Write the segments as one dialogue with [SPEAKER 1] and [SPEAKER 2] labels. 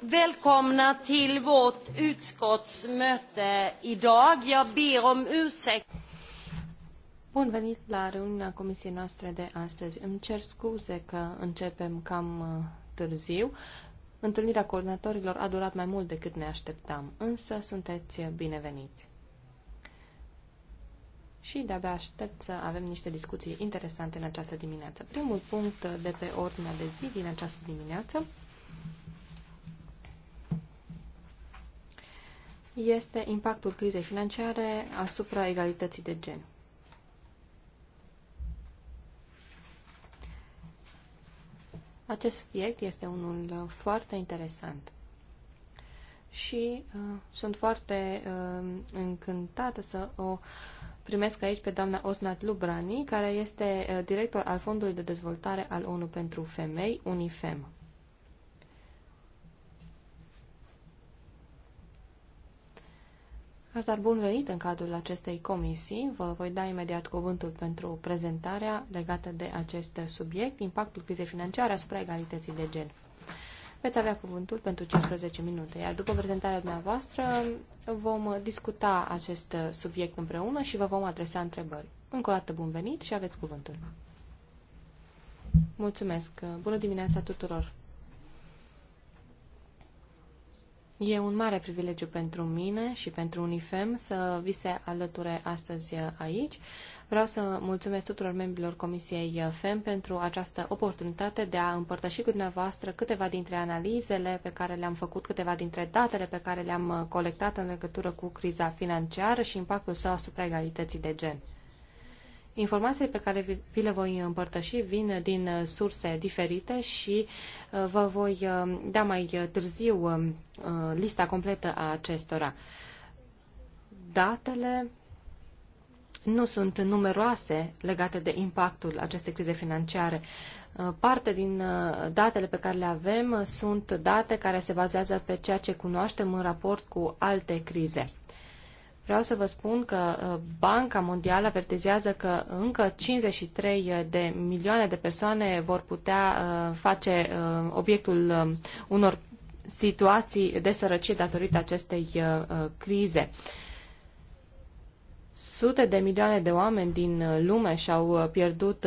[SPEAKER 1] Välkomna till vårt utskottsmöte idag. Jag ber om ursäkt. Bun venit la reuniunea
[SPEAKER 2] comisiei noastre de astăzi. Îmi cer scuze că începem cam uh, târziu. Întâlnirea coordonatorilor a durat mai mult decât ne așteptam, însă sunteți bineveniți. Și de-abia aștept să avem niște discuții interesante în această dimineață. Primul punct de pe ordinea de zi din această dimineață este impactul crizei financiare asupra egalității de gen. Acest subiect este unul uh, foarte interesant și uh, sunt foarte uh, încântată să o primesc aici pe doamna Osnat Lubrani, care este uh, director al Fondului de Dezvoltare al ONU pentru Femei, UNIFEM. Așadar, bun venit în cadrul acestei comisii. Vă voi da imediat cuvântul pentru prezentarea legată de acest subiect, impactul crizei financiare asupra egalității de gen. Veți avea cuvântul pentru 15 minute, iar după prezentarea dumneavoastră vom discuta acest subiect împreună și vă vom adresa întrebări. Încă o dată bun venit și aveți cuvântul. Mulțumesc. Bună dimineața tuturor. E un mare privilegiu pentru mine și pentru UNIFEM să vi se alăture astăzi aici. Vreau să mulțumesc tuturor membrilor Comisiei FEM pentru această oportunitate de a împărtăși cu dumneavoastră câteva dintre analizele pe care le-am făcut, câteva dintre datele pe care le-am colectat în legătură cu criza financiară și impactul său asupra egalității de gen. Informațiile pe care vi le voi împărtăși vin din uh, surse diferite și uh, vă voi uh, da mai târziu um, lista completă a acestora. Datele nu sunt numeroase legate de impactul acestei crize financiare. Parte din datele pe care le avem sunt date care se bazează pe ceea ce cunoaștem în raport cu alte crize. Vreau să vă spun că uh, Banca Mondială avertizează că încă 53 de milioane de persoane vor putea uh, face uh, obiectul unor situații de sărăcie datorită acestei crize. Sute de milioane de oameni din lume și-au pierdut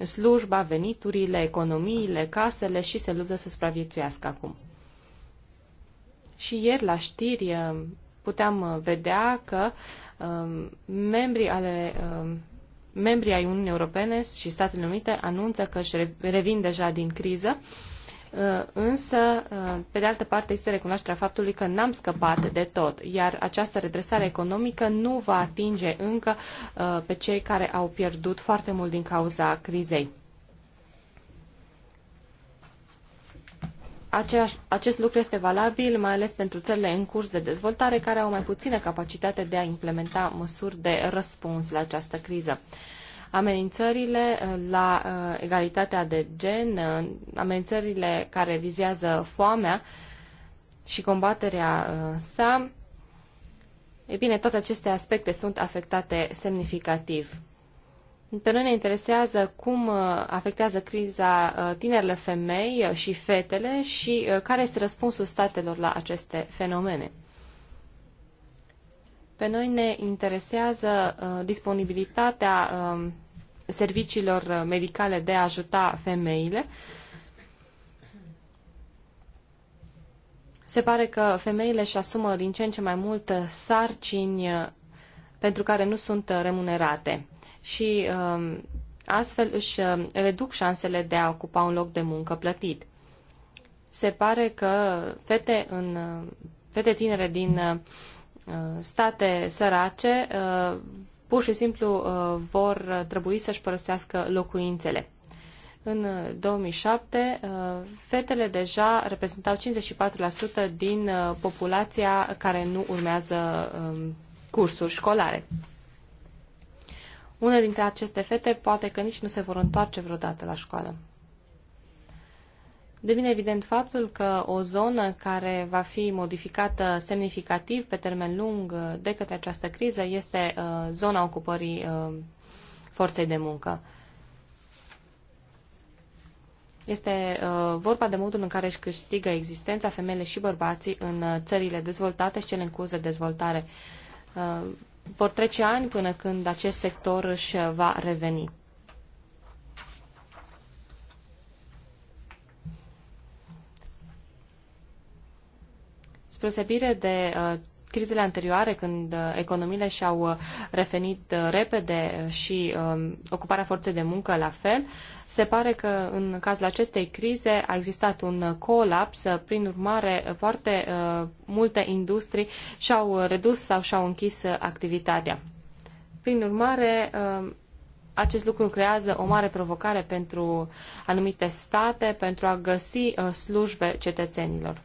[SPEAKER 2] slujba, veniturile, economiile, casele și se luptă să supraviețuiască acum. Și ieri la știri puteam uh, vedea că um, membrii ale um, membrii ai Uniunii Europene și Statele Unite anunță că își revin deja din criză, uh, însă, uh, pe de altă parte, este recunoașterea faptului că n-am scăpat de tot, iar această redresare economică nu va atinge încă pe cei care au pierdut foarte mult din cauza crizei. Aceeași, acest lucru este valabil mai ales pentru țările în curs de dezvoltare care au mai puțină capacitate de a implementa măsuri de răspuns la această criză. Amenințările uh, la uh, egalitatea de gen, uh, amenințările care vizează foamea și combaterea sa, e bine, toate aceste aspecte sunt afectate semnificativ. Pe noi ne interesează cum uh, afectează criza uh, tinerile femei uh, și fetele și care este răspunsul statelor la aceste fenomene. Pe noi ne interesează disponibilitatea um, serviciilor medicale de a ajuta femeile. Se pare că femeile își asumă din ce în ce mai mult sarcini pentru care nu sunt remunerate și um, astfel își um, reduc șansele de a ocupa un loc de muncă plătit. Se pare că fete, în, um, fete tinere din uh, state sărace uh, pur și simplu uh, vor trebui să-și părăsească locuințele. În 2007, fetele deja reprezentau 54% din populația care nu urmează cursuri școlare. Unele dintre aceste fete poate că nici nu se vor întoarce vreodată la școală. Devine evident faptul că o zonă care va fi modificată semnificativ pe termen lung de către această criză este uh, zona ocupării uh, forței de muncă. Este uh, vorba de modul în care își câștigă existența femeile și bărbații în țările dezvoltate și cele în curs de dezvoltare vor trece ani până când acest sector își va reveni. Spre de uh, crizele anterioare, când uh, economiile și-au uh, revenit uh, repede și um, ocuparea forței de muncă la fel, se pare că în cazul acestei crize a existat un colaps, prin urmare foarte multe industrii și-au redus sau și-au închis activitatea. Prin urmare, um, acest lucru creează o mare provocare pentru anumite state pentru a găsi slujbe cetățenilor.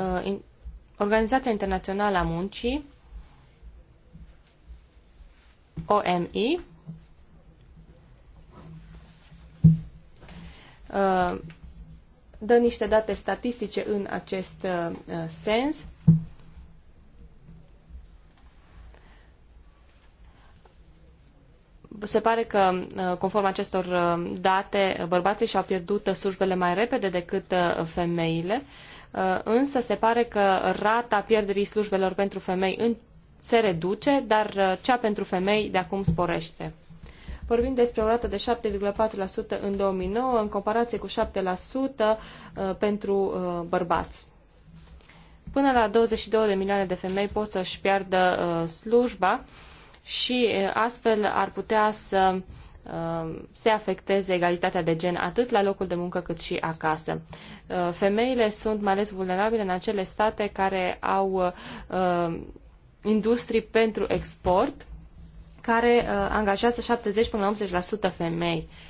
[SPEAKER 2] Uh, Organizația Internațională a Muncii, OMI, uh, dă niște date statistice în acest uh, sens. se pare că, conform acestor date, bărbații și-au pierdut slujbele mai repede decât femeile. Uh, însă se pare că rata pierderii slujbelor pentru femei în, se reduce, dar uh, cea pentru femei de acum sporește. Vorbim despre o rată de 7,4% în 2009, în comparație cu 7% uh, pentru bărbați. Până la 22 de milioane de femei pot să-și piardă slujba și astfel ar putea să Uh, se afecteze egalitatea de gen atât la locul de muncă cât și acasă. Uh, femeile sunt mai ales vulnerabile în acele state care au uh, industrii pentru export, care angajează 70 până la 80% femei. Uh,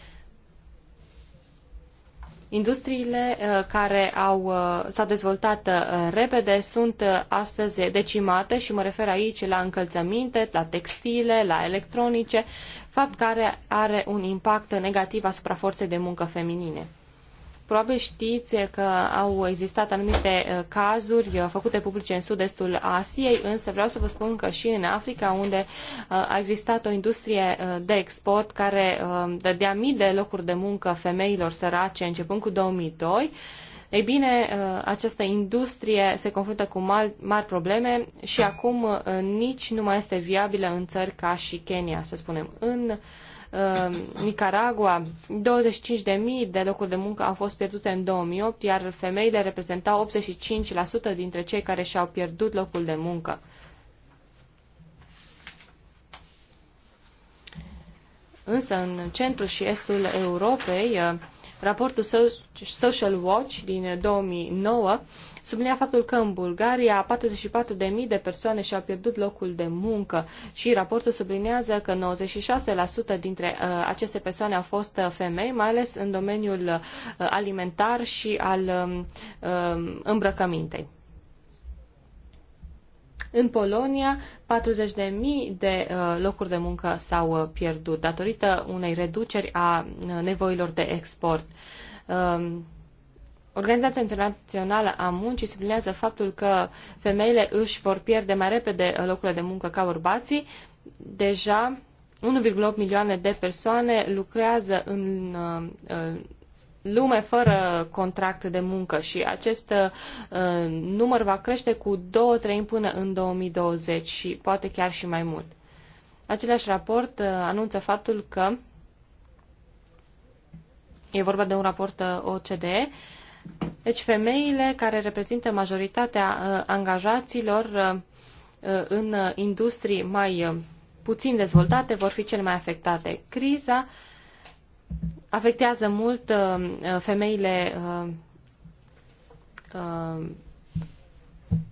[SPEAKER 2] Industriile uh, care au, uh, s-au dezvoltat uh, repede sunt astăzi decimate și mă refer aici la încălțăminte, la textile, la electronice, fapt care are un impact negativ asupra forței de muncă feminine. Probabil știți că au existat anumite uh, cazuri uh, făcute publice în sud-estul Asiei, însă vreau să vă spun că și în Africa, unde uh, a existat o industrie de export care dădea mii de locuri de muncă femeilor sărace începând cu 2002, ei bine, această industrie se confruntă cu mari, mari probleme și acum nici nu mai este viabilă în țări ca și Kenya, să spunem. În Uh, Nicaragua, 25.000 de locuri de muncă au fost pierdute în 2008, iar femeile reprezentau 85% dintre cei care și-au pierdut locul de muncă. Însă, în centrul și estul Europei, uh, Raportul Social Watch din 2009 sublinia faptul că în Bulgaria 44.000 de persoane și-au pierdut locul de muncă și raportul subliniază că 96% dintre uh, aceste persoane au fost uh, femei, mai ales în domeniul uh, alimentar și al uh, îmbrăcămintei. În Polonia, 40.000 de uh, locuri de muncă s-au uh, pierdut datorită unei reduceri a uh, nevoilor de export. Um, Organizația Internațională a Muncii sublinează faptul că femeile își vor pierde mai repede locurile de muncă ca bărbații. Deja 1,8 milioane de persoane lucrează în lume fără contract de muncă și acest uh, număr va crește cu două treimi până în 2020 și poate chiar și mai mult. Același raport uh, anunță faptul că e vorba de un raport uh, OCDE, deci femeile care reprezintă majoritatea uh, angajaților uh, uh, în industrii mai puțin dezvoltate vor fi cele mai afectate. Criza uh, afectează mult uh, uh, femeile uh,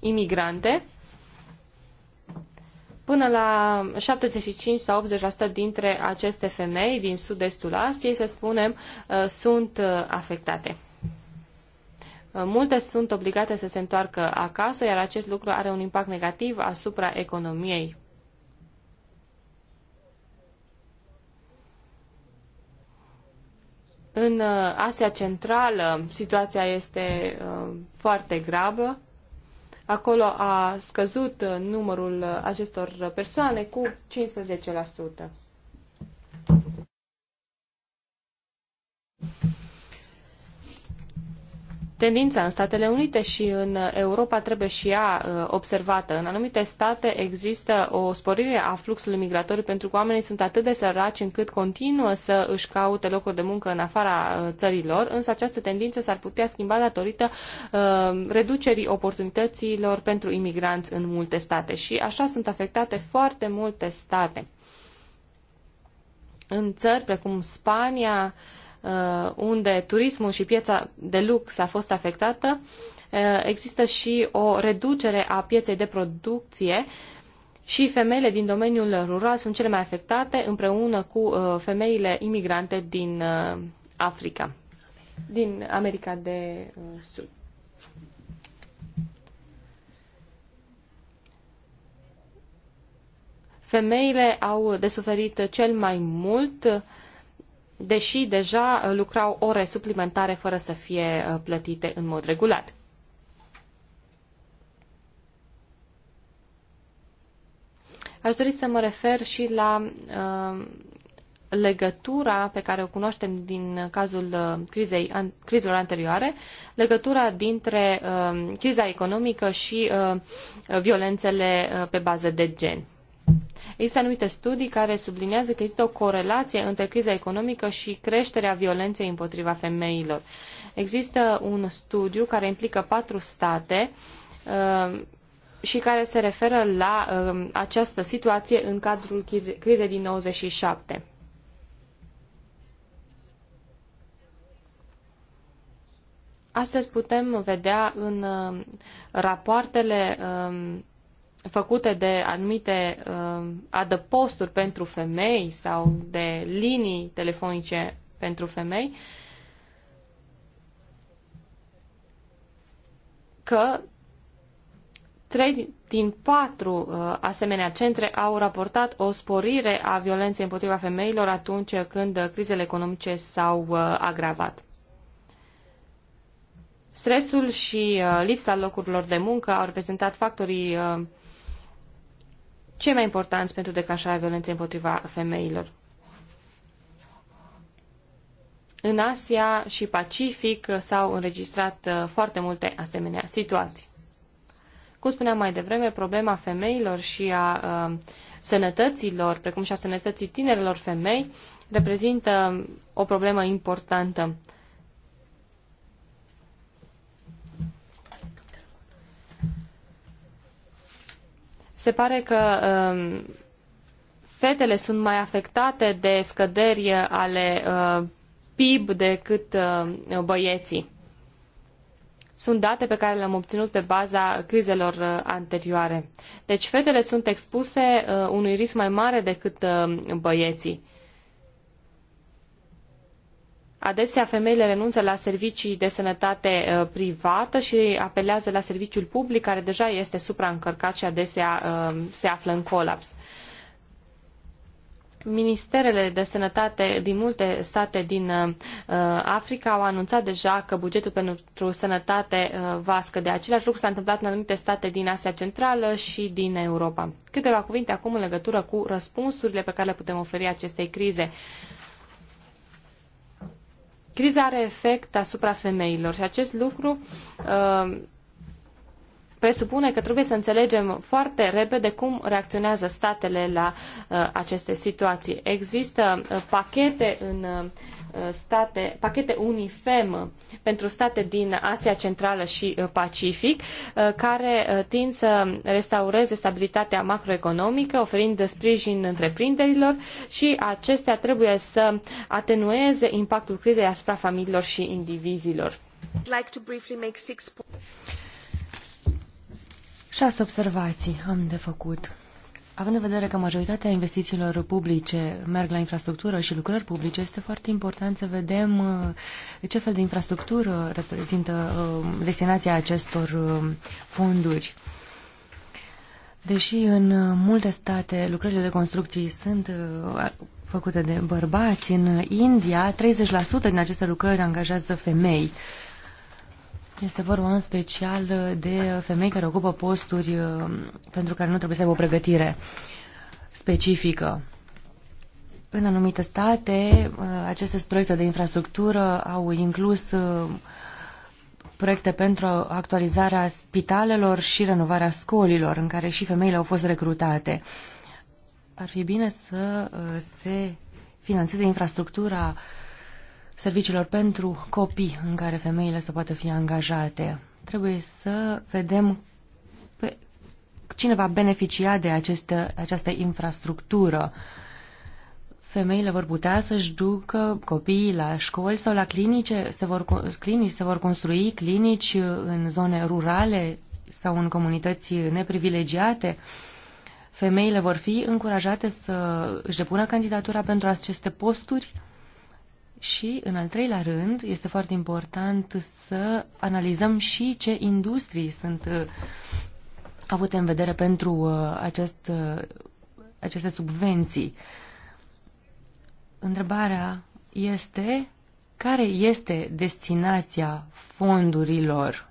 [SPEAKER 2] imigrante. Până la 75 sau 80% dintre aceste femei din sud-estul Asiei, să spunem, sunt afectate. Multe sunt obligate să se întoarcă acasă, iar acest lucru are un impact negativ asupra economiei În uh, Asia Centrală situația este uh, foarte gravă. Acolo a scăzut uh, numărul acestor persoane cu 15%. Tendința în Statele Unite și în Europa trebuie și ea uh, observată. În anumite state există o sporire a fluxului migratoriu pentru că oamenii sunt atât de săraci încât continuă să își caute locuri de muncă în afara uh, țărilor, însă această tendință s-ar putea schimba datorită uh, reducerii oportunităților pentru imigranți în multe state și așa sunt afectate foarte multe state. În țări precum Spania, uh, Uh, unde turismul și piața de lux a fost afectată, uh, există și o reducere a pieței de producție și femeile din domeniul rural sunt cele mai afectate împreună cu uh, femeile imigrante din Africa, din America de Sud. Femeile au de suferit cel mai mult deși deja uh, lucrau ore suplimentare fără să fie uh, plătite în mod regulat. Aș dori să mă refer și la uh, legătura pe care o cunoaștem din cazul uh, crizei, an, crizelor anterioare, legătura dintre uh, criza economică și uh, violențele pe bază de gen. Există anumite studii care sublinează că există o corelație între criza economică și creșterea violenței împotriva femeilor. Există un studiu care implică patru state uh, și care se referă la uh, această situație în cadrul crizei din 97. Astăzi putem vedea în uh, rapoartele um, făcute de anumite uh, adăposturi pentru femei sau de linii telefonice pentru femei, că trei din patru uh, asemenea centre au raportat o sporire a violenței împotriva femeilor atunci când crizele economice s-au uh, agravat. Stresul și lipsa locurilor de muncă au reprezentat factorii cei mai importanți pentru declanșarea violenței împotriva femeilor. În Asia și Pacific s-au înregistrat uh, foarte multe asemenea situații. Cum spuneam mai devreme, problema femeilor și a a uh, sănătăților, precum și a sănătății tinerilor femei, reprezintă o problemă importantă. se pare că um, fetele sunt mai afectate de scăderi ale uh, PIB decât uh, băieții. Sunt date pe care le-am obținut pe baza crizelor uh, anterioare. Deci fetele sunt expuse unui risc mai mare decât băieții. Adesea femeile renunță la servicii de sănătate uh, privată și apelează la serviciul public care deja este supraîncărcat și adesea uh, se află în colaps. Ministerele de Sănătate din multe state din uh, uh, Africa au anunțat deja că bugetul pentru sănătate uh, va scădea. Același lucru s-a întâmplat în anumite state din Asia Centrală și din Europa. Câteva cuvinte acum în legătură cu răspunsurile pe care le putem oferi acestei crize. Criza are efect asupra femeilor și acest lucru uh, presupune că trebuie să înțelegem foarte repede cum reacționează statele la uh, aceste situații. Există uh, pachete în uh, state, pachete unifem pentru state din Asia Centrală și uh, Pacific, uh, care uh, tind să restaureze stabilitatea macroeconomică, oferind sprijin întreprinderilor și acestea trebuie să atenueze impactul crizei asupra familiilor și indivizilor. Like
[SPEAKER 3] Șase observații am de făcut. Având în vedere că majoritatea investițiilor publice merg la infrastructură și lucrări publice, este foarte important să vedem uh, ce fel de infrastructură reprezintă uh, destinația acestor uh, fonduri. Deși în multe state lucrările de construcții sunt făcute de bărbați, în India 30% din aceste lucrări angajează femei. Este vorba în special uh, de uh, femei care ocupă posturi uh, pentru care nu trebuie să aibă o pregătire specifică. În anumite state, aceste proiecte de infrastructură au inclus proiecte pentru actualizarea spitalelor și renovarea școlilor, în care și femeile au fost recrutate. Ar fi bine să se financeze infrastructura serviciilor pentru copii în care femeile să poată fi angajate. Trebuie să vedem pe cine va beneficia de aceste, această infrastructură. Femeile vor putea să-și ducă copiii la școli sau la clinice, se vor, clinici, se vor construi clinici în zone rurale sau în comunități neprivilegiate. Femeile vor fi încurajate să își depună candidatura pentru aceste posturi și, în al treilea rând, este foarte important să analizăm și ce industrii sunt uh, avute în vedere pentru uh, acest, uh, aceste subvenții. Întrebarea este care este destinația fondurilor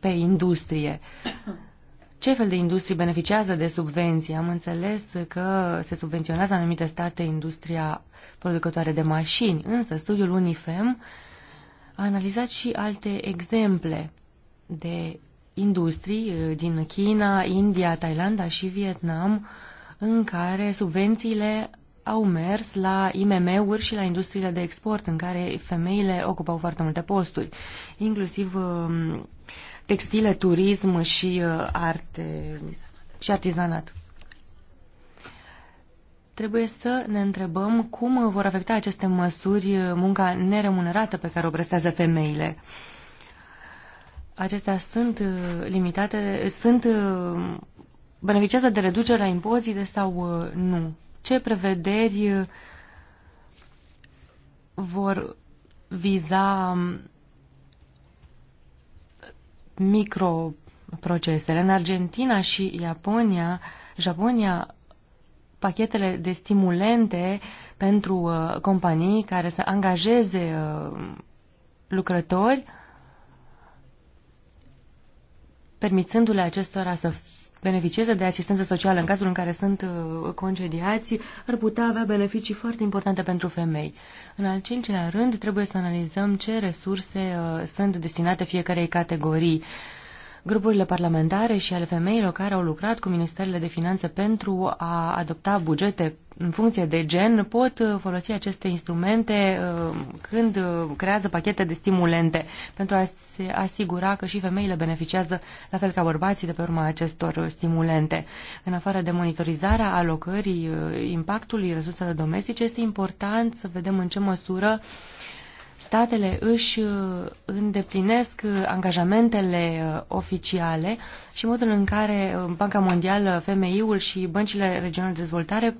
[SPEAKER 3] pe industrie ce fel de industrii beneficiază de subvenții. Am înțeles că se subvenționează în anumite state industria producătoare de mașini, însă studiul UNIFEM a analizat și alte exemple de industrii uh, din China, India, Thailanda și Vietnam în care subvențiile au mers la IMM-uri și la industriile de export în care femeile ocupau foarte multe posturi, inclusiv um, textile, turism și uh, arte și artizanat. Trebuie să ne întrebăm cum vor afecta aceste măsuri uh, munca neremunerată pe care o prestează femeile. Acestea sunt uh, limitate, sunt beneficiază de reducerea impozite sau nu? Ce prevederi vor viza um, microprocesele. În Argentina și Japonia, Japonia pachetele de stimulente pentru uh, companii care să angajeze uh, lucrători, permițându-le acestora să beneficieze de asistență socială în cazul în care sunt uh, concediați, ar putea avea beneficii foarte importante pentru femei. În al cincilea rând, trebuie să analizăm ce resurse uh, sunt destinate fiecarei categorii grupurile parlamentare și ale femeilor care au lucrat cu Ministerele de Finanțe pentru a adopta bugete în funcție de gen pot uh, folosi aceste instrumente uh, când uh, creează pachete de stimulente pentru a se asigura că și femeile beneficiază la fel ca bărbații de pe urma acestor stimulente. În afară de monitorizarea alocării impactului resurselor domestice, este important să vedem în ce măsură statele își uh, îndeplinesc uh, angajamentele uh, oficiale și modul în care Banca Mondială, FMI-ul și băncile regionale de dezvoltare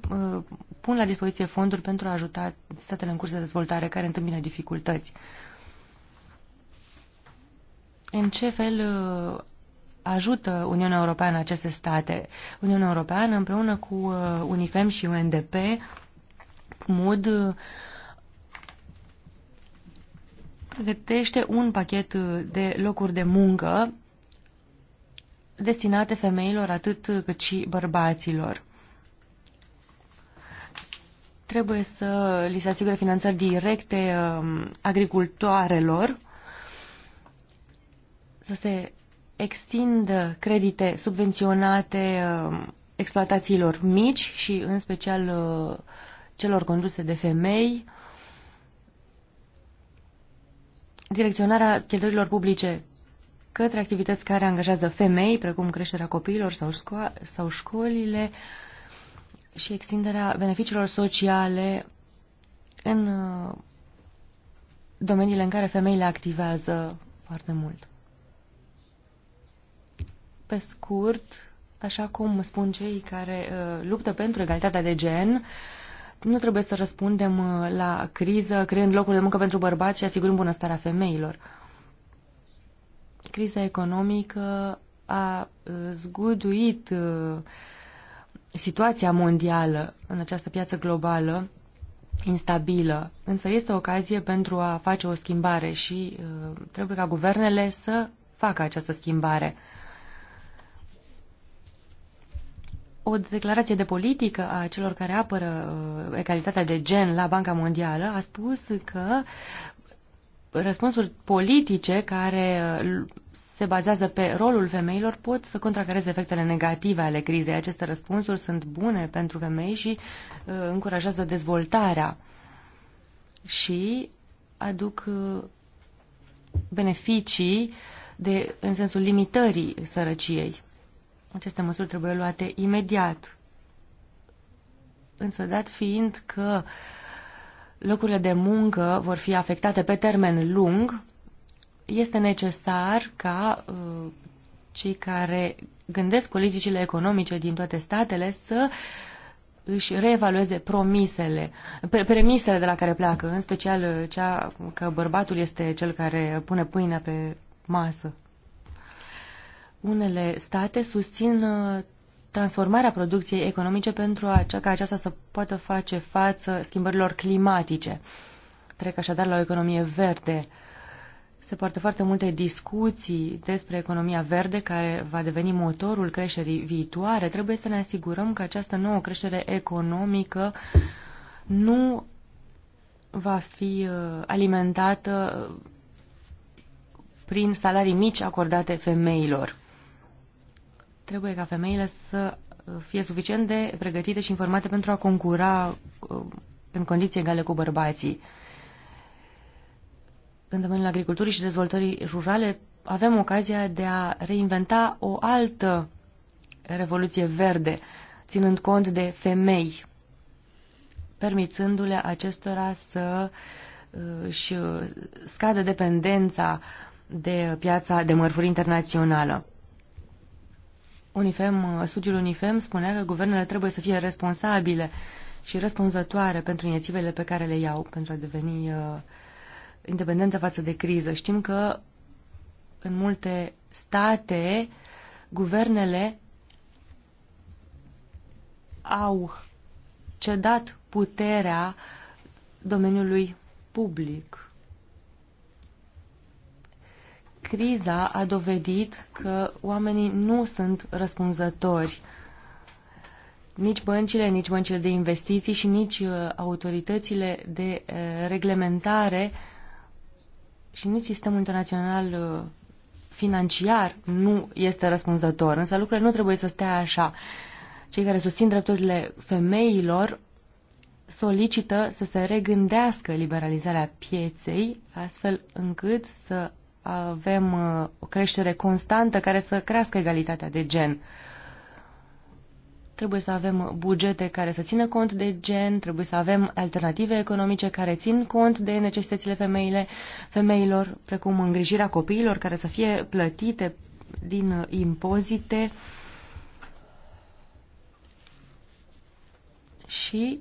[SPEAKER 3] pun la dispoziție fonduri pentru a ajuta statele în curs de dezvoltare care întâmpină dificultăți. În ce fel ajută Uniunea Europeană aceste state? Uniunea Europeană împreună cu UNIFEM și UNDP, MUD, pregătește un pachet uh, de locuri de muncă destinate femeilor atât cât și bărbaților. Trebuie să li se asigure finanțări directe um, agricultoarelor, să se extindă credite subvenționate um, exploatațiilor mici și în special uh, celor conduse de femei, direcționarea cheltuielilor publice către activități care angajează femei, precum creșterea copiilor sau, șco- sau școlile și extinderea beneficiilor sociale în uh, domeniile în care femeile activează foarte mult. Pe scurt, așa cum spun cei care uh, luptă pentru egalitatea de gen, uh, nu trebuie să răspundem uh, la criză creând locuri de muncă pentru bărbați și asigurând bunăstarea femeilor. Criza economică a uh, zguduit uh, situația mondială în această piață globală instabilă, însă este o ocazie pentru a face o schimbare și trebuie ca guvernele să facă această schimbare. o declarație de politică a celor care apără uh, egalitatea de gen la Banca Mondială a spus că răspunsuri politice care uh, se bazează pe rolul femeilor pot să contracareze efectele negative ale crizei. Aceste răspunsuri sunt bune pentru femei și uh, încurajează dezvoltarea și aduc uh, beneficii de, în sensul limitării sărăciei. Aceste măsuri trebuie luate imediat. Însă dat fiind că locurile de muncă vor fi afectate pe termen lung, este necesar ca uh, cei care gândesc politicile economice din toate statele să își reevalueze promisele, premisele de la care pleacă, în special cea că bărbatul este cel care pune pâinea pe masă. Unele state susțin uh, transformarea producției economice pentru a, ca aceasta să poată face față schimbărilor climatice. Trec așadar la o economie verde. Se poartă foarte multe discuții despre economia verde, care va deveni motorul creșterii viitoare. Trebuie să ne asigurăm că această nouă creștere economică nu va fi uh, alimentată prin salarii mici acordate femeilor. Trebuie ca femeile să fie suficient de pregătite și informate pentru a concura uh, în condiții egale cu bărbații. În domeniul agriculturii și dezvoltării rurale avem ocazia de a reinventa o altă revoluție verde, ținând cont de femei, permițându-le acestora să uh, își scadă dependența de piața de mărfuri internațională. Unifem, uh, studiul Unifem spunea că guvernele trebuie să fie responsabile și răspunzătoare pentru inițiativele pe care le iau pentru a deveni uh, independente față de criză. Știm că în multe state guvernele au cedat puterea domeniului public criza a dovedit că oamenii nu sunt răspunzători. Nici băncile, nici băncile de investiții și nici uh, autoritățile de uh, reglementare și nici sistemul internațional uh, financiar nu este răspunzător. Însă lucrurile nu trebuie să stea așa. Cei care susțin drepturile femeilor solicită să se regândească liberalizarea pieței, astfel încât să avem uh, o creștere constantă care să crească egalitatea de gen. Trebuie să avem bugete care să țină cont de gen, trebuie să avem alternative economice care țin cont de necesitățile femeile, femeilor, precum îngrijirea copiilor care să fie plătite din uh, impozite și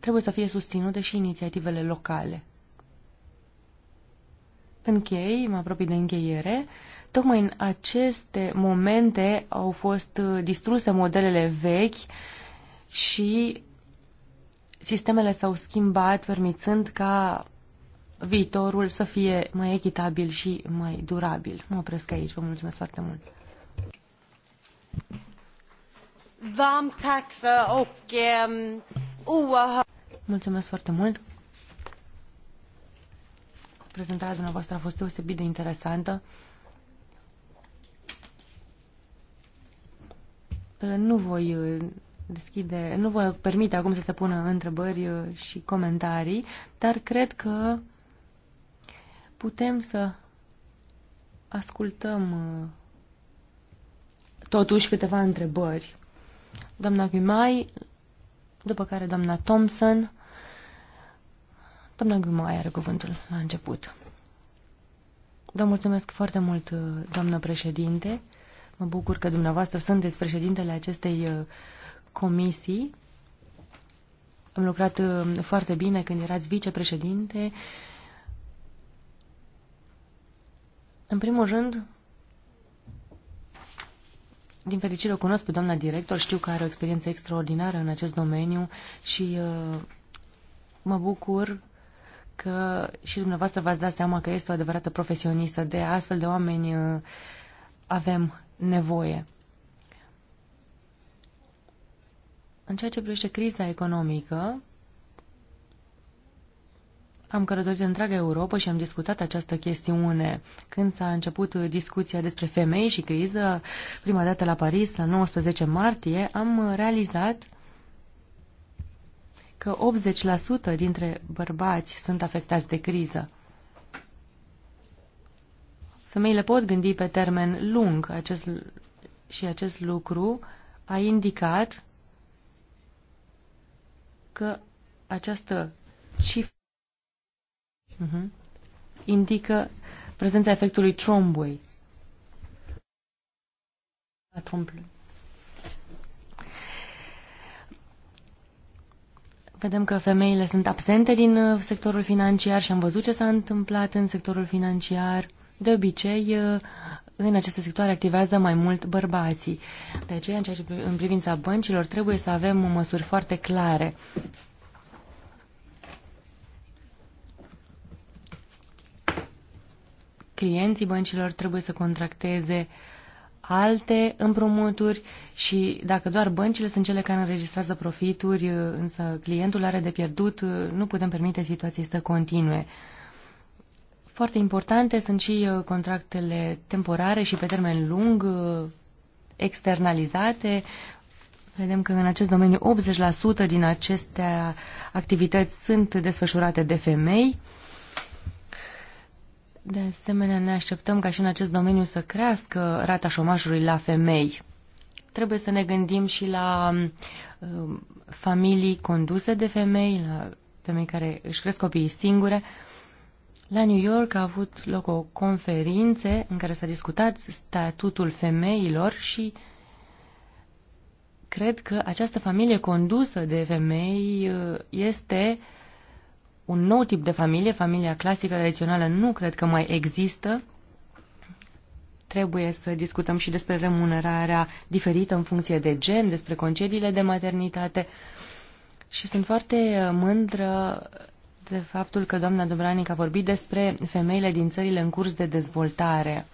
[SPEAKER 3] trebuie să fie susținute și inițiativele locale închei, mă apropii de încheiere, tocmai în aceste momente au fost uh, distruse modelele vechi și sistemele s-au schimbat, permițând ca viitorul să fie mai echitabil și mai durabil. Mă opresc aici. Vă mulțumesc foarte mult.
[SPEAKER 1] Vam tack för och ehm, oerhört...
[SPEAKER 3] Mulțumesc foarte mult.
[SPEAKER 1] Prezentarea dumneavoastră
[SPEAKER 3] a fost deosebit de interesantă. Uh, nu voi uh, deschide, nu voi permite acum să se pună întrebări uh, și comentarii, dar cred că putem să ascultăm totuși câteva întrebări. Doamna Gimai, după care doamna Thompson, Doamna Gâma are cuvântul la început. Vă mulțumesc foarte mult, uh, doamnă președinte. Mă bucur că dumneavoastră sunteți președintele acestei uh, comisii. Am lucrat uh, foarte bine când erați vicepreședinte. În primul rând, din fericire o cunosc pe doamna director, știu că are o experiență extraordinară în acest domeniu și mă bucur că și dumneavoastră v-ați dat seama că este o adevărată profesionistă. De astfel de oameni uh, avem nevoie. În ceea ce privește criza economică, am călătorit întreaga Europa și am discutat această chestiune. Când s-a început discuția despre femei și criză, prima dată la Paris, la 19 martie, am realizat că 80% dintre bărbați sunt afectați de criză. Femeile pot gândi pe termen lung acest, și acest lucru a indicat că această cifră uh-huh, indică prezența efectului trombui. A trompului. Vedem că femeile sunt absente din uh, sectorul financiar și am văzut ce s-a întâmplat în sectorul financiar. De obicei, uh, în aceste sectoare activează mai mult bărbații. De aceea, în, ceea ce, în privința băncilor, trebuie să avem măsuri foarte clare. Clienții băncilor trebuie să contracteze uh, alte împrumuturi și dacă doar băncile sunt cele care înregistrează profituri, uh, însă clientul are de pierdut, uh, nu putem permite situației să continue. Foarte importante sunt și uh, contractele temporare și pe termen lung externalizate. Vedem că în acest domeniu 80% din aceste activități sunt desfășurate de femei de asemenea, ne așteptăm ca și în acest domeniu să crească rata șomajului la femei. Trebuie să ne gândim și la uh, familii conduse de femei, la femei care își cresc copiii singure. La New York a avut loc o conferință în care s-a discutat statutul femeilor și cred că această familie condusă de femei uh, este uh, un nou tip de familie, familia clasică tradițională nu cred că mai există. Trebuie să discutăm și despre remunerarea diferită în funcție de gen, despre concediile de maternitate. Și sunt foarte uh, mândră de faptul că doamna Dobranic a vorbit despre femeile din țările în curs de dezvoltare.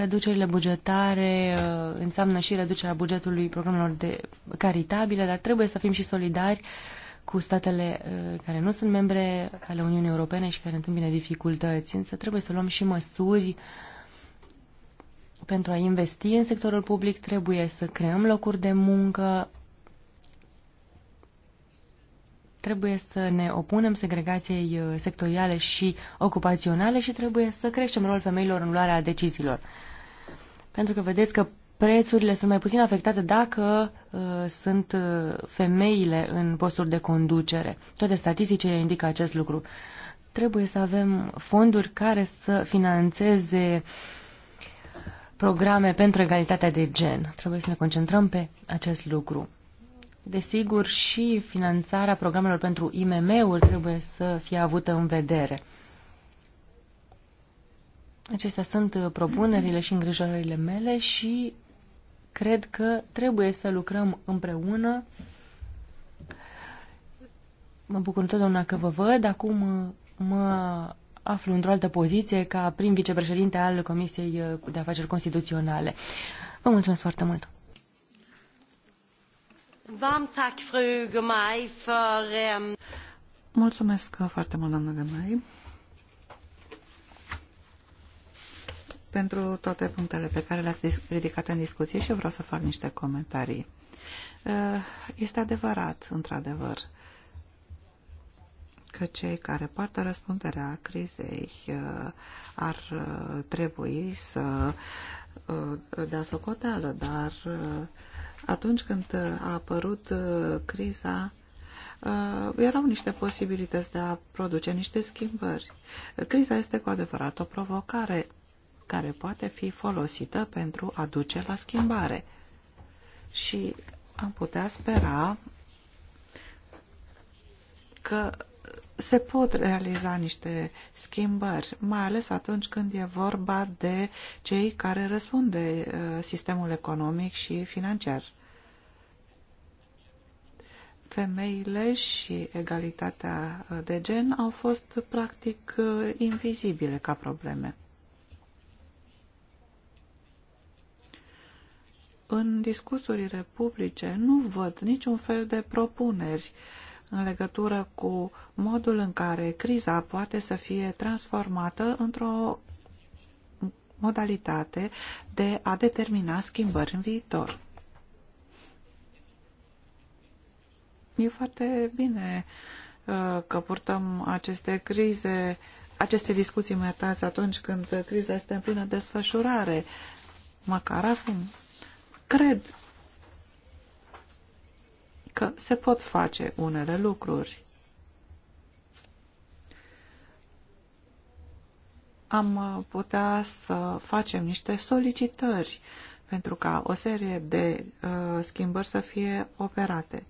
[SPEAKER 3] Reducerile bugetare uh, înseamnă și reducerea bugetului programelor de caritabile, dar trebuie să fim și solidari cu statele uh, care nu sunt membre ale Uniunii Europene și care întâmpină dificultăți, însă trebuie să luăm și măsuri pentru a investi în sectorul public, trebuie să creăm locuri de muncă, trebuie să ne opunem segregației uh, sectoriale și ocupaționale și trebuie să creștem rolul femeilor în luarea deciziilor pentru că vedeți că prețurile sunt mai puțin afectate dacă uh, sunt uh, femeile în posturi de conducere. Toate statisticile indică acest lucru. Trebuie să avem fonduri care să financeze programe pentru egalitatea de gen. Trebuie să ne concentrăm pe acest lucru. Desigur, și finanțarea programelor pentru IMM-uri trebuie să fie avută în vedere. Acestea sunt uh, propunerile și îngrijorările mele și cred că trebuie să lucrăm împreună. Mă bucur întotdeauna că vă văd. Acum uh, mă aflu într-o altă poziție ca prim vicepreședinte al Comisiei uh, de Afaceri Constituționale. Vă mulțumesc foarte mult!
[SPEAKER 1] Eh,
[SPEAKER 4] mulțumesc foarte mult, doamnă Gămai. pentru toate punctele pe care le-ați ridicat în discuție și eu vreau să fac niște comentarii. Uh, este adevărat, într-adevăr, că cei care poartă răspunderea crizei uh, ar uh, trebui să dea socoteală, dar atunci când a apărut criza, erau niște posibilități de a produce niște schimbări. Criza este cu adevărat o provocare care poate fi folosită pentru a duce la schimbare. Și am putea spera că se pot realiza niște schimbări, mai ales atunci când e vorba de cei care răspunde uh, sistemul economic și financiar. Femeile și egalitatea uh, de gen au fost practic uh, invizibile ca probleme. în discursurile publice nu văd niciun fel de propuneri în legătură cu modul în care criza poate să fie transformată într-o modalitate de a determina schimbări în viitor. E foarte bine uh, că purtăm aceste crize, aceste discuții metați atunci când criza este în plină desfășurare, măcar acum. Cred că se pot face unele lucruri. Am putea să facem niște solicitări pentru ca o serie de uh, schimbări să fie operate.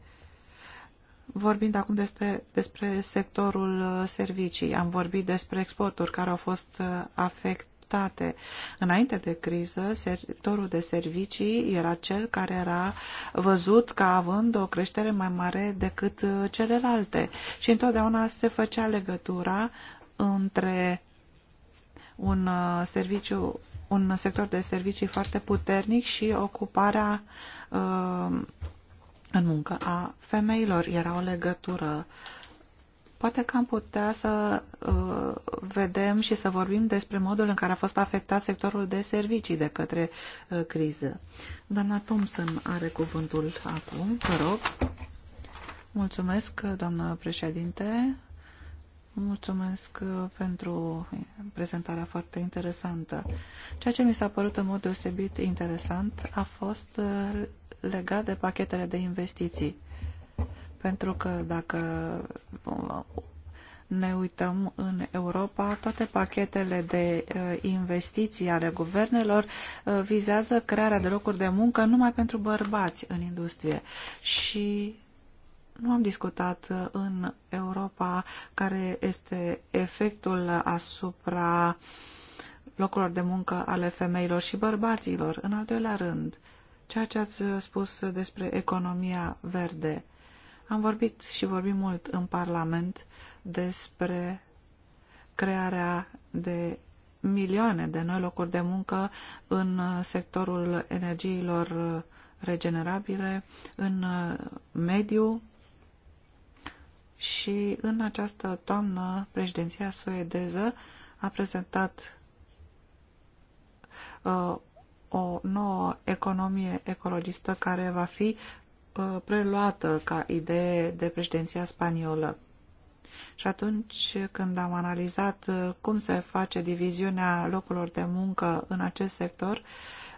[SPEAKER 4] Vorbind acum despre, despre sectorul uh, servicii, am vorbit despre exporturi care au fost uh, afect, state. Înainte de criză, sectorul de servicii era cel care era văzut ca având o creștere mai mare decât uh, celelalte și întotdeauna se făcea legătura între un uh, serviciu un sector de servicii foarte puternic și ocuparea uh, în muncă a femeilor. Era o legătură uh, Poate că am putea să uh, vedem și să vorbim despre modul în care a fost afectat sectorul de servicii de către uh, criză. Doamna Thompson are cuvântul acum, vă rog. Mulțumesc, doamnă președinte. Mulțumesc uh, pentru prezentarea foarte interesantă. Ceea ce mi s-a părut în mod deosebit interesant a fost uh, legat de pachetele de investiții pentru că dacă ne uităm în Europa, toate pachetele de uh, investiții ale guvernelor uh, vizează crearea de locuri de muncă numai pentru bărbați în industrie. Și nu am discutat uh, în Europa care este efectul asupra locurilor de muncă ale femeilor și bărbaților. În al doilea rând, ceea ce ați spus despre economia verde – am vorbit și vorbim mult în Parlament despre crearea de milioane de noi locuri de muncă în sectorul energiilor regenerabile, în mediu și în această toamnă președinția suedeză a prezentat uh, o nouă economie ecologistă care va fi Uh, preluată ca idee de președinția spaniolă. Și atunci când am analizat uh, cum se face diviziunea locurilor de muncă în acest sector,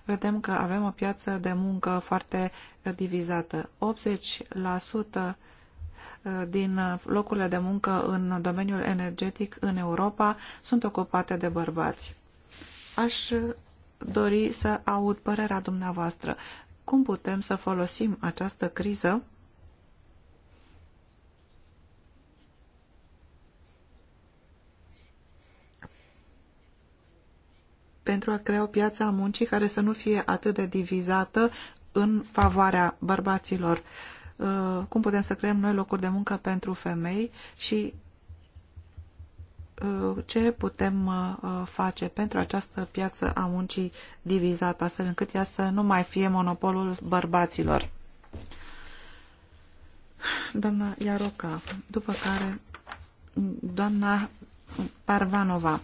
[SPEAKER 4] vedem că avem o piață de muncă foarte divizată. 80% uh, din locurile de muncă în domeniul energetic în Europa sunt ocupate de bărbați. Aș dori să aud părerea dumneavoastră cum putem să folosim această criză pentru a crea o piață a muncii care să nu fie atât de divizată în favoarea bărbaților. Uh, cum putem să creăm noi locuri de muncă pentru femei și Uh, ce putem uh, uh, face pentru această piață a muncii divizată, astfel încât ea să nu mai fie monopolul bărbaților. Doamna Iaroca, după care doamna Parvanova.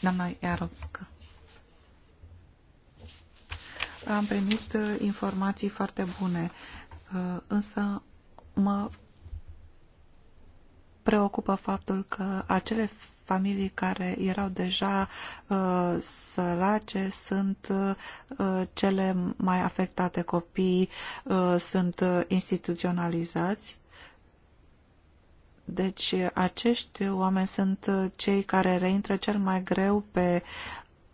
[SPEAKER 4] Doamna Iaroca. Am primit informații foarte bune, însă mă preocupă faptul că acele familii care erau deja uh, sărace sunt uh, cele mai afectate. copii uh, sunt uh, instituționalizați. Deci acești oameni sunt uh, cei care reintră cel mai greu pe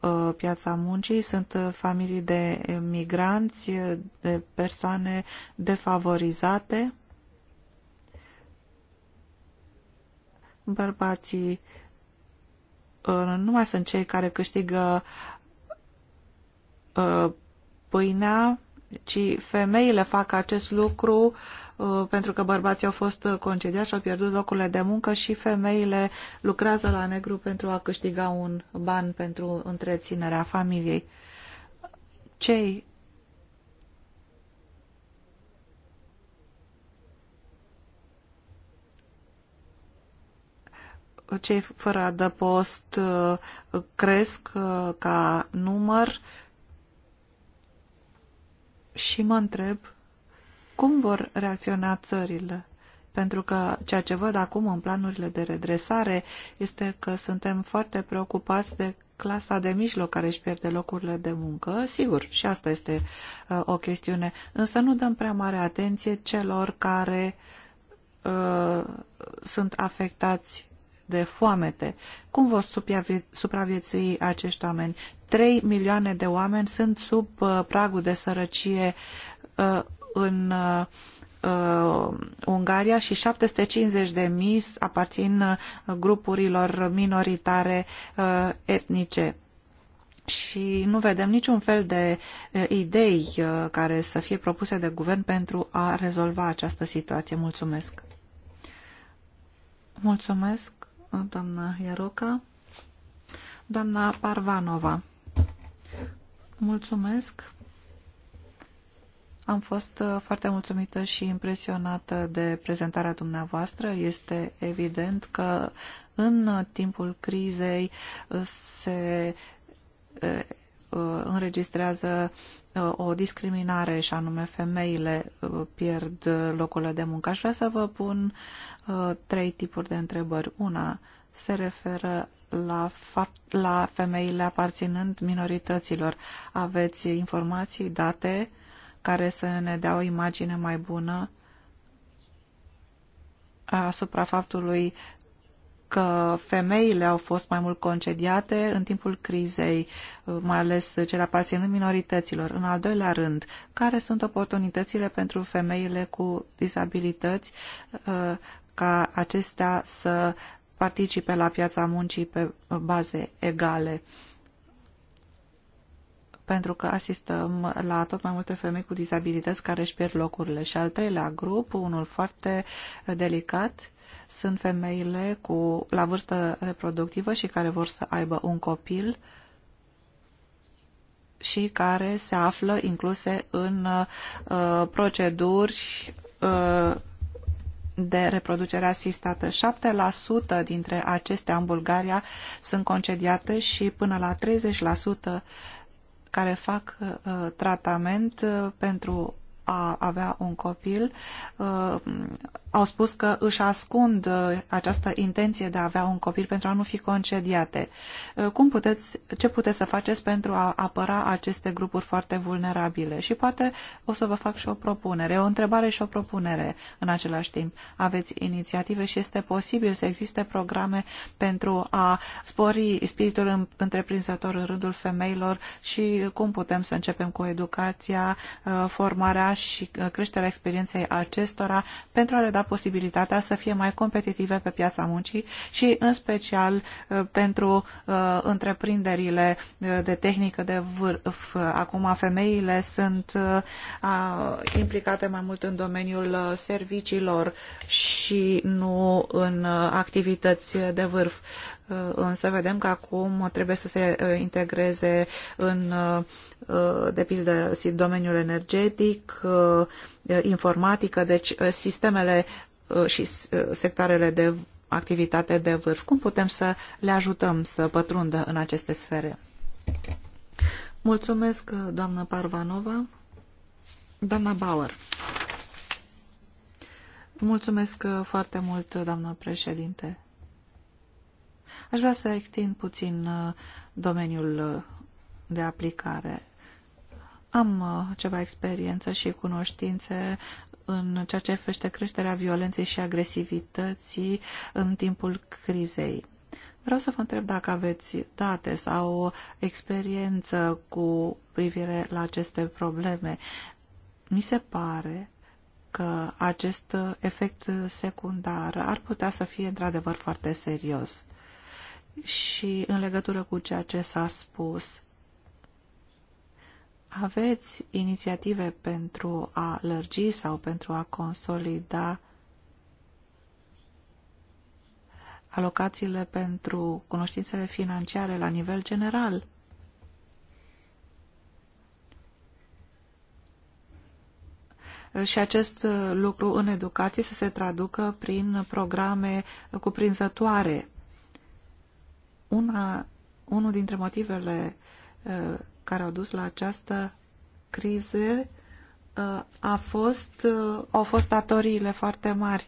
[SPEAKER 4] uh, piața muncii, sunt familii de migranți, de persoane defavorizate bărbații uh, nu mai sunt cei care câștigă uh, pâinea, ci femeile fac acest lucru uh, pentru că bărbații au fost concediați și au pierdut locurile de muncă și femeile lucrează la negru pentru a câștiga un ban pentru întreținerea familiei. Cei cei fără adăpost uh, cresc uh, ca număr și mă întreb cum vor reacționa țările. Pentru că ceea ce văd acum în planurile de redresare este că suntem foarte preocupați de clasa de mijloc care își pierde locurile de muncă, sigur, și asta este uh, o chestiune, însă nu dăm prea mare atenție celor care uh, sunt afectați de foamete. Cum vor supraviețui acești oameni? 3 milioane de oameni sunt sub uh, pragul de sărăcie uh, în uh, Ungaria și 750 de mii aparțin uh, grupurilor minoritare uh, etnice. Și nu vedem niciun fel de uh, idei uh, care să fie propuse de guvern pentru a rezolva această situație. Mulțumesc! Mulțumesc! doamna Iaroca. Doamna Parvanova. Mulțumesc. Am fost uh, foarte mulțumită și impresionată de prezentarea dumneavoastră. Este evident că în timpul crizei uh, se uh, Uh, înregistrează uh, o discriminare și anume femeile uh, pierd locurile de muncă. Aș vrea să vă pun trei tipuri de întrebări. Una se referă la, fapt, la femeile aparținând minorităților. Aveți informații, date care să ne dea o imagine mai bună asupra faptului că femeile au fost mai mult concediate în timpul crizei, mai ales cele aparținând minorităților. În al doilea rând, care sunt oportunitățile pentru femeile cu dizabilități uh, ca acestea să participe la piața muncii pe baze egale? pentru că asistăm la tot mai multe femei cu dizabilități care își pierd locurile. Și al treilea grup, unul foarte delicat, sunt femeile cu, la vârstă reproductivă și care vor să aibă un copil și care se află incluse în uh, proceduri uh, de reproducere asistată. 7% dintre acestea în Bulgaria sunt concediate și până la 30% care fac uh, tratament uh, pentru a avea un copil uh, au spus că își ascund uh, această intenție de a avea un copil pentru a nu fi concediate. Uh, cum puteți, ce puteți să faceți pentru a apăra aceste grupuri foarte vulnerabile? Și poate o să vă fac și o propunere, o întrebare și o propunere în același timp. Aveți inițiative și este posibil să existe programe pentru a spori spiritul întreprinzător în rândul femeilor și cum putem să începem cu educația, formarea și uh, creșterea experienței acestora pentru a le da posibilitatea să fie mai competitive pe piața muncii și în special uh, pentru uh, întreprinderile de tehnică de vârf. Acum femeile sunt implicate mai mult în domeniul serviciilor și nu în activități de vârf însă vedem că acum trebuie să se uh, integreze în, uh, uh, de pildă, domeniul energetic, informatică, deci sistemele și sectoarele de activitate de vârf. Cum putem să le ajutăm să pătrundă în aceste sfere? Mulțumesc, doamnă Parvanova. Doamna Bauer. Mulțumesc foarte mult, doamnă președinte. Aș vrea să extind puțin uh, domeniul uh, de aplicare. Am uh, ceva experiență și cunoștințe în ceea ce fește creșterea violenței și agresivității în timpul crizei. Vreau să vă întreb dacă aveți date sau experiență cu privire la aceste probleme. Mi se pare că acest efect secundar ar putea să fie într-adevăr foarte serios și în legătură cu ceea ce s-a spus. Aveți inițiative pentru a lărgi sau pentru a consolida alocațiile pentru cunoștințele financiare la nivel general? și acest lucru în educație să se traducă prin programe cuprinzătoare una, unul dintre motivele uh, care au dus la această crize uh, a fost, uh, au fost datoriile foarte mari.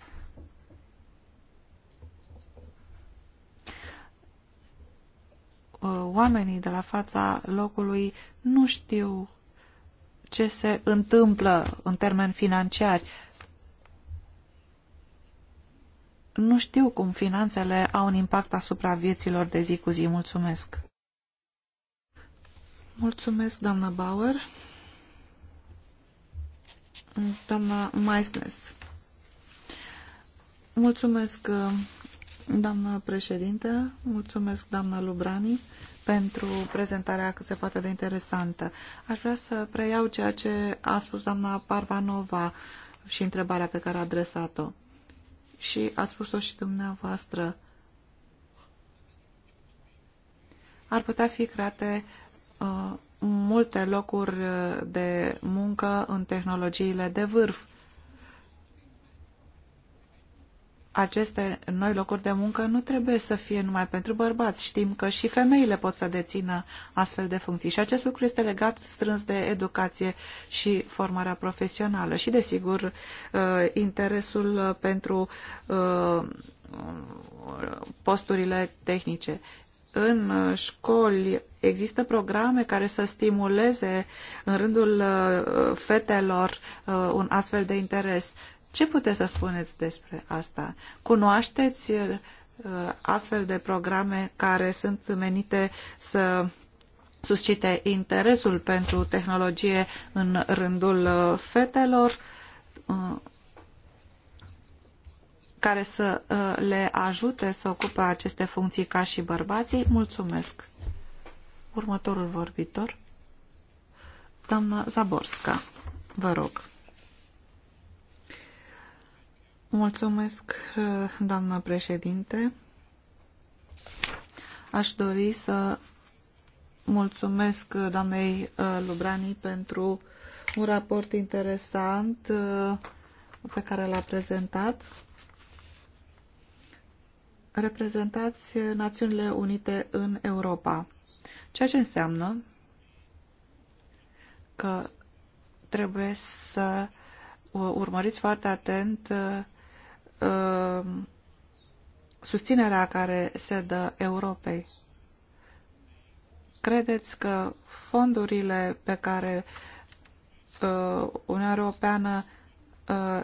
[SPEAKER 4] Oamenii de la fața locului nu știu ce se întâmplă în termeni financiari nu știu cum finanțele au un impact asupra vieților de zi cu zi. Mulțumesc! Mulțumesc, doamna Bauer. Doamna Maisnes. Mulțumesc, doamna președinte, mulțumesc, doamna Lubrani, pentru prezentarea cât se poate de interesantă. Aș vrea să preiau ceea ce a spus doamna Parvanova și întrebarea pe care a adresat-o și a spus-o și dumneavoastră. Ar putea fi create uh, multe locuri uh, de muncă în tehnologiile de vârf. aceste noi locuri de muncă nu trebuie să fie numai pentru bărbați. Știm că și femeile pot să dețină astfel de funcții și acest lucru este legat strâns de educație și formarea profesională și, desigur, uh, interesul pentru uh, posturile tehnice. În școli există programe care să stimuleze în rândul uh, fetelor un astfel de interes ce puteți să spuneți despre asta? Cunoașteți uh, astfel de programe care sunt menite să suscite interesul pentru tehnologie în rândul uh, fetelor uh, care să le ajute să ocupe aceste funcții ca și bărbații. Mulțumesc. Următorul vorbitor, doamna Zaborska, vă rog. Mulțumesc, doamnă președinte. Aș dori să mulțumesc doamnei uh, Lubrani pentru un raport interesant uh, pe care l-a prezentat. Reprezentați Națiunile Unite în Europa, ceea ce înseamnă că trebuie să uh, urmăriți foarte atent uh, uh, susținerea care se dă Europei. Credeți că fondurile pe care uh, Uniunea Europeană uh,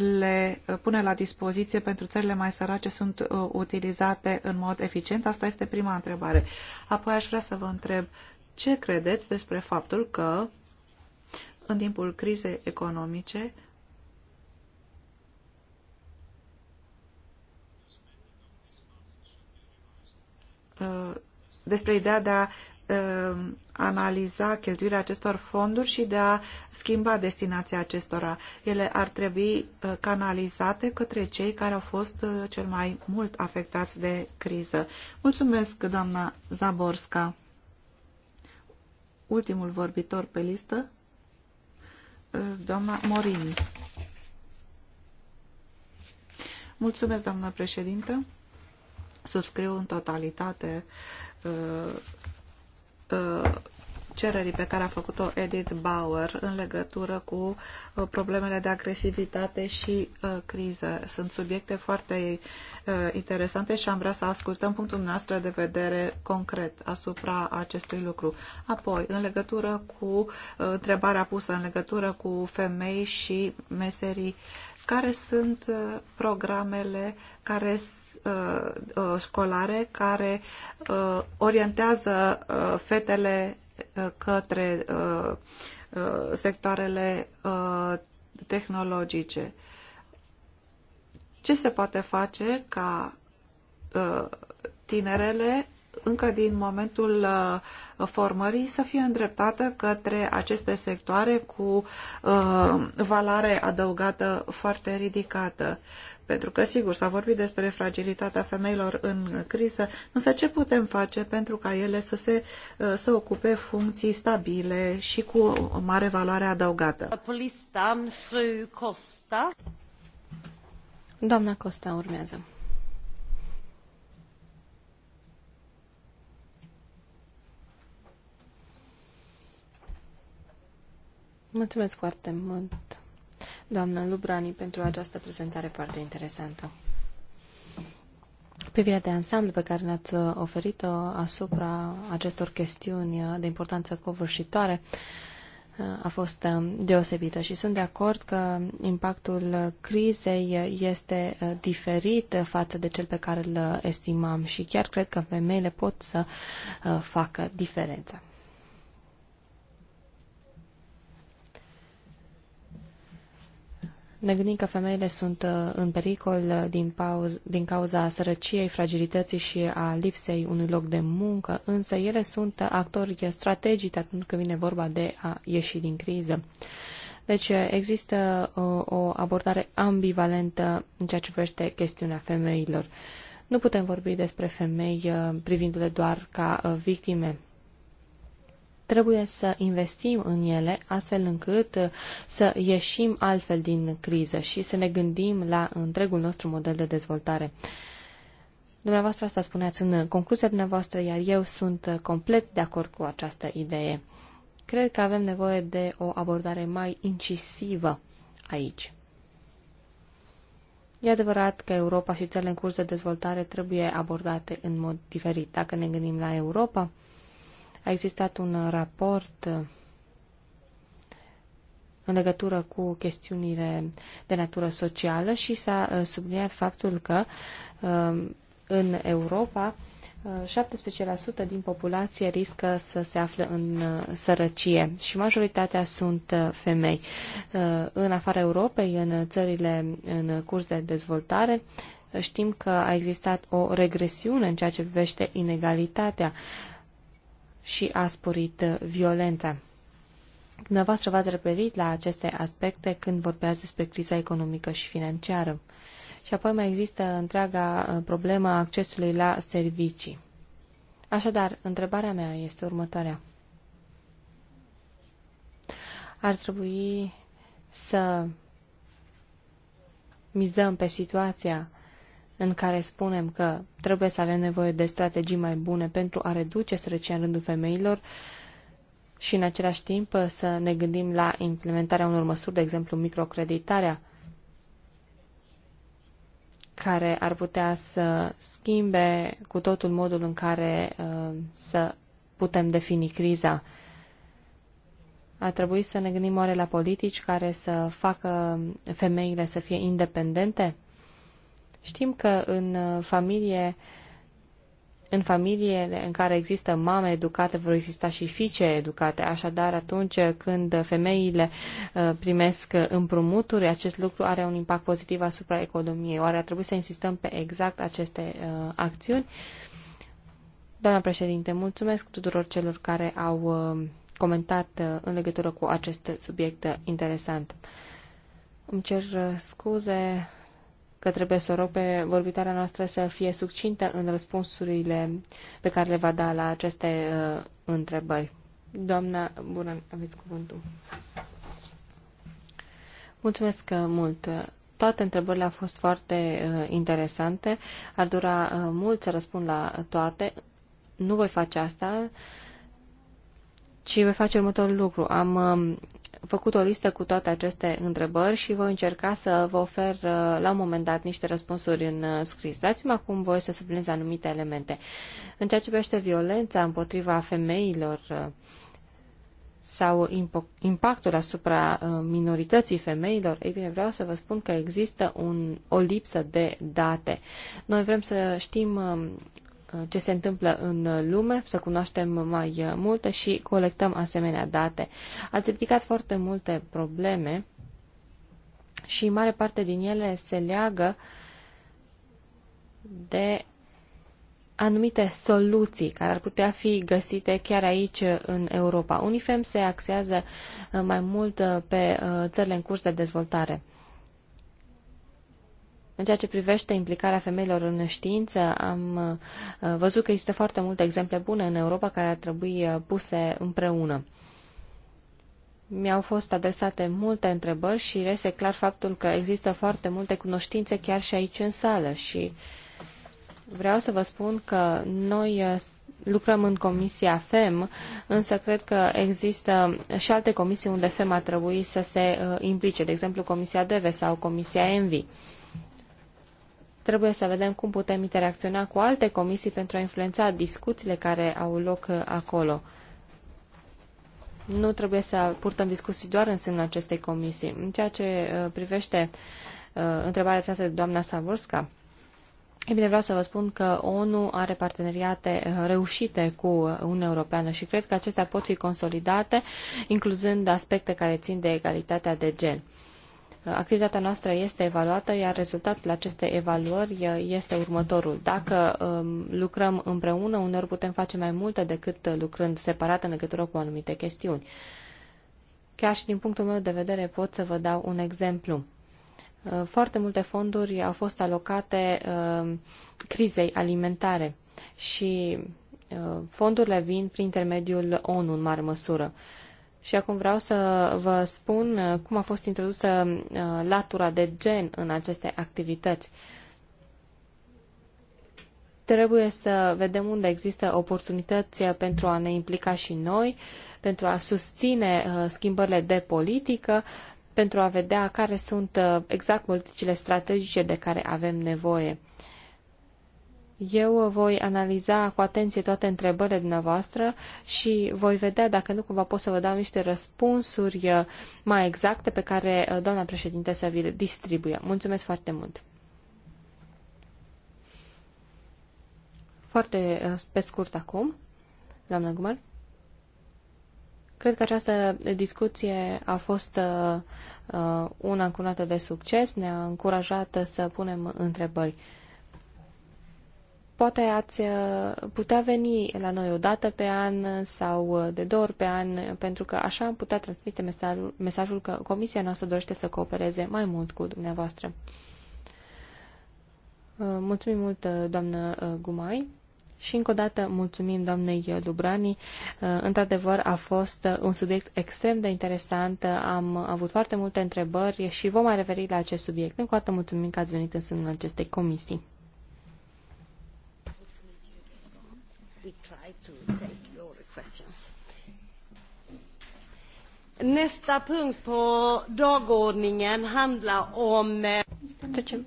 [SPEAKER 4] le pune la dispoziție pentru țările mai sărace sunt uh, utilizate în mod eficient? Asta este prima întrebare. Apoi aș vrea să vă întreb ce credeți despre faptul că în timpul crizei economice Uh, despre ideea de a uh, analiza cheltuirea acestor fonduri și de a schimba destinația acestora. Ele ar trebui uh, canalizate către cei care au fost cel mai mult afectați de criză. Mulțumesc, doamna Zaborska. Ultimul vorbitor pe listă, doamna Morini. Mulțumesc, doamnă președintă subscriu în totalitate uh, uh, cererii pe care a făcut-o Edith Bauer în legătură cu uh, problemele de agresivitate și uh, criză. Sunt subiecte foarte uh, interesante și am vrea să ascultăm punctul noastră de vedere concret asupra acestui lucru. Apoi, în legătură cu uh, întrebarea pusă în legătură cu femei și meserii care sunt uh, programele care uh, uh, școlare care orientează fetele către sectoarele tehnologice. Ce se poate face ca tinerele încă din momentul uh, formării să fie îndreptată către aceste sectoare cu uh, valoare adăugată foarte ridicată. Pentru că, sigur, s-a vorbit despre fragilitatea femeilor în criză, însă ce putem face pentru ca ele să se uh, să ocupe funcții stabile și cu o mare valoare adăugată? Doamna Costa urmează.
[SPEAKER 2] Mulțumesc foarte mult, Lubrani, pentru această prezentare foarte interesantă. Privirea de ansamblu pe care ne-ați oferit-o asupra acestor chestiuni de importanță covârșitoare a fost deosebită și sunt de acord că impactul crizei este diferit față de cel pe care îl estimam și chiar cred că femeile pot să uh, facă diferența. ne gândim că femeile sunt uh, în pericol uh, din, pauz, din cauza sărăciei, fragilității și a lipsei unui loc de muncă, însă ele sunt uh, actori strategici atunci când vine vorba de a ieși din criză. Deci există o, o abordare ambivalentă în ceea ce privește chestiunea femeilor. Nu putem vorbi despre femei privindu-le doar ca victime Trebuie să investim în ele astfel încât uh, să ieșim altfel din criză și să ne gândim la întregul nostru model de dezvoltare. Dumneavoastră asta spuneați în concluzia dumneavoastră, iar eu sunt uh, complet de acord cu această idee. Cred că avem nevoie de o abordare mai incisivă aici. E adevărat că Europa și țările în curs de dezvoltare trebuie abordate în mod diferit. Dacă ne gândim la Europa, a existat un raport uh, în legătură cu chestiunile de natură socială și s-a uh, subliniat faptul că uh, în Europa 17% din populație riscă să se află în sărăcie și majoritatea sunt femei. În afara Europei, în țările în curs de dezvoltare, știm că a existat o regresiune în ceea ce privește inegalitatea și a sporit uh, violența. Dumneavoastră v-ați referit la aceste aspecte când vorbeați despre criza economică și financiară. Și apoi mai există întreaga uh, problemă a accesului la servicii. Așadar, întrebarea mea este următoarea. Ar trebui să mizăm pe situația în care spunem că trebuie să avem nevoie de strategii mai bune pentru a reduce sărăcia în rândul femeilor și în același timp să ne gândim la implementarea unor măsuri, de exemplu microcreditarea, care ar putea să schimbe cu totul modul în care uh, să putem defini criza. Ar trebui să ne gândim oare la politici care să facă femeile să fie independente? Știm că în uh, familie în familiile în care există mame educate, vor exista și fiice educate. Așadar, atunci când femeile uh, primesc împrumuturi, acest lucru are un impact pozitiv asupra economiei. Oare ar trebui să insistăm pe exact aceste uh, acțiuni? Doamna președinte, mulțumesc tuturor celor care au uh, comentat uh, în legătură cu acest subiect interesant. Îmi cer uh, scuze că trebuie să o rog pe vorbitoarea noastră să fie succintă în răspunsurile pe care le va da la aceste uh, întrebări. Doamna Buran, aveți cuvântul. Mulțumesc uh, mult. Toate întrebările au fost foarte uh, interesante. Ar dura uh, mult să răspund la toate. Nu voi face asta, ci voi face următorul lucru. Am uh, făcut o listă cu toate aceste întrebări și voi încerca să vă ofer uh, la un moment dat niște răspunsuri în uh, scris. Dați-mi acum voi să subliniez anumite elemente. În ceea ce privește violența împotriva femeilor uh, sau impactul asupra minorității femeilor, ei bine, vreau să vă spun că există un, o lipsă de date. Noi vrem să știm um, Uh, ce se întâmplă în uh, lume, să cunoaștem mai uh, multe și colectăm asemenea date. Ați ridicat foarte multe probleme și mare parte din ele se leagă de anumite soluții care ar putea fi găsite chiar aici în Europa. Unifem se axează mai mult pe țările în curs de dezvoltare. În ceea ce privește implicarea femeilor în știință, am uh, văzut că există foarte multe exemple bune în Europa care ar trebui uh, puse împreună. Mi-au fost adresate multe întrebări și rese clar faptul că există foarte multe cunoștințe chiar și aici în sală și vreau să vă spun că noi uh, lucrăm în Comisia FEM, însă cred că există și alte comisii unde FEM ar trebui să se implice, de exemplu Comisia DEVE sau Comisia ENVI. Trebuie să vedem cum putem interacționa cu alte comisii pentru a influența discuțiile care au loc uh, acolo. Nu trebuie să purtăm discuții doar în sânul acestei comisii. În ceea ce uh, privește uh, întrebarea aceasta de doamna Savorska, E bine, vreau să vă spun că ONU are parteneriate reușite cu Uniunea Europeană și cred că acestea pot fi consolidate, incluzând aspecte care țin de egalitatea de gen. Activitatea noastră este evaluată, iar rezultatul acestei evaluări este următorul. Dacă um, lucrăm împreună, uneori putem face mai multe decât lucrând separat în legătură cu anumite chestiuni. Chiar și din punctul meu de vedere pot să vă dau un exemplu. Uh, foarte multe fonduri au fost alocate um, crizei alimentare și uh, fondurile vin prin intermediul ONU în mare măsură. Și acum vreau să vă spun uh, cum a fost introdusă uh, latura de gen în aceste activități. Trebuie să vedem unde există oportunități uh, pentru a ne implica și noi, pentru a susține schimbările de politică, pentru a vedea care sunt exact politicile strategice de care avem nevoie. Eu voi analiza cu atenție toate întrebările dumneavoastră și voi vedea dacă nu cumva pot să vă dau niște răspunsuri uh, mai exacte pe care uh, doamna președinte să vi le distribuie. Mulțumesc foarte mult! Foarte uh, pe scurt acum, doamna Gumar. Cred că această discuție a fost una încunată de succes, ne-a încurajat să punem întrebări. Poate ați uh, putea veni la noi o dată pe an sau uh, de două ori pe an, pentru că așa am putea transmite mesajul, mesajul că Comisia noastră dorește să coopereze mai mult cu dumneavoastră. Uh, mulțumim mult, doamnă Gumai. Și încă o dată mulțumim doamnei Lubrani. Într-adevăr, a fost un subiect extrem de interesant. Am avut foarte multe întrebări și vom mai referi la acest subiect. Încă o dată mulțumim că ați venit în sânul acestei comisii.
[SPEAKER 1] try to take all the questions. Nästa punkt på dagordningen handlar om... Eh, Trecem.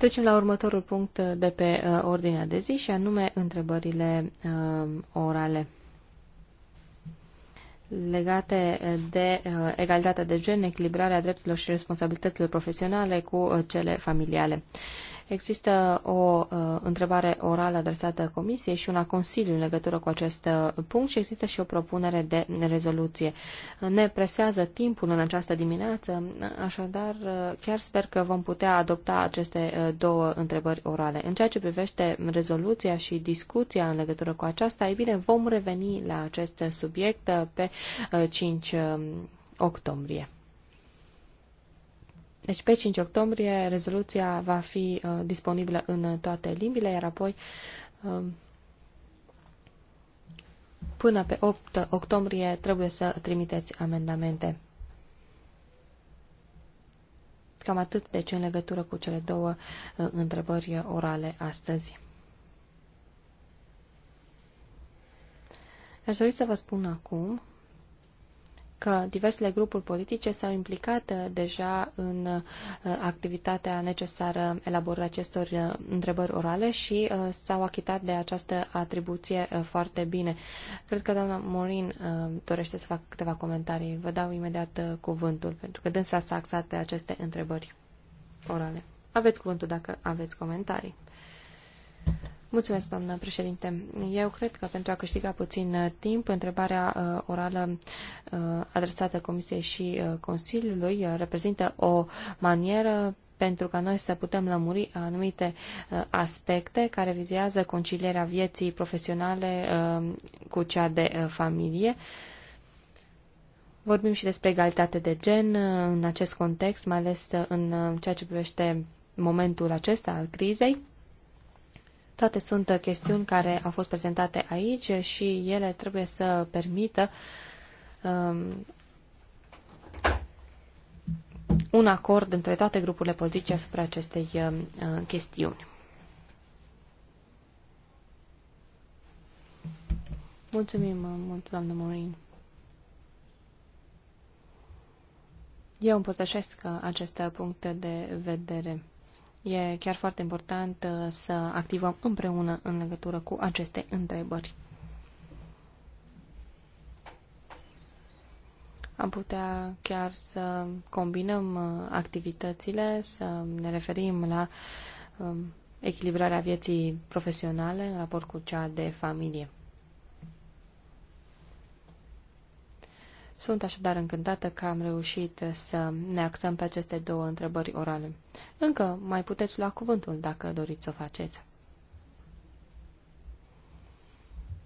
[SPEAKER 2] Trecem la următorul punct de pe uh, ordinea de zi și anume întrebările uh, orale legate de uh, egalitatea de gen, echilibrarea drepturilor și responsabilităților profesionale cu uh, cele familiale. Uh, Există o uh, întrebare orală adresată Comisiei și una consiliu în legătură cu acest uh, punct și există și o propunere de rezoluție. Ne presează timpul în această dimineață, așadar uh, chiar sper că vom putea adopta aceste uh, două întrebări orale. În ceea ce privește rezoluția și discuția în legătură cu aceasta, E bine, vom reveni la acest subiect pe 5 octombrie. Deci pe 5 octombrie rezoluția va fi uh, disponibilă în toate limbile, iar apoi uh, până pe 8 octombrie trebuie să trimiteți amendamente. Cam atât, deci, în legătură cu cele două uh, întrebări orale astăzi. Aș dori să vă spun acum că diversele grupuri politice s-au implicat uh, deja în uh, activitatea necesară elaborării acestor uh, întrebări orale și s-au achitat de această atribuție foarte bine. Cred că doamna Morin dorește să facă câteva comentarii. Vă dau imediat cuvântul, pentru că dânsa s-a axat pe aceste întrebări orale. Aveți cuvântul dacă aveți comentarii. Mulțumesc, doamnă președinte. Eu cred că pentru a câștiga puțin uh, timp, întrebarea uh, orală uh, adresată Comisiei și Consiliului reprezintă o manieră pentru ca noi să putem lămuri anumite aspecte care vizează concilierea vieții profesionale cu cea de familie. Vorbim și despre egalitate de gen în acest context, mai ales în ceea ce privește momentul acesta al crizei. Toate sunt chestiuni care au fost prezentate aici și ele trebuie să permită um, un acord între toate grupurile politice asupra acestei um, uh, chestiuni. Mulțumim uh, mult, doamnă Maureen. Eu împărtășesc uh, acest uh, punct de vedere. E chiar foarte important uh, să activăm împreună în legătură cu aceste întrebări. Am putea chiar să combinăm uh, activitățile, să ne referim la um, echilibrarea vieții profesionale în raport cu cea de familie. Sunt așadar încântată că am reușit să ne axăm pe aceste două întrebări orale. Încă mai puteți lua cuvântul dacă doriți să o faceți.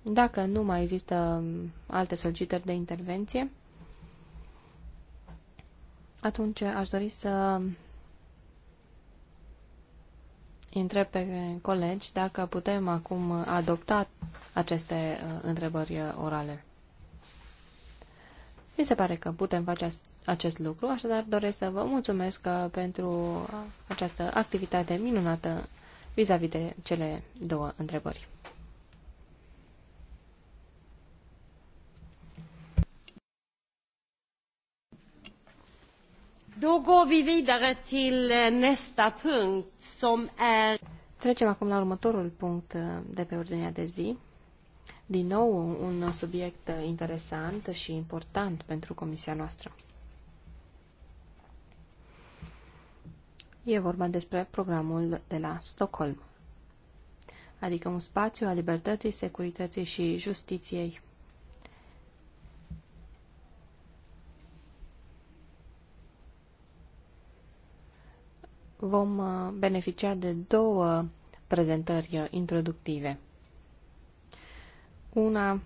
[SPEAKER 2] Dacă nu mai există alte solicitări de intervenție, atunci aș dori să întreb pe colegi dacă putem acum adopta aceste uh, întrebări uh, orale. Mi se pare că putem face acest lucru, așadar doresc să vă mulțumesc uh, pentru această activitate minunată vis-a-vis -vis de cele două întrebări.
[SPEAKER 1] Då går vi vidare till eh, nästa punkt som är... Trecem acum la
[SPEAKER 2] următorul punct eh, de pe ordinea de zi. Din nou, un subiect interesant și important pentru comisia noastră. E vorba despre programul de la Stockholm, adică un spațiu a libertății, securității și justiției. Vom uh, beneficia de două prezentări uh, introductive. Una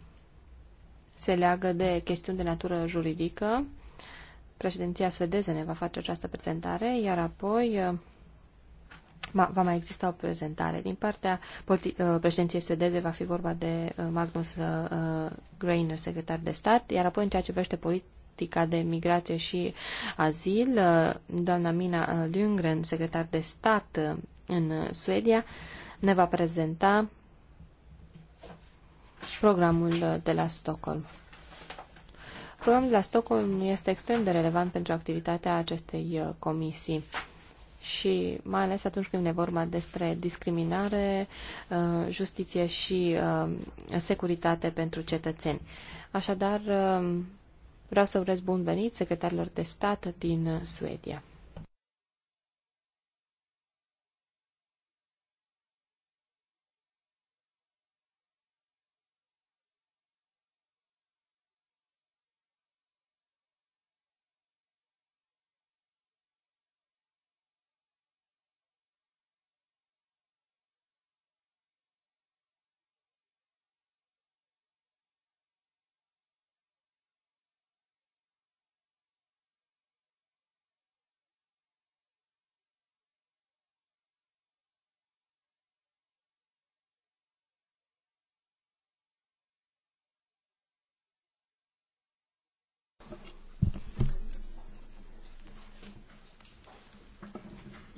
[SPEAKER 2] se leagă de chestiuni de natură juridică. Președinția suedeză ne va face această prezentare, iar apoi uh, va mai exista o prezentare. Din partea uh, președinției suedeze va fi vorba de uh, Magnus Greiner, secretar de stat, iar apoi în ceea ce privește politica de migrație și azil, doamna Mina Lundgren, secretar de stat în Suedia, ne va prezenta programul uh, de la Stockholm. Programul de la Stockholm este extrem de relevant pentru activitatea acestei uh, comisii și mai ales atunci când e vorba despre discriminare, uh, justiție și securitate pentru cetățeni. Așadar, vreau să urez bun venit secretarilor de stat din Suedia.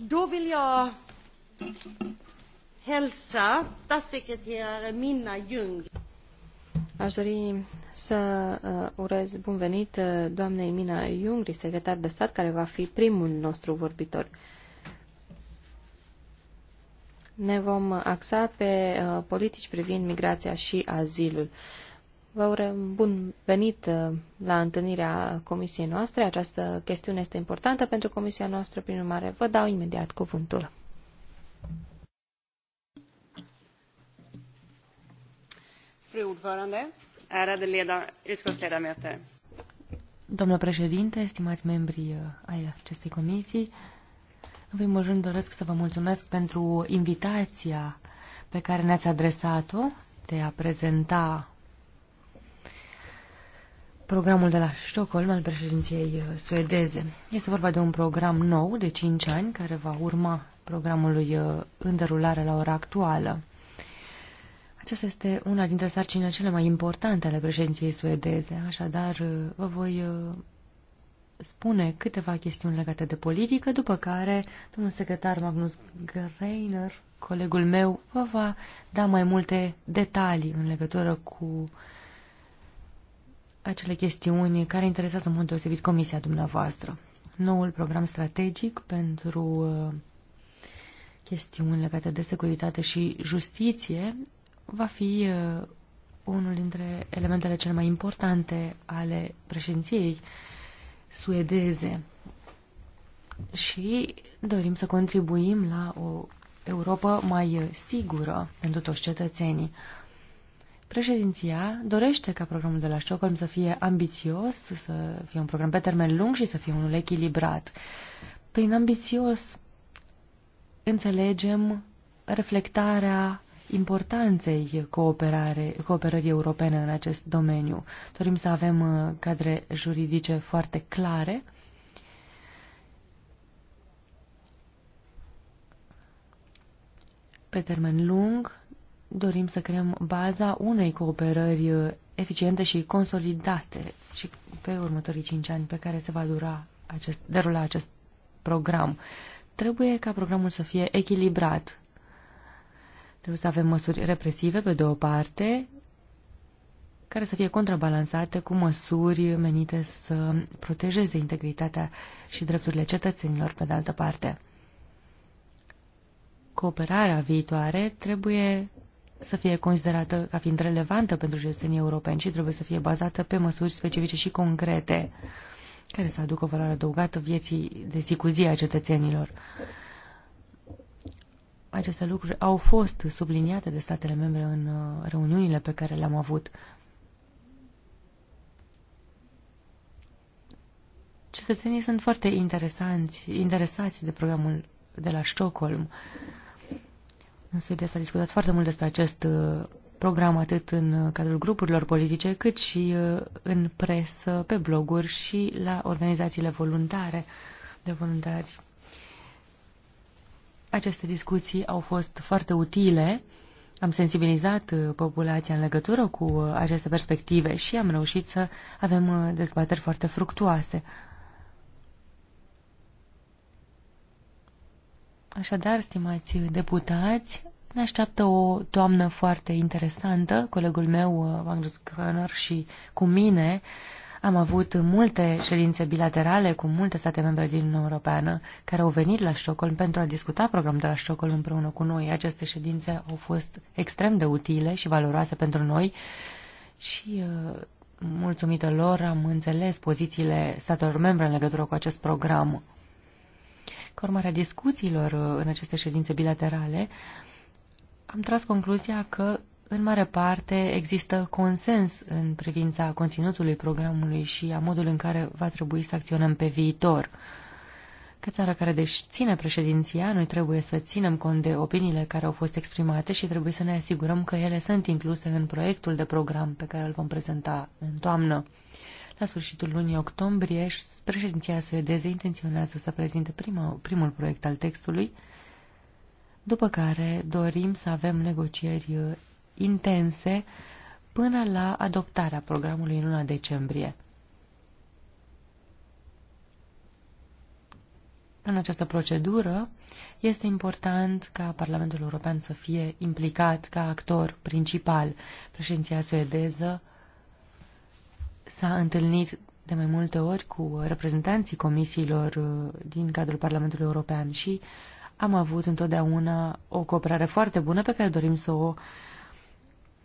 [SPEAKER 1] Då vill jag hälsa statssekreterare Minna Ljung.
[SPEAKER 2] Aș dori să uh, urez bun venit uh, doamnei Mina Iungri, secretar de stat, care va fi primul nostru vorbitor. Ne vom axa pe uh, politici privind migrația și azilul. Vă urăm bun venit uh, la întâlnirea comisiei noastre. Această chestiune este importantă pentru comisia noastră, prin urmare vă dau imediat cuvântul.
[SPEAKER 1] Fru leda,
[SPEAKER 3] Domnul președinte, estimați membri uh, ai acestei comisii, în primul rând doresc să vă mulțumesc pentru invitația pe care ne-ați adresat-o de a prezenta programul de la Stockholm al președinției uh, suedeze. Este vorba de un program nou de 5 ani care va urma programului uh, în derulare la ora actuală. Aceasta este una dintre sarcinile cele mai importante ale președinției suedeze, așadar uh, vă voi spune câteva chestiuni legate de politică, după care domnul secretar Magnus Greiner, colegul meu, vă va da mai multe detalii în legătură cu uh, acele chestiuni care interesează în mod deosebit Comisia dumneavoastră. Noul program strategic pentru uh, chestiuni legate de securitate și justiție va fi uh, unul dintre elementele cele mai importante ale președinției suedeze și dorim să contribuim la o Europa mai uh, sigură pentru toți cetățenii. Președinția dorește ca programul de la Stockholm să fie ambițios, să fie un program pe termen lung și să fie unul echilibrat. Prin ambițios înțelegem reflectarea importanței cooperare, cooperării europene în acest domeniu. Dorim să avem uh, cadre juridice foarte clare pe termen lung dorim să creăm baza unei cooperări uh, eficiente și consolidate și pe următorii cinci ani pe care se va dura acest, derula acest program. Trebuie ca programul să fie echilibrat. Trebuie să avem măsuri represive pe de o parte, care să fie contrabalansate cu măsuri menite să protejeze integritatea și drepturile cetățenilor pe de altă parte. Cooperarea viitoare trebuie să fie considerată ca fiind relevantă pentru cetățenii europeni și trebuie să fie bazată pe măsuri specifice și concrete care să aducă valoare adăugată vieții de zi cu zi a cetățenilor. Aceste lucruri au fost subliniate de statele membre în uh, reuniunile pe care le-am avut. Cetățenii sunt foarte interesanți, interesați de programul de la Stockholm. În Suedia s-a discutat foarte mult despre acest uh, program atât în uh, cadrul grupurilor politice, cât și uh, în presă, pe bloguri și la organizațiile voluntare de voluntari. Aceste discuții au fost foarte utile. Am sensibilizat populația în legătură cu aceste perspective și am reușit să avem dezbateri foarte fructuoase. Așadar, stimați deputați, ne așteaptă o toamnă foarte interesantă. Colegul meu, Magnus uh, Gröner, și cu mine am avut multe ședințe bilaterale cu multe state membre din Uniunea Europeană care au venit la Stockholm pentru a discuta programul de la Stockholm împreună cu noi. Aceste ședințe au fost extrem de utile și valoroase pentru noi și uh, mulțumită lor am înțeles pozițiile statelor membre în legătură cu acest program ca urmare a discuțiilor uh, în aceste ședințe bilaterale, am tras concluzia că în mare parte există consens în privința conținutului programului și a modului în care va trebui să acționăm pe viitor. Că țara care deși ține președinția, noi trebuie să ținem cont de opiniile care au fost exprimate și trebuie să ne asigurăm că ele sunt incluse în proiectul de program pe care îl vom prezenta în toamnă. La sfârșitul lunii octombrie, președinția suedeză intenționează să prezinte prima, primul proiect al textului, după care dorim să avem negocieri uh, intense până la adoptarea programului în luna decembrie. În această procedură este important ca Parlamentul European să fie implicat ca actor principal. Președinția suedeză s-a întâlnit de mai multe ori cu reprezentanții comisiilor uh, din cadrul Parlamentului European și am avut întotdeauna o cooperare foarte bună pe care dorim să o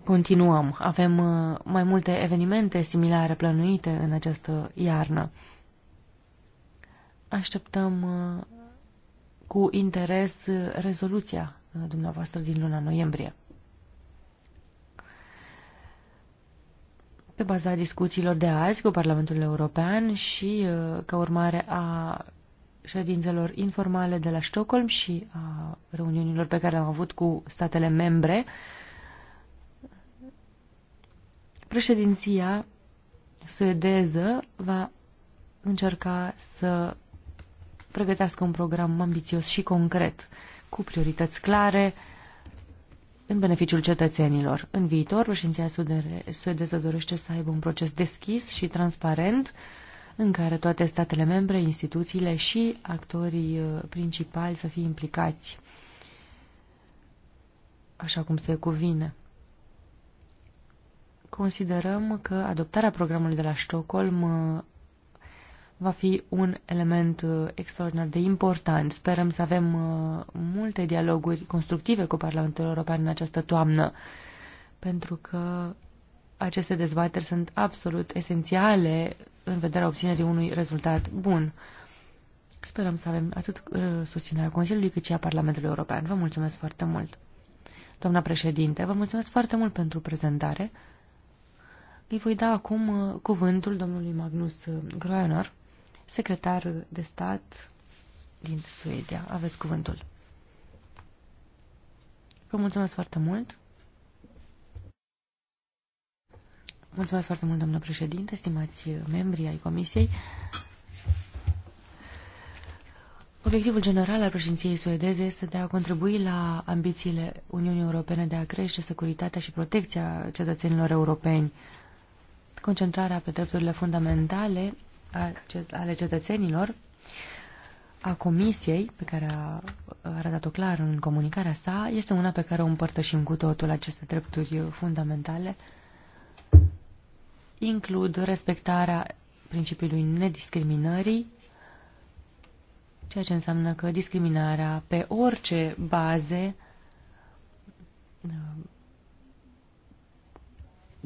[SPEAKER 3] continuăm. Avem uh, mai multe evenimente similare plănuite în această iarnă. Așteptăm uh, cu interes rezoluția dumneavoastră din luna noiembrie. pe baza discuțiilor de azi cu Parlamentul European și uh, ca urmare a ședințelor informale de la Stockholm și a reuniunilor pe care le-am avut cu statele membre, președinția suedeză va încerca să pregătească un program ambițios și concret, cu priorități clare, în beneficiul cetățenilor. În viitor, președinția suedeză dorește să aibă un proces deschis și transparent în care toate statele membre, instituțiile și actorii uh, principali să fie implicați așa cum se cuvine. Considerăm că adoptarea programului de la Stockholm uh, va fi un element uh, extraordinar de important. Sperăm să avem uh, multe dialoguri constructive cu Parlamentul European în această toamnă, pentru că aceste dezbateri sunt absolut esențiale în vederea obținerii unui rezultat bun. Sperăm să avem atât uh, susținerea Consiliului cât și a Parlamentului European. Vă mulțumesc foarte mult! Doamna președinte, vă mulțumesc foarte mult pentru prezentare. Îi voi da acum cuvântul domnului Magnus Groener secretar de stat din Suedia. Aveți cuvântul. Vă mulțumesc foarte mult. Mulțumesc foarte mult, domnule președinte, stimați membri ai comisiei. Obiectivul general al președinției suedeze este de a contribui la ambițiile Uniunii Europene de a crește securitatea și protecția cetățenilor europeni. Concentrarea pe drepturile fundamentale ale cetățenilor a Comisiei, pe care a arătat-o clar în comunicarea sa, este una pe care o împărtășim cu totul aceste drepturi fundamentale, includ respectarea principiului nediscriminării, ceea ce înseamnă că discriminarea pe orice baze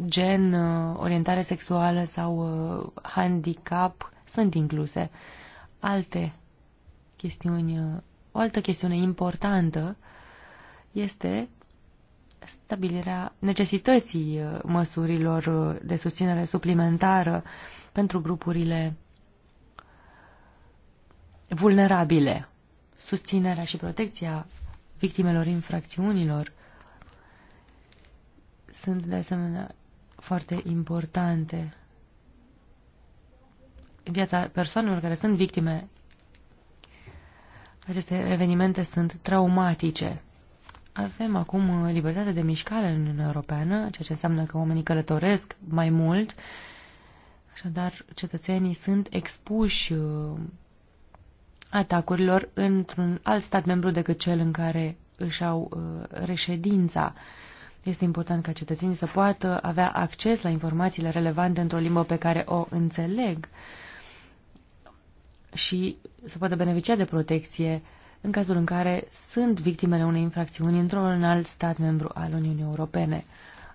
[SPEAKER 3] gen, uh, orientare sexuală sau uh, handicap sunt incluse. Alte chestiuni, uh, o altă chestiune importantă este stabilirea necesității măsurilor de susținere suplimentară pentru grupurile vulnerabile, susținerea și protecția victimelor infracțiunilor. Sunt de asemenea foarte importante în viața persoanelor care sunt victime. Aceste evenimente sunt traumatice. Avem acum uh, libertate de mișcare în Uniunea Europeană, ceea ce înseamnă că oamenii călătoresc mai mult, așadar cetățenii sunt expuși uh, atacurilor într-un alt stat membru decât cel în care își au uh, reședința. Uh, este important ca cetățenii să poată avea acces la informațiile relevante într-o limbă pe care o înțeleg și să poată beneficia de protecție în cazul în care sunt victimele unei infracțiuni într-un alt stat membru al Uniunii Europene.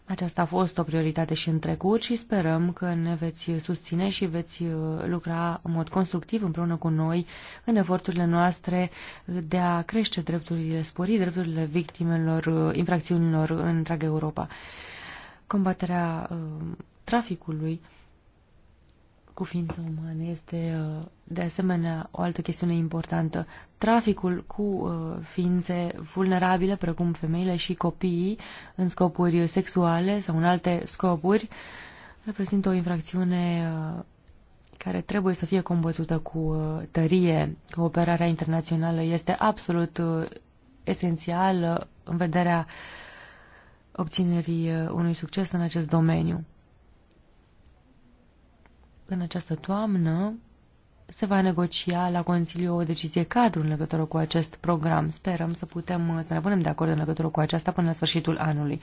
[SPEAKER 3] Aceasta a fost o prioritate și în trecut și sperăm că ne veți susține și veți uh, lucra în mod constructiv împreună cu noi în eforturile noastre de a crește drepturile, spori drepturile victimelor uh, infracțiunilor în întreaga Europa. Combaterea uh, traficului cu ființă umane este uh, de asemenea o altă chestiune importantă. Traficul cu uh, ființe vulnerabile, precum femeile și copiii, în scopuri sexuale sau în alte scopuri, reprezintă o infracțiune uh, care trebuie să fie combătută cu tărie. Cooperarea internațională este absolut esențială în vederea obținerii unui succes în acest domeniu în această toamnă se va negocia la Consiliu o decizie cadru în legătură cu acest program. Sperăm să putem uh, să ne punem de acord în legătură cu aceasta până la sfârșitul anului.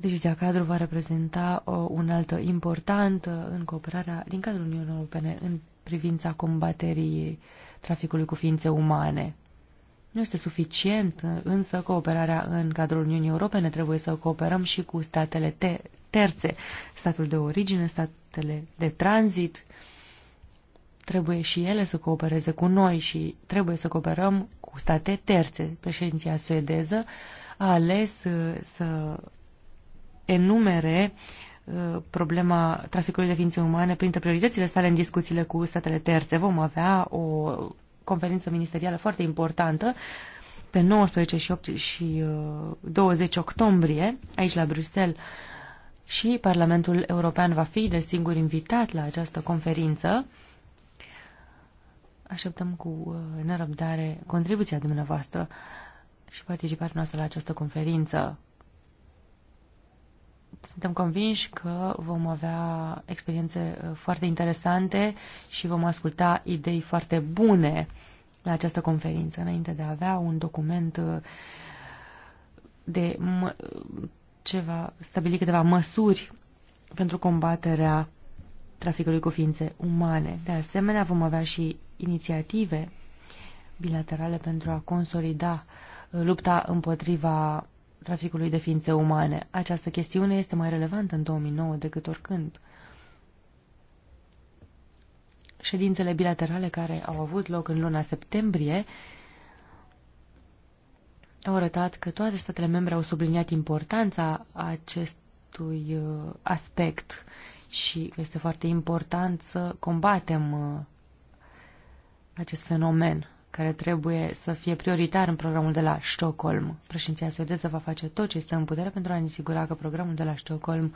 [SPEAKER 3] Decizia cadru va reprezenta o uh, unaltă importantă uh, în cooperarea din cadrul Uniunii Europene în privința combaterii traficului cu ființe umane. Nu este suficient, însă, cooperarea în cadrul Uniunii Europene trebuie să cooperăm și cu statele te terțe, statul de origine, stat statele de tranzit trebuie și ele să coopereze cu noi și trebuie să cooperăm cu state terțe. Președinția suedeză a ales uh, să enumere uh, problema traficului de ființe umane printre prioritățile sale în discuțiile cu statele terțe. Vom avea o conferință ministerială foarte importantă pe 19 și 20 uh, octombrie aici la Bruxelles și Parlamentul European va fi, de singur invitat la această conferință. Așteptăm cu uh, nerăbdare contribuția dumneavoastră și participarea noastră la această conferință. Suntem convinși că vom avea experiențe uh, foarte interesante și vom asculta idei foarte bune la această conferință, înainte de a avea un document uh, de ceva, stabili câteva măsuri pentru combaterea traficului cu ființe umane. De asemenea, vom avea și inițiative bilaterale pentru a consolida uh, lupta împotriva traficului de ființe umane. Această chestiune este mai relevantă în 2009 decât oricând. Ședințele bilaterale care au avut loc în luna septembrie au arătat că toate statele membre au subliniat importanța acestui uh, aspect și că este foarte important să combatem uh, acest fenomen care trebuie să fie prioritar în programul de la Stockholm. Președinția suedeză va face tot ce stă în putere pentru a ne asigura că programul de la Stockholm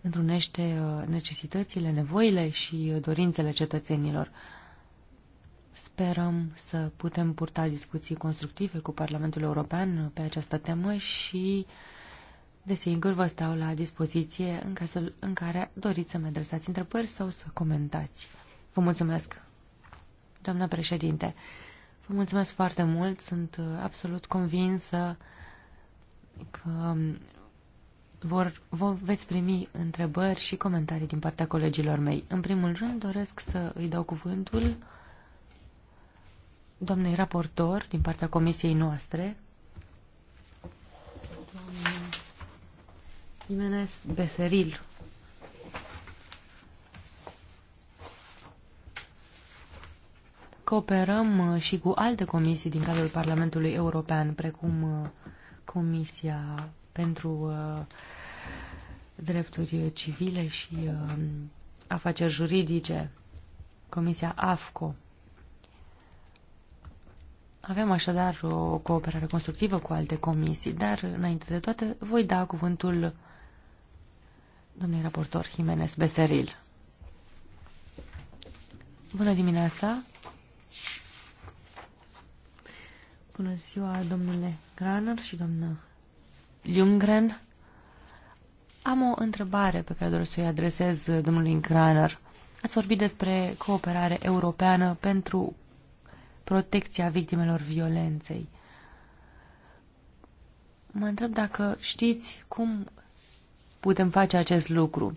[SPEAKER 3] întrunește uh, necesitățile, nevoile și dorințele cetățenilor. Sperăm să putem purta discuții constructive cu Parlamentul European pe această temă și, desigur, vă stau la dispoziție în cazul în care doriți să-mi adresați întrebări sau să comentați. Vă mulțumesc, doamna președinte. Vă mulțumesc foarte mult. Sunt uh, absolut convinsă că um, vor, vă veți primi întrebări și comentarii din partea colegilor mei. În primul rând, doresc să îi dau cuvântul doamnei raportor din partea comisiei noastre, doamna Jimenez Beseril. Cooperăm uh, și cu alte comisii din cadrul Parlamentului European, precum uh, Comisia pentru uh, Drepturi Civile și Afaceri Juridice, Comisia AFCO, avem așadar o cooperare constructivă cu alte comisii, dar înainte de toate voi da cuvântul domnului raportor Jimenez Beseril. Bună dimineața! Bună ziua, domnule Graner și doamnă Ljunggren. Am o întrebare pe care doresc să o adresez domnului Graner. Ați vorbit despre cooperare europeană pentru protecția victimelor violenței. Mă întreb dacă știți cum putem face acest lucru.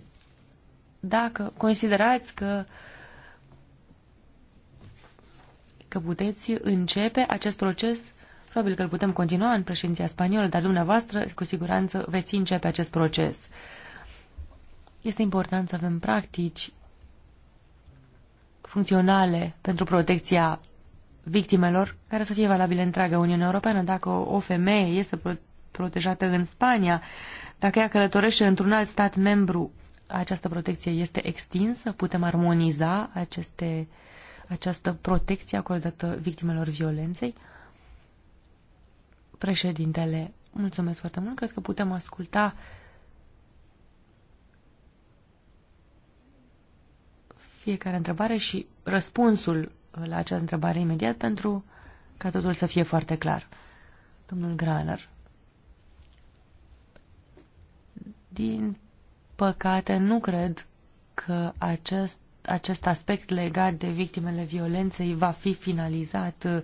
[SPEAKER 3] Dacă considerați că că puteți începe acest proces, probabil că îl putem continua în președinția spaniolă, dar dumneavoastră cu siguranță veți începe acest proces. Este important să avem practici funcționale pentru protecția victimelor care să fie valabile întreaga Uniune Europeană. Dacă o, o femeie este protejată în Spania, dacă ea călătorește într-un alt stat membru, această protecție este extinsă? Putem armoniza aceste, această protecție acordată victimelor violenței? Președintele, mulțumesc foarte mult. Cred că putem asculta fiecare întrebare și răspunsul la această întrebare imediat pentru ca totul să fie foarte clar. Domnul Graner. Din păcate, nu cred că acest, acest aspect legat de victimele violenței va fi finalizat uh,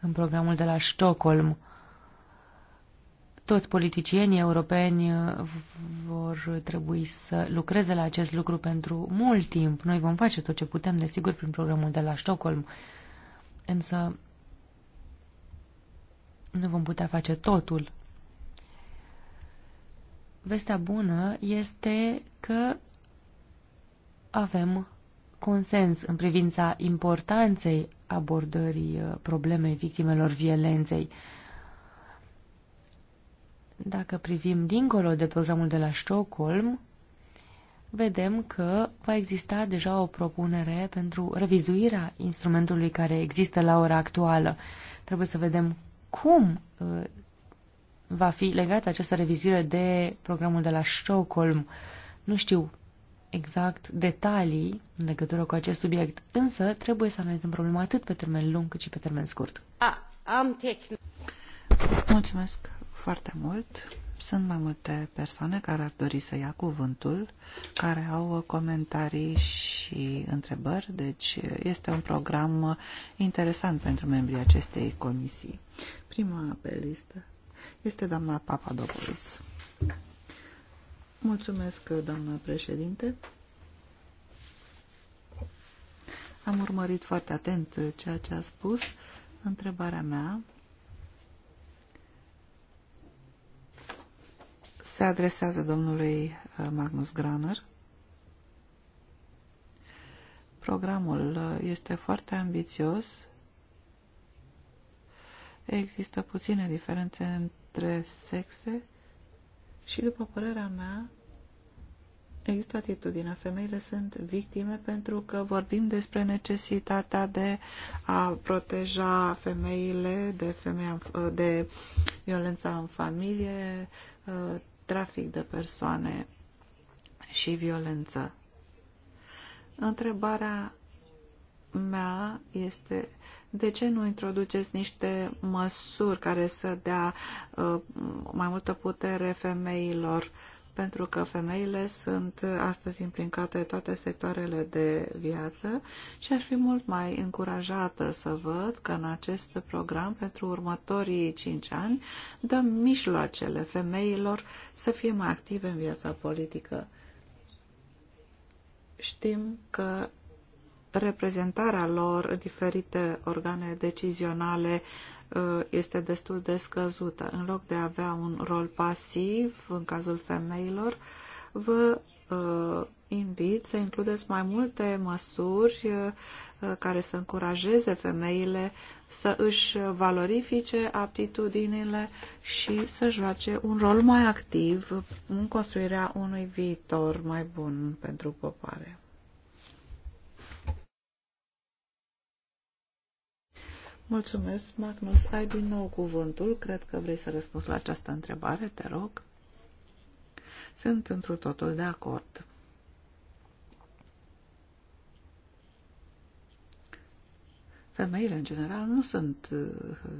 [SPEAKER 3] în programul de la Stockholm. Toți politicienii europeni uh, vor trebui să lucreze la acest lucru pentru mult timp. Noi vom face tot ce putem, desigur, prin programul de la Stockholm. Însă nu vom putea face totul. Vestea bună este că avem consens în privința importanței abordării uh, problemei victimelor violenței. Dacă privim dincolo de programul de la Stockholm, vedem că va exista deja o propunere pentru revizuirea instrumentului care există la ora actuală. Trebuie să vedem cum uh, va fi legată această revizuire de programul de la Stockholm. Nu știu exact detalii în legătură cu acest subiect, însă trebuie să analizăm problema atât pe termen lung cât și pe termen
[SPEAKER 4] scurt. Ah, am Mulțumesc foarte mult. Sunt mai multe persoane care ar dori să ia cuvântul, care au comentarii și întrebări, deci este un program interesant pentru membrii acestei comisii. Prima pe listă este doamna Papadopoulos. Mulțumesc, doamna președinte. Am urmărit foarte atent ceea ce a spus. Întrebarea mea se adresează domnului uh, Magnus Graner. Programul uh, este foarte ambițios. Există puține diferențe între sexe și, după părerea mea, Există atitudinea. Femeile sunt victime pentru că vorbim despre necesitatea de a proteja femeile de, femeia, de violența în familie, uh, trafic de persoane și violență. Întrebarea mea este de ce nu introduceți niște măsuri care să dea uh, mai multă putere femeilor pentru că femeile sunt astăzi implicate în toate sectoarele de viață și aș fi mult mai încurajată să văd că în acest program pentru următorii 5 ani dăm mijloacele femeilor să fie mai active în viața politică. Știm că reprezentarea lor în diferite organe decizionale Uh, este destul de scăzută. În loc de a avea un rol pasiv în cazul femeilor, vă uh, invit să includeți mai multe măsuri uh, care să încurajeze femeile să își valorifice aptitudinile și să joace un rol mai activ în construirea unui viitor mai bun pentru popoare. Mulțumesc, Magnus. Ai din nou cuvântul. Cred că vrei să răspunzi la această întrebare, te rog. Sunt întru totul de acord. Femeile, în general, nu sunt uh,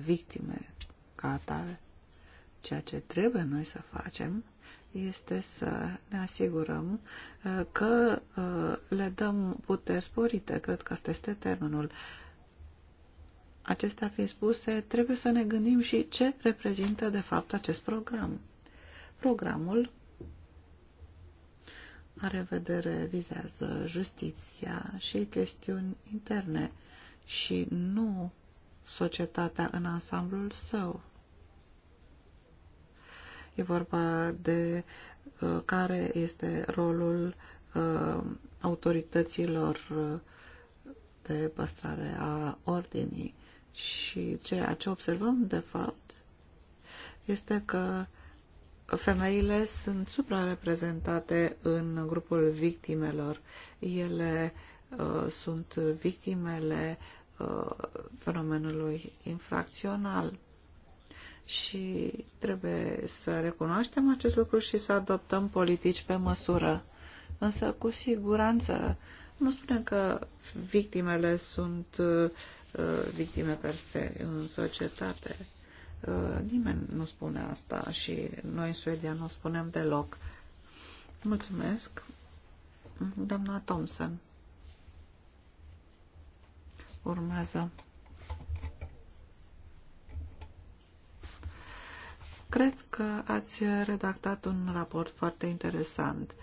[SPEAKER 4] victime ca atare. Ceea ce trebuie noi să facem este să ne asigurăm uh, că uh, le dăm puteri sporite. Cred că asta este termenul. Acestea fiind spuse, trebuie să ne gândim și ce reprezintă de fapt acest program. Programul are vedere, vizează justiția și chestiuni interne și nu societatea în ansamblul său. E vorba de uh, care este rolul uh, autorităților uh, de păstrare a ordinii și ceea ce observăm, de fapt, este că femeile sunt suprareprezentate în grupul victimelor. Ele uh, sunt victimele uh, fenomenului infracțional și trebuie să recunoaștem acest lucru și să adoptăm politici pe măsură. Însă, cu siguranță, nu spunem că victimele sunt uh, Uh, victime per se în societate. Uh, nimeni nu spune asta și noi în Suedia nu spunem deloc. Mulțumesc, doamna Thompson. Urmează. Cred că ați redactat un raport foarte interesant.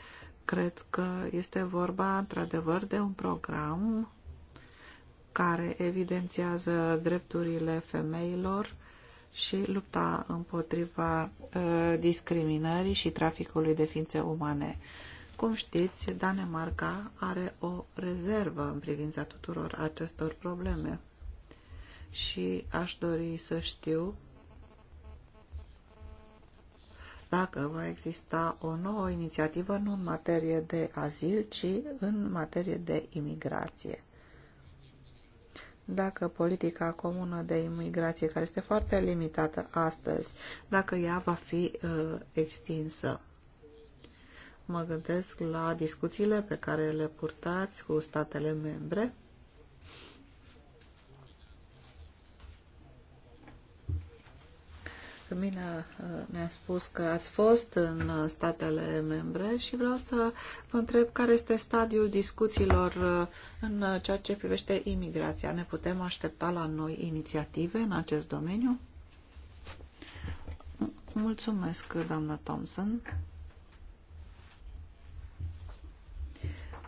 [SPEAKER 4] Cred că este vorba, într-adevăr, de un program care evidențiază drepturile femeilor și lupta împotriva ă, discriminării și traficului de ființe umane. Cum știți, Danemarca are o rezervă în privința tuturor acestor probleme și aș dori să știu dacă va exista o nouă inițiativă nu în materie de azil, ci în materie de imigrație dacă politica comună de imigrație, care este foarte limitată astăzi, dacă ea va fi uh, extinsă. Mă gândesc la discuțiile pe care le purtați cu statele membre Mina uh, ne-a spus că ați fost în uh, statele membre și vreau să vă întreb care este stadiul discuțiilor uh, în ceea ce privește imigrația. Ne putem aștepta la noi inițiative în acest domeniu? Mulțumesc, doamna Thompson.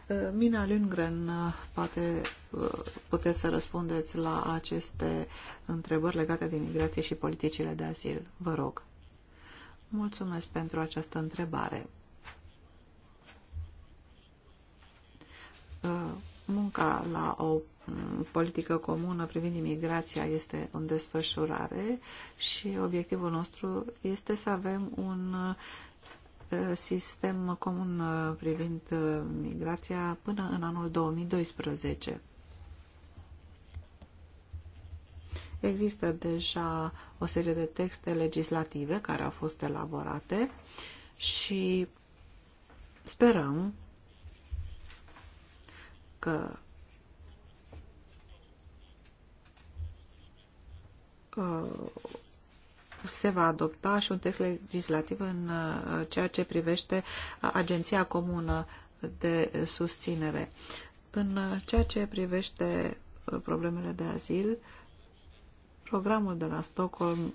[SPEAKER 4] Eh, Mina Lundgren, eh, poate eh, puteți să răspundeți la aceste întrebări legate de imigrație și politicile de azil. Vă rog. Mulțumesc pentru această întrebare. Munca la o mm, politică comună privind imigrația este în desfășurare și obiectivul nostru este să avem un sistem comun uh, privind uh, migrația până în anul 2012. Există deja o serie de texte legislative care au fost elaborate și sperăm că se va adopta și un text legislativ în uh, ceea ce privește uh, Agenția Comună de Susținere. În uh, ceea ce privește problemele de azil, programul de la Stockholm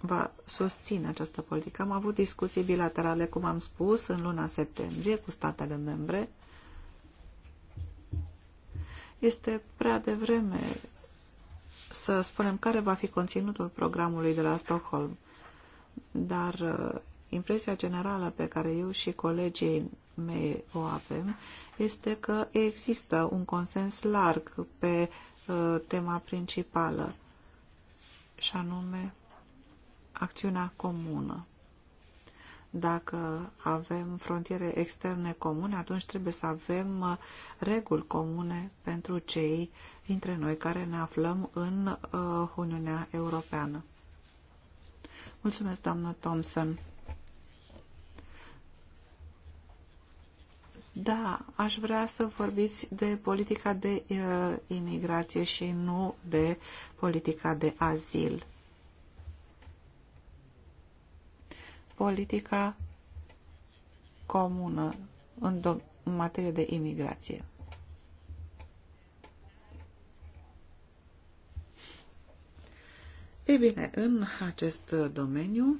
[SPEAKER 4] va susține această politică. Am avut discuții bilaterale, cum am spus, în luna septembrie cu statele membre. Este prea devreme să spunem care va fi conținutul programului de la Stockholm, dar uh, impresia generală pe care eu și colegii mei o avem este că există un consens larg pe uh, tema principală și anume acțiunea comună. Dacă avem frontiere externe comune, atunci trebuie să avem uh, reguli comune pentru cei dintre noi care ne aflăm în uh, Uniunea Europeană. Mulțumesc, doamnă Thompson. Da, aș vrea să vorbiți de politica de uh, imigrație și nu de politica de azil. politica comună în, în materie de imigrație. Ei bine, în acest domeniu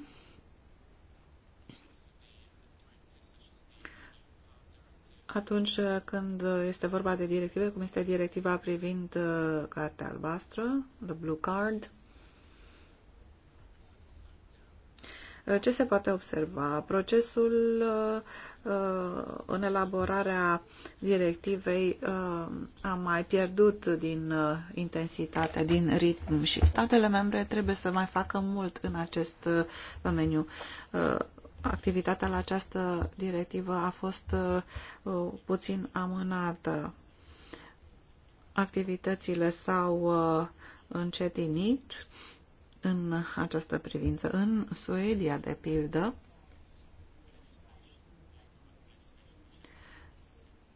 [SPEAKER 4] atunci când este vorba de directive, cum este directiva privind uh, cartea albastră, The Blue Card, Ce se poate observa? Procesul uh, în elaborarea directivei uh, a mai pierdut din uh, intensitate, din ritm și statele membre trebuie să mai facă mult în acest domeniu activitatea la această directivă a fost puțin amânată. Activitățile s-au încetinit în această privință. În Suedia, de pildă,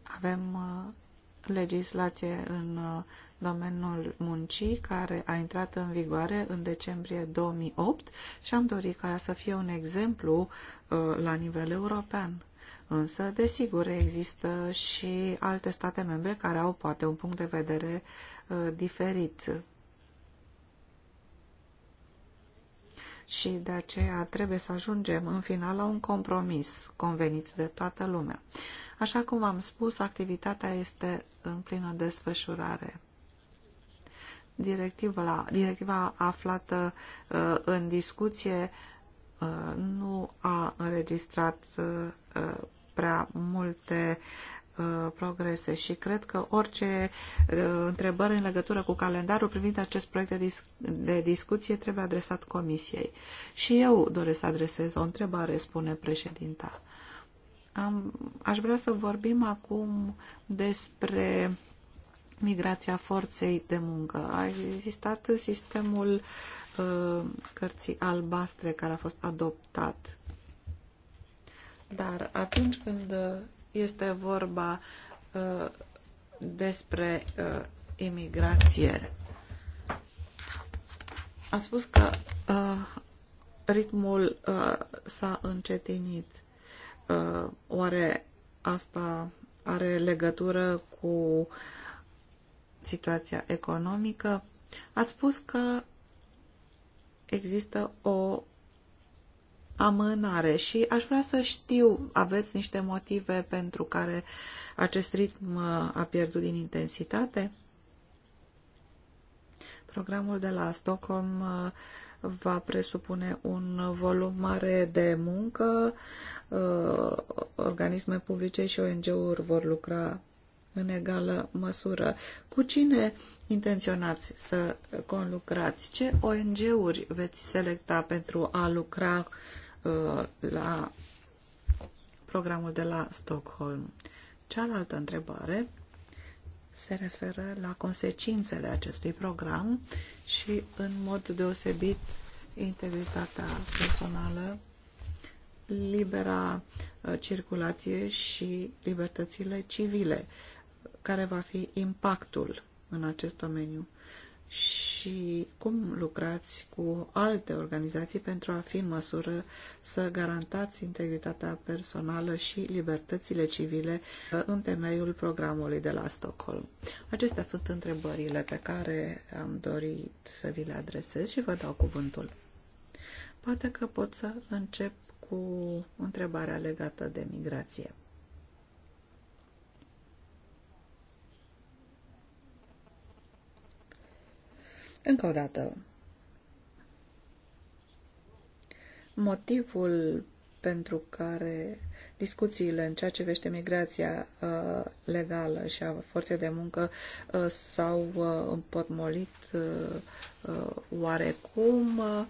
[SPEAKER 4] avem uh, legislație în uh, domeniul muncii care a intrat în vigoare în decembrie 2008 și am dorit ca să fie un exemplu uh, la nivel european. Însă, desigur, există și alte state membre care au poate un punct de vedere diferit și de aceea trebuie să ajungem în final la un compromis convenit de toată lumea. Așa cum am spus, activitatea este în plină desfășurare. Directiva, directiva aflată uh, în discuție uh, nu a înregistrat uh, prea multe Uh, progrese și cred că orice uh, întrebări în legătură cu calendarul privind acest proiect de, dis de discuție trebuie adresat Comisiei. Și eu doresc să adresez o întrebare, spune președinta. Am, aș vrea să vorbim acum despre migrația forței de muncă. A existat sistemul uh, cărții albastre care a fost adoptat. Dar atunci când este vorba uh, despre uh, imigrație. A spus că uh, ritmul s-a încetinit. oare asta are legătură cu situația economică? Ați spus că există o amânare și aș vrea să știu, aveți niște motive pentru care acest ritm a pierdut din intensitate? Programul de la Stockholm uh, va presupune un volum mare de muncă, uh, organisme publice și ONG-uri vor lucra în egală măsură. Cu cine intenționați să conlucrați? Ce ONG-uri veți selecta pentru a lucra Uh, la programul de la Stockholm. Cealaltă întrebare se referă la consecințele acestui program și, în mod deosebit, integritatea personală, libera uh, circulație și libertățile civile. Care va fi impactul în acest domeniu? și cum lucrați cu alte organizații pentru a fi în măsură să garantați integritatea personală și libertățile civile uh, în temeiul programului de la Stockholm. Acestea sunt întrebările pe care am dorit să vi le adresez și vă dau cuvântul. Poate că pot să încep cu întrebarea legată de migrație. Încă o dată, motivul pentru care discuțiile în ceea ce vește migrația uh, legală și a forței de muncă uh, s-au uh, împotmolit uh, uh, oarecum, uh,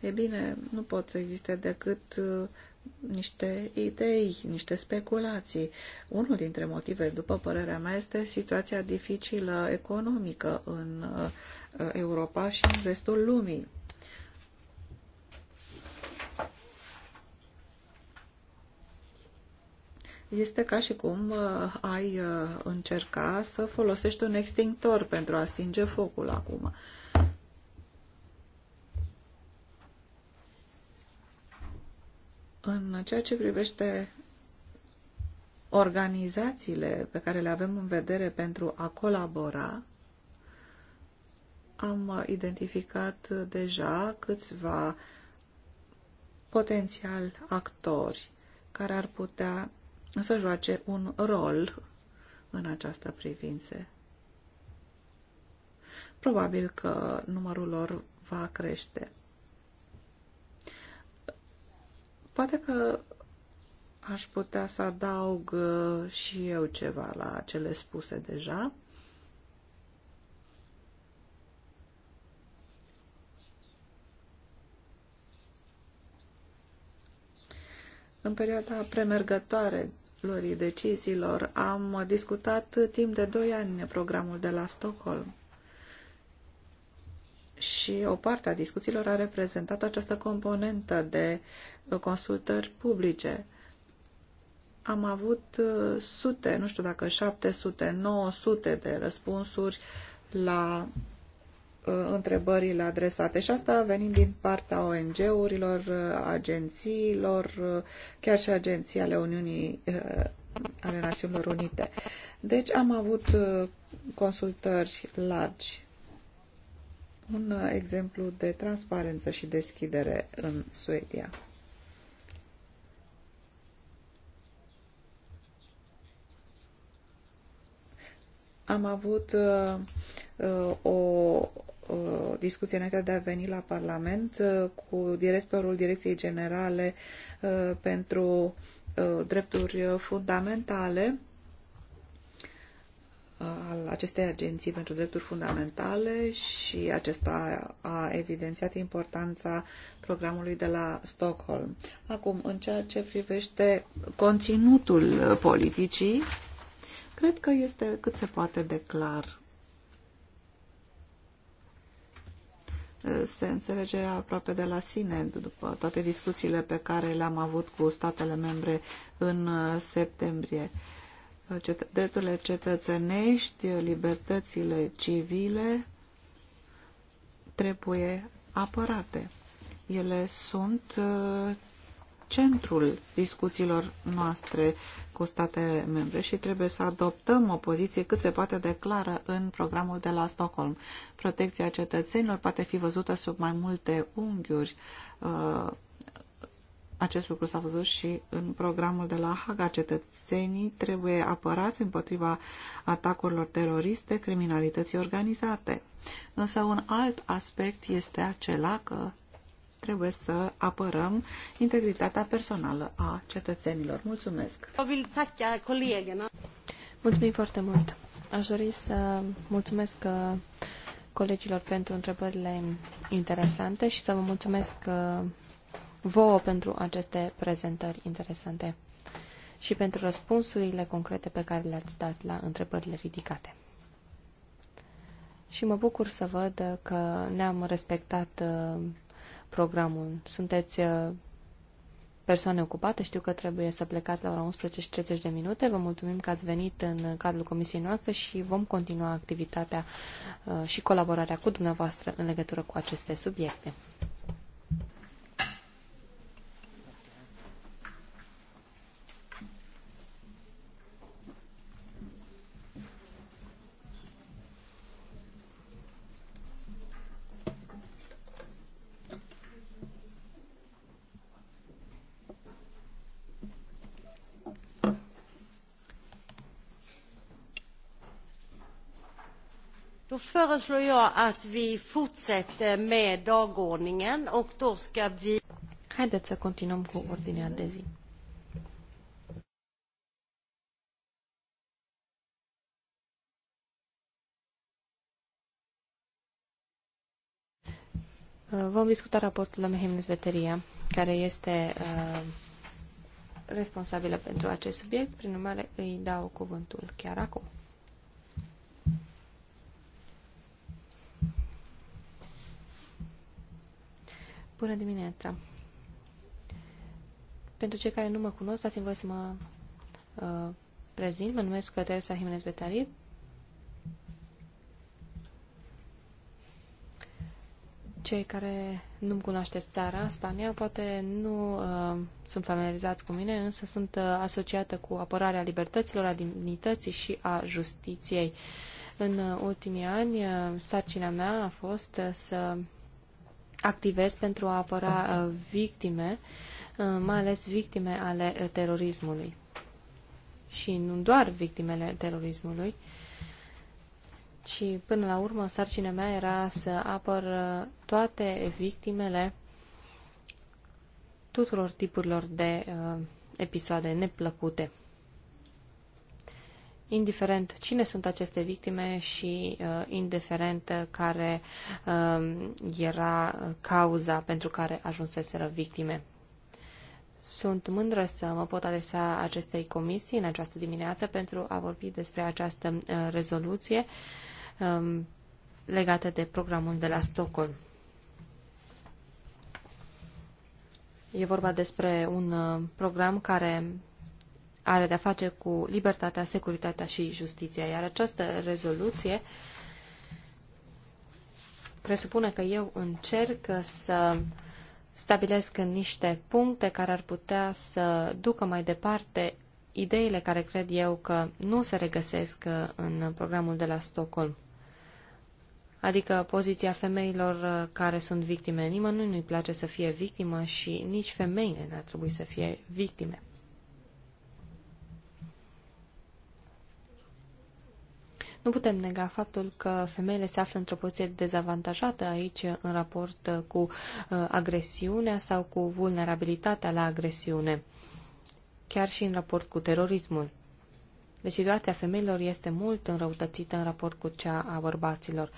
[SPEAKER 4] e bine, nu pot să existe decât uh, niște idei, niște speculații. Unul dintre motive, după părerea mea, este situația dificilă economică în uh, Uh, Europa și în restul lumii. Este ca și cum uh, ai uh, încerca să folosești un extintor pentru a stinge focul acum. În ceea ce privește organizațiile pe care le avem în vedere pentru a colabora, am identificat deja câțiva potențial actori care ar putea să joace un rol în această privință. Probabil că numărul lor va crește. Poate că aș putea să adaug și eu ceva la cele spuse deja. În perioada premergătoare lorii deciziilor am discutat timp de doi ani programul de la Stockholm și o parte a discuțiilor a reprezentat această componentă de consultări publice. Am avut sute, nu știu dacă 700, 900 de răspunsuri la Uh, întrebările adresate și asta venind din partea ONG-urilor, uh, agențiilor, uh, chiar și agenții ale Uniunii ale Națiunilor Unite. Deci am avut consultări largi. Un exemplu de transparență și deschidere în Suedia. am avut uh, o o discuție înainte de a veni la Parlament uh, cu directorul Direcției Generale uh, pentru uh, drepturi fundamentale al acestei agenții pentru drepturi fundamentale și acesta a evidențiat importanța programului de la Stockholm. Acum, în ceea ce privește conținutul politicii, cred că este cât se poate de clar. se înțelege aproape de la sine după toate discuțiile pe care le-am avut cu statele membre în uh, septembrie. Uh, drepturile cetățenești, libertățile civile trebuie apărate. Ele sunt uh, centrul discuțiilor noastre cu statele membre și trebuie să adoptăm o poziție cât se poate de clară în programul de la Stockholm. Protecția cetățenilor poate fi văzută sub mai multe unghiuri. Uh, acest lucru s-a văzut și în programul de la Haga. Cetățenii trebuie apărați împotriva atacurilor teroriste, criminalității organizate. Însă un alt aspect este acela că trebuie să apărăm integritatea personală a cetățenilor. Mulțumesc! Mulțumim foarte mult!
[SPEAKER 2] Aș dori să mulțumesc uh, colegilor pentru întrebările interesante și să vă mulțumesc uh, vouă pentru aceste prezentări interesante și pentru răspunsurile concrete pe care le-ați dat la întrebările ridicate. Și mă bucur să văd că ne-am respectat uh, programul. Sunteți uh, persoane ocupate, știu că trebuie să plecați la ora 11.30 de minute. Vă mulțumim că ați venit în cadrul comisiei noastre și vom continua activitatea uh, și colaborarea cu dumneavoastră în legătură cu aceste subiecte.
[SPEAKER 1] föreslår jag att vi fortsätter med dagordningen och då ska vi... Haideți să continuăm cu ordinea de zi.
[SPEAKER 2] Uh, vom discuta raportul domnului Jimenez Veteria, care este uh, responsabilă pentru acest subiect, prin urmare îi dau cuvântul chiar acum. Bună dimineața! Pentru cei care nu mă cunosc, dați-mi voi să mă uh, prezint. Mă numesc Teresa Jimenez Betarit. Cei care nu-mi cunoașteți țara, Spania, poate nu uh, sunt familiarizați cu mine, însă sunt uh, asociată cu apărarea libertăților, a dignității și a justiției. În uh, ultimii ani, uh, sarcina mea a fost uh, să activez pentru a apăra da. uh, victime, uh, mai ales victime ale uh, terorismului. Și nu doar victimele terorismului, ci până la urmă sarcina mea era să apăr toate victimele tuturor tipurilor de uh, episoade neplăcute indiferent cine sunt aceste victime și uh, indiferent care uh, era cauza pentru care ajunseseră victime. Sunt mândră să mă pot adresa acestei comisii în această dimineață pentru a vorbi despre această uh, rezoluție um, uh, legată de programul de la Stockholm. E vorba despre un uh, program care are de-a face cu libertatea, securitatea și justiția. Iar această rezoluție presupune că eu încerc să stabilesc niște puncte care ar putea să ducă mai departe ideile care cred eu că nu se regăsesc în programul de la Stockholm. Adică poziția femeilor care sunt victime. Nimănui nu-i place să fie victimă și nici femeile n-ar trebui să fie victime. Nu putem nega faptul că femeile se află într-o poziție dezavantajată aici în raport uh, cu uh, agresiunea sau cu vulnerabilitatea la agresiune, chiar și în raport cu terorismul. Deci situația femeilor este mult înrăutățită în raport cu cea a bărbaților.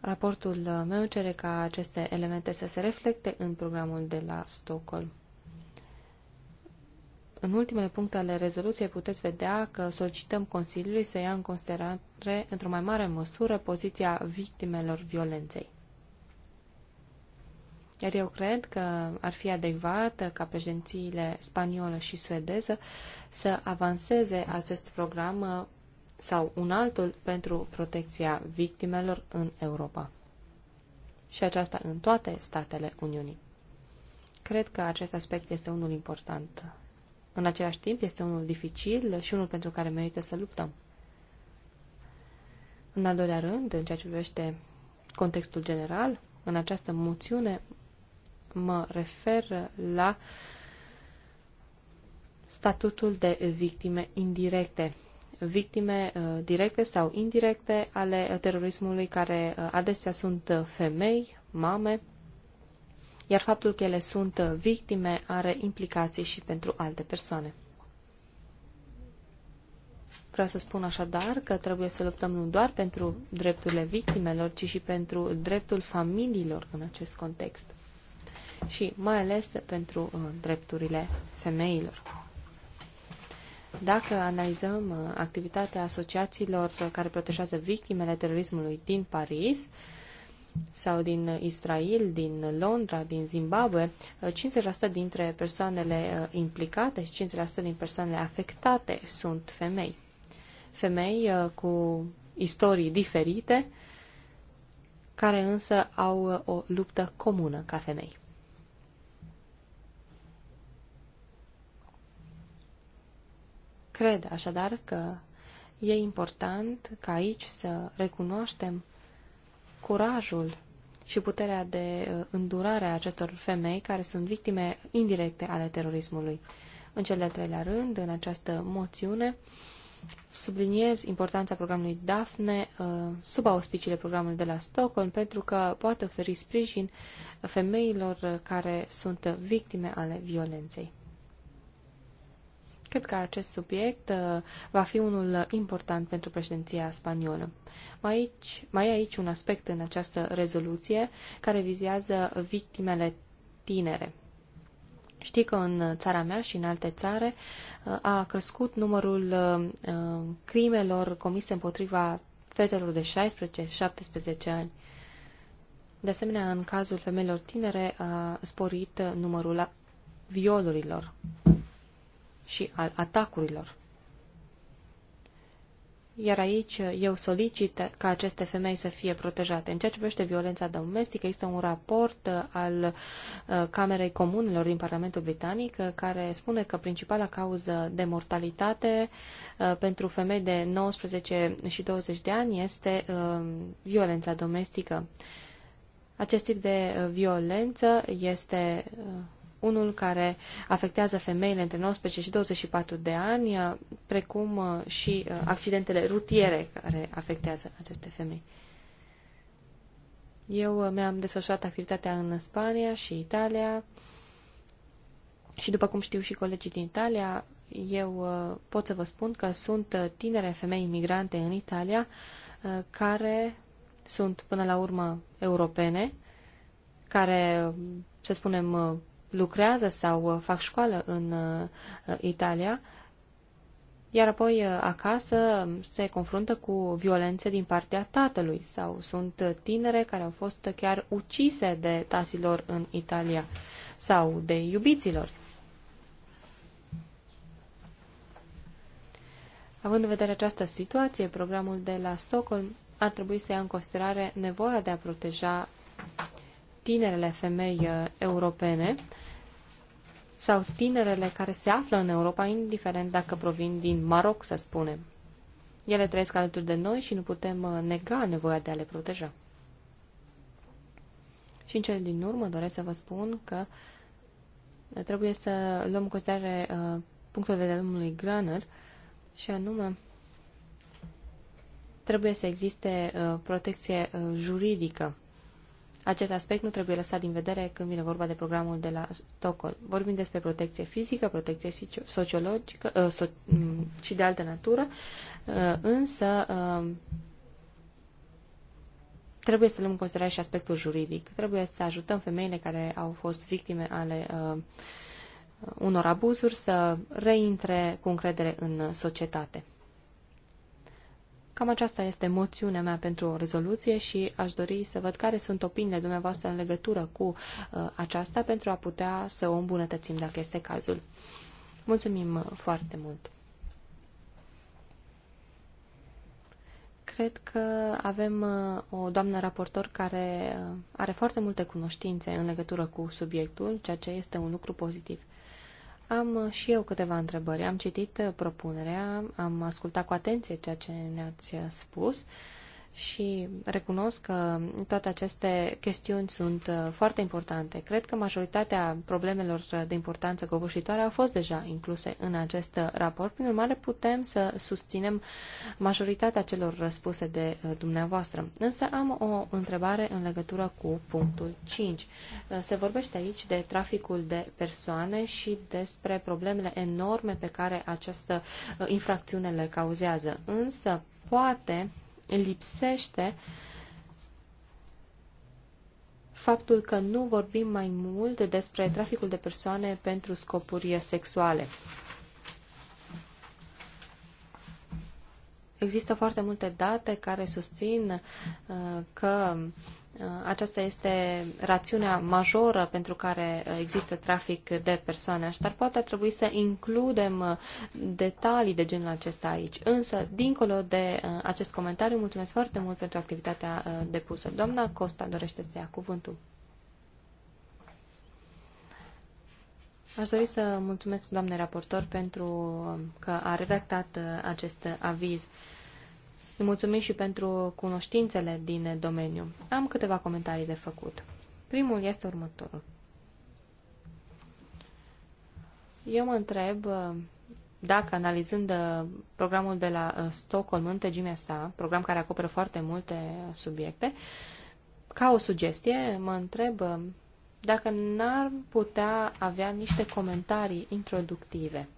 [SPEAKER 2] Raportul uh, meu cere ca aceste elemente să se reflecte în programul de la Stockholm în ultimele puncte ale rezoluției puteți vedea că solicităm Consiliului să ia în considerare într-o mai mare măsură poziția victimelor violenței. Iar eu cred că ar fi adecvat ca președințiile spaniolă și suedeză să avanseze acest program uh, sau un altul pentru protecția victimelor în Europa. Și aceasta în toate statele Uniunii. Cred că acest aspect este unul important în același timp, este unul dificil și unul pentru care merită să luptăm. În al doilea rând, în ceea ce privește contextul general, în această moțiune mă refer la statutul de victime indirecte. Victime uh, directe sau indirecte ale terorismului, care uh, adesea sunt uh, femei, mame, iar faptul că ele sunt uh, victime are implicații și pentru alte persoane. Vreau să spun așadar că trebuie să luptăm nu doar pentru drepturile victimelor, ci și pentru dreptul familiilor în acest context și mai ales pentru uh, drepturile femeilor. Dacă analizăm uh, activitatea asociațiilor care protejează victimele terorismului din Paris, sau din Israel, din Londra, din Zimbabwe, 50% dintre persoanele uh, implicate și 50% din persoanele afectate sunt femei. Femei uh, cu istorii diferite, care însă au uh, o luptă comună ca femei. Cred așadar că e important ca aici să recunoaștem curajul și puterea de uh, îndurare a acestor femei care sunt victime indirecte ale terorismului. În cel de-al treilea rând, în această moțiune, subliniez importanța programului DAFNE uh, sub auspiciile programului de la Stockholm pentru că poate oferi sprijin femeilor care sunt victime ale violenței. Cred că acest subiect uh, va fi unul important pentru președinția spaniolă. Mai, aici, mai aici un aspect în această rezoluție care vizează victimele tinere. Știi că în țara mea și în alte țare uh, a crescut numărul uh, crimelor comise împotriva fetelor de 16-17 ani. De asemenea, în cazul femeilor tinere a sporit numărul violurilor și al atacurilor. Iar aici uh, eu solicit ca aceste femei să fie protejate. În ceea ce privește violența domestică, este un raport uh, al uh, Camerei Comunelor din Parlamentul Britanic care spune că principala cauză de mortalitate pentru femei de 19 și 20 de ani este violența domestică. Acest tip de violență este unul care afectează femeile între 19 și 24 de ani, uh, precum uh, și uh, accidentele rutiere care afectează aceste femei. Eu mi-am desfășurat activitatea în Spania și Italia și după cum știu și colegii din Italia, eu pot să vă spun că sunt tinere femei imigrante în Italia care sunt până la urmă europene, care, să spunem, lucrează sau uh, fac școală în uh, Italia, iar apoi uh, acasă se confruntă cu violențe din partea tatălui sau sunt tinere care au fost chiar ucise de tasilor în Italia sau de iubiților. Având în vedere această situație, programul de la Stockholm ar trebui să ia în considerare nevoia de a proteja tinerele femei europene sau tinerele care se află în Europa, indiferent dacă provin din Maroc, să spunem. Ele trăiesc alături de noi și nu putem uh, nega nevoia de a le proteja. Și în cele din urmă doresc să vă spun că uh, trebuie să luăm în considerare uh, punctul de domnului Graner și anume trebuie să existe uh, protecție uh, juridică acest aspect nu trebuie lăsat din vedere când vine vorba de programul de la Stockholm. Vorbim despre protecție fizică, protecție sociologică uh, so mm, și de altă natură, uh, însă uh, trebuie să luăm în considerare și aspectul juridic. Trebuie să ajutăm femeile care au fost victime ale uh, unor abuzuri să reintre cu încredere în societate. Cam aceasta este moțiunea mea pentru o rezoluție și aș dori să văd care sunt opiniile dumneavoastră în legătură cu uh, aceasta pentru a putea să o îmbunătățim dacă este cazul. Mulțumim uh, foarte mult! Cred că avem uh, o doamnă raportor care uh, are foarte multe cunoștințe în legătură cu subiectul, ceea ce este un lucru pozitiv. Am uh, și eu câteva întrebări. Am citit uh, propunerea, am ascultat cu atenție ceea ce ne-ați uh, spus și recunosc că toate aceste chestiuni sunt uh, foarte importante. Cred că majoritatea problemelor uh, de importanță covârșitoare au fost deja incluse în acest uh, raport. Prin urmare, putem să susținem majoritatea celor răspuse de dumneavoastră. Însă am o întrebare în legătură cu punctul 5. Se vorbește aici de traficul de persoane și despre problemele enorme pe care această infracțiune le cauzează. Însă, poate lipsește faptul că nu vorbim mai mult despre traficul de persoane pentru scopuri sexuale. Există foarte multe date care susțin uh, că Uh, aceasta este rațiunea majoră pentru care uh, există trafic de persoane, dar poate ar trebui să includem uh, detalii de genul acesta aici. Însă, dincolo de acest comentariu, mulțumesc foarte mult pentru activitatea depusă. Doamna Costa dorește să ia cuvântul. Aș dori să mulțumesc doamnei raportor pentru că a redactat acest aviz. Îi mulțumim și pentru cunoștințele din domeniu. Am câteva comentarii de făcut. Primul este următorul. Eu mă întreb uh, dacă, analizând uh, programul de la uh, Stockholm, întregimea sa, program care acoperă foarte multe subiecte, ca o sugestie, mă întreb dacă n-ar putea avea niște comentarii introductive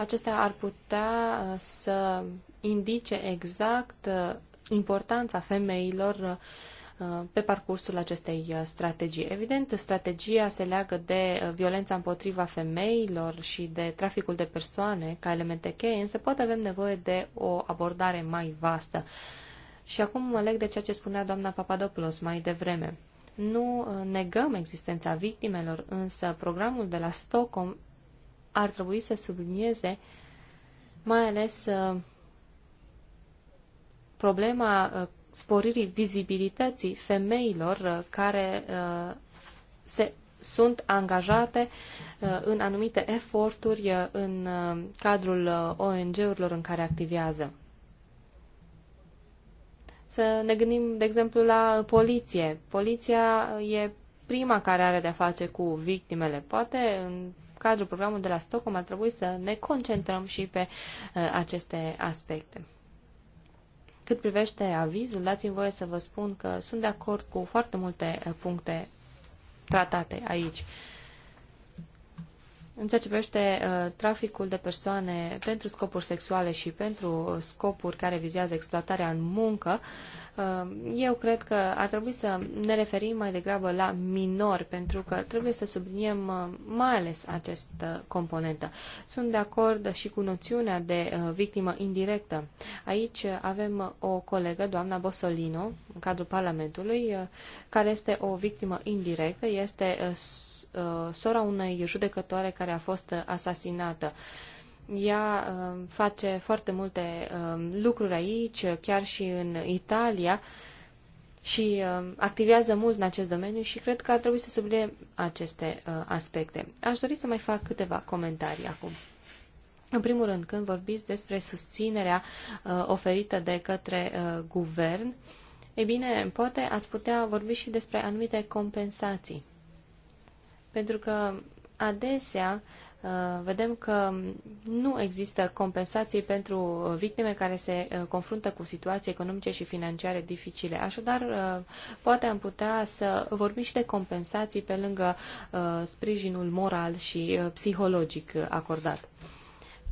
[SPEAKER 2] acestea ar putea uh, să indice exact uh, importanța femeilor uh, pe parcursul acestei strategii. Evident, strategia se leagă de violența împotriva femeilor și de traficul de persoane ca elemente cheie, însă poate avem nevoie de o abordare mai vastă. Și acum mă leg de ceea ce spunea doamna Papadopoulos mai devreme. Nu negăm existența victimelor, însă programul de la Stockholm ar trebui să sublinieze mai ales uh, problema uh, sporirii vizibilității femeilor uh, care se, sunt angajate în anumite eforturi în cadrul ONG-urilor în care activează. Să ne gândim, de exemplu, la poliție. Poliția e prima care are de-a face cu victimele. Poate în cadrul programului de la Stockholm ar trebui să ne concentrăm și pe uh, aceste aspecte. Cât privește avizul, dați-mi voie să vă spun că sunt de acord cu foarte multe uh, puncte tratate aici. Uh, în ceea ce privește uh, traficul de persoane pentru scopuri sexuale și pentru uh, scopuri care vizează exploatarea în muncă, uh, eu cred că ar trebui să ne referim mai degrabă la minori, pentru că trebuie să subliniem mai ales această componentă. Sunt de acord și cu noțiunea de victimă indirectă. Aici avem o colegă, doamna Bosolino, în cadrul Parlamentului, care este o victimă indirectă, este Uh, sora unei judecătoare care a fost uh, asasinată. Ea uh, face foarte multe lucruri aici, chiar și în Italia, și activează mult în acest domeniu și cred că ar trebui să subliniem aceste aspecte. Aș dori să mai fac câteva comentarii acum. În primul rând, când vorbiți despre susținerea uh, oferită de către uh, guvern, e bine, poate ați putea vorbi și despre anumite compensații pentru că adesea uh, vedem că nu există compensații pentru victime care se uh, confruntă cu situații economice și financiare dificile. Așadar, uh, poate am putea să vorbim și de compensații pe lângă sprijinul moral și psihologic acordat.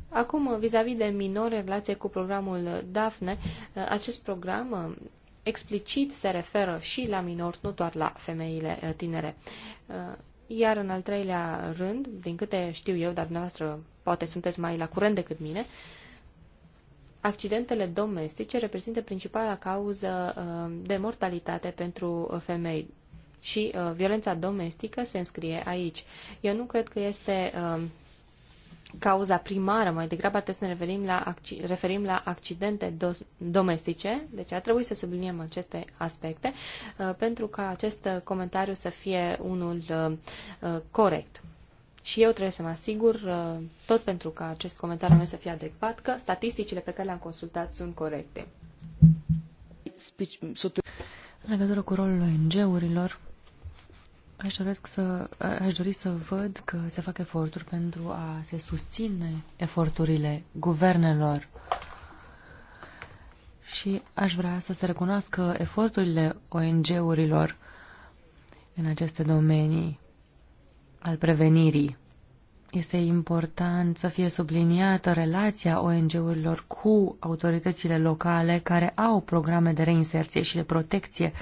[SPEAKER 2] Acum, vis-a-vis -vis de minori în relație cu programul DAFNE, acest program explicit se referă și la minori, nu doar la femeile tinere. Iar în al treilea rând, din câte știu eu, dar dumneavoastră poate sunteți mai la curent decât mine, accidentele domestice reprezintă principala cauză uh, de mortalitate pentru uh, femei. Și uh, violența domestică se înscrie aici. Eu nu cred că este cauza primară, mai degrabă trebuie să ne referim la, referim la accidente domestice, deci ar trebui să subliniem aceste aspecte uh, pentru ca acest comentariu să fie unul uh, uh, corect. Și eu trebuie să mă asigur, tot pentru ca acest comentariu meu să fie adecvat, că statisticile pe care le-am consultat sunt corecte.
[SPEAKER 3] În legătură cu rolul ONG-urilor, Aș, doresc să, aș dori să văd că se fac eforturi pentru a se susține eforturile guvernelor și aș vrea să se recunoască eforturile ONG-urilor în aceste domenii al prevenirii. Este important să fie subliniată relația ONG-urilor cu autoritățile locale care au programe de reinserție și de protecție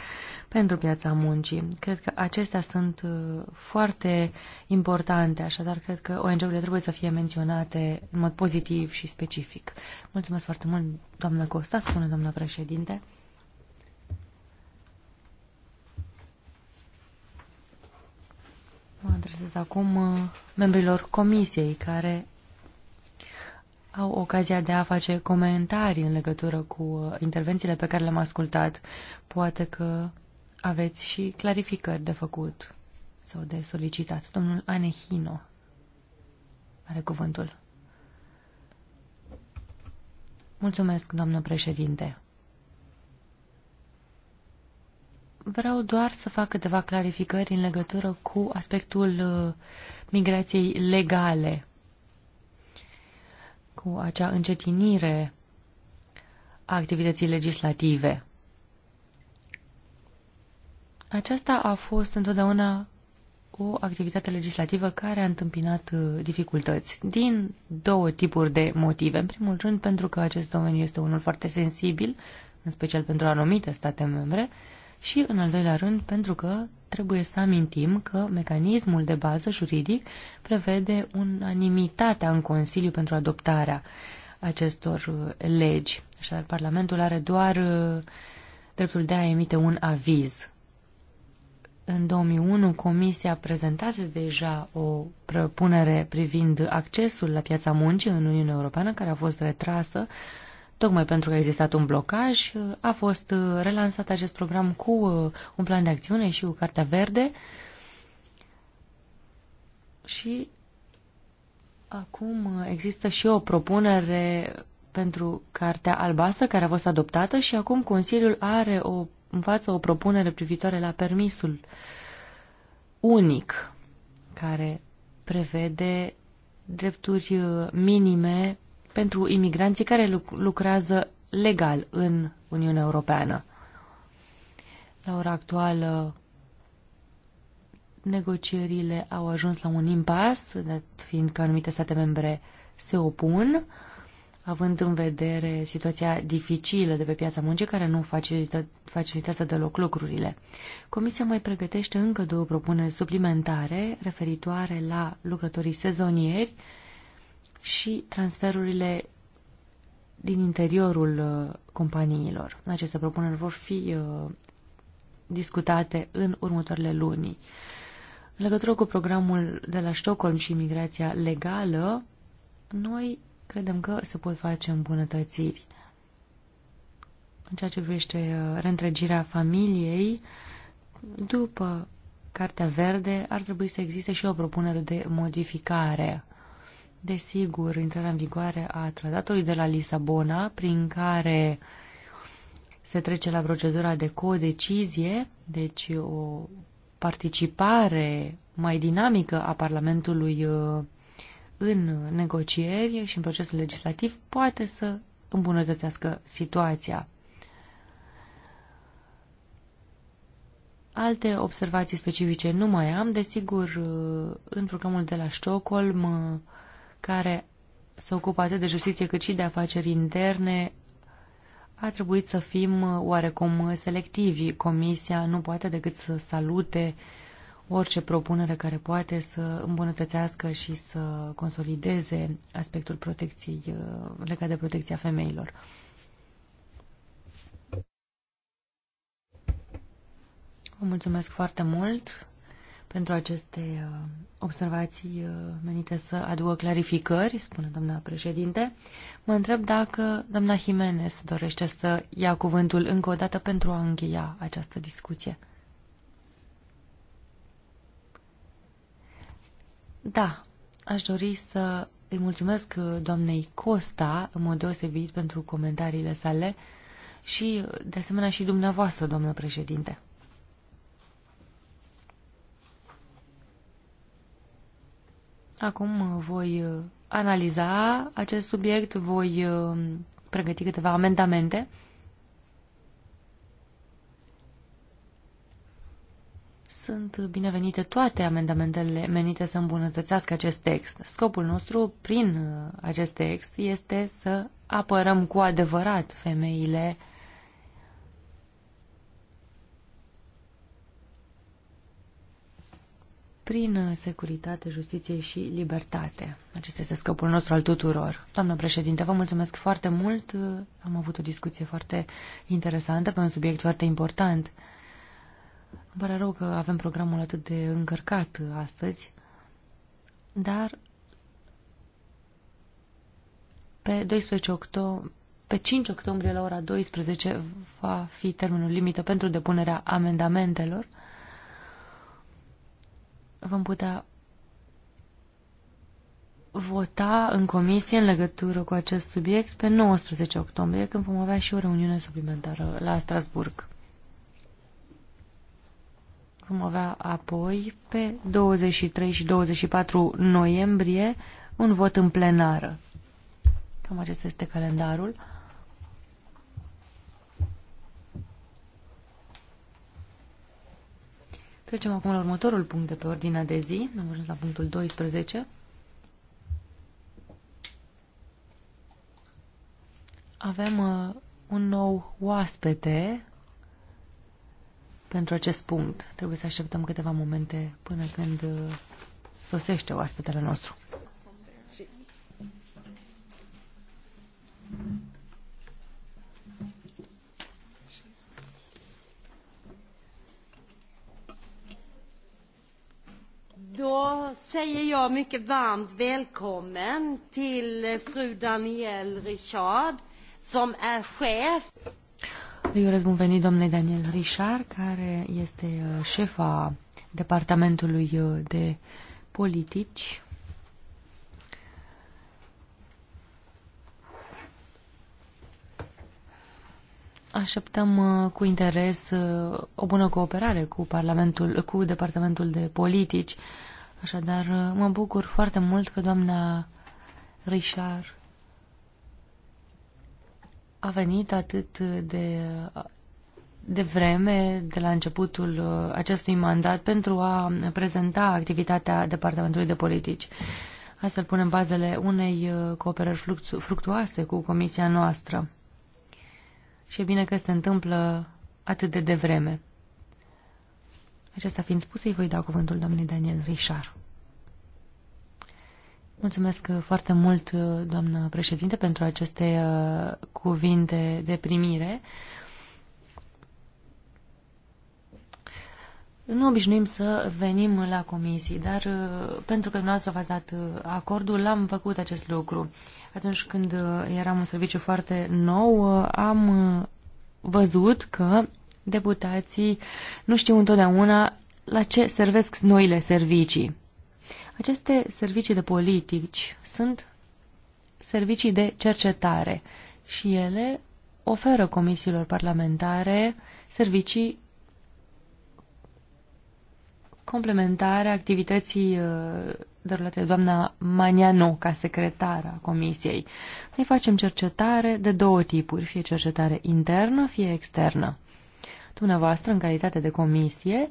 [SPEAKER 3] pentru piața muncii. Cred că acestea sunt uh, foarte importante, așadar cred că ONG-urile trebuie să fie menționate în mod pozitiv și specific. Mulțumesc foarte mult, doamnă Costa, spune doamna președinte. Mă adresez acum uh, membrilor comisiei care au ocazia de a face comentarii în legătură cu uh, intervențiile pe care le-am ascultat. Poate că aveți și clarificări de făcut sau de solicitat. Domnul Anehino are cuvântul. Mulțumesc, doamnă președinte. Vreau doar să fac câteva clarificări în legătură cu aspectul uh, migrației legale, cu acea încetinire a activității legislative. Aceasta a fost întotdeauna o activitate legislativă care a întâmpinat uh, dificultăți din două tipuri de motive. În primul rând, pentru că acest domeniu este unul foarte sensibil, în special pentru anumite state membre, și, în al doilea rând, pentru că trebuie să amintim că mecanismul de bază juridic prevede unanimitatea în Consiliu pentru adoptarea acestor uh, legi. Și Parlamentul are doar uh, dreptul de a emite un aviz în 2001, Comisia prezentase deja o propunere privind accesul la piața muncii în Uniunea Europeană, care a fost retrasă, tocmai pentru că a existat un blocaj. A fost uh, relansat acest program cu uh, un plan de acțiune și o carte verde. Și acum uh, există și o propunere pentru Cartea Albastră, care a fost adoptată și acum Consiliul are o în față o propunere privitoare la permisul unic care prevede drepturi uh, minime pentru imigranții care lucrează legal în Uniunea Europeană. La ora actuală, negocierile au ajuns la un impas, dat fiind că anumite state membre se opun având în vedere situația dificilă de pe piața muncii, care nu facilită, facilitează deloc lucrurile. Comisia mai pregătește încă două propuneri suplimentare referitoare la lucrătorii sezonieri și transferurile din interiorul uh, companiilor. Aceste propuneri vor fi uh, discutate în următoarele luni. În legătură cu programul de la Stockholm și imigrația legală, noi Credem că se pot face îmbunătățiri. În ceea ce privește uh, reîntregirea familiei, după Cartea Verde ar trebui să existe și o propunere de modificare. Desigur, intrarea în vigoare a tratatului de la Lisabona, prin care se trece la procedura de codecizie, deci o participare mai dinamică a Parlamentului uh, în negocieri și în procesul legislativ poate să îmbunătățească situația. Alte observații specifice nu mai am, desigur, în programul de la Stockholm, care se ocupă atât de justiție cât și de afaceri interne, a trebuit să fim oarecum selectivi. Comisia nu poate decât să salute uh, orice propunere care poate să îmbunătățească și să consolideze aspectul protecției uh, legat de protecția femeilor. Vă mulțumesc foarte mult pentru aceste uh, observații uh, menite să aducă clarificări, spune doamna președinte. Mă întreb dacă doamna Jimenez dorește să ia cuvântul încă o dată pentru a încheia această discuție. Da, aș dori să îi mulțumesc uh, doamnei Costa, în mod deosebit, pentru comentariile sale și, uh, de asemenea, și dumneavoastră, doamnă președinte. Acum uh, voi analiza acest subiect, voi pregăti câteva amendamente sunt binevenite toate amendamentele menite să îmbunătățească acest text. Scopul nostru prin uh, acest text este să apărăm cu adevărat femeile prin uh, securitate, justiție și libertate. Acesta este scopul nostru al tuturor. Doamnă președinte, vă mulțumesc foarte mult. Uh, am avut o discuție foarte interesantă pe un subiect foarte important pare rău că avem programul atât de încărcat astăzi, dar pe 12 octombrie, pe 5 octombrie la ora 12 va fi termenul limită pentru depunerea amendamentelor. Vom putea vota în comisie în legătură cu acest subiect pe 19 octombrie, când vom avea și o reuniune suplimentară la Strasburg. Vom avea apoi pe 23 și 24 noiembrie un vot în plenară. Cam acesta este calendarul. Trecem acum la următorul punct de pe ordinea de zi. Am ajuns la punctul 12. Avem uh, un nou oaspete pentru acest punct. Trebuie să așteptăm câteva momente până când uh, sosește oaspetele nostru.
[SPEAKER 1] Då säger jag mycket varmt välkommen till eh, fru Danielle Richard som är chef
[SPEAKER 3] eu urez bun venit domnule Daniel Richard, care este uh, șefa Departamentului uh, de Politici. Așteptăm uh, cu interes o bună cooperare cu, Parlamentul, cu Departamentul de Politici. Așadar, mă bucur foarte mult că doamna Richard a venit atât de, de vreme de la începutul acestui mandat pentru a prezenta activitatea Departamentului de Politici. Astfel punem bazele unei cooperări fructuoase cu comisia noastră. Și e bine că se întâmplă atât de devreme. Acesta fiind spus, îi voi da cuvântul domnului Daniel Richard. Mulțumesc uh, foarte mult, uh, doamnă președinte, pentru aceste uh, cuvinte de primire. Nu obișnuim să venim la comisii, dar pentru că dumneavoastră v-ați dat acordul, am făcut acest lucru. Atunci când eram un serviciu foarte nou, am văzut că deputații nu știu întotdeauna la ce servesc noile servicii. Aceste servicii de politici sunt servicii de cercetare și ele oferă comisiilor parlamentare servicii complementare activității derulate uh, de doamna Maniano ca secretară a comisiei. Noi facem cercetare de două tipuri, fie cercetare internă, fie externă. Dumneavoastră, în calitate de comisie,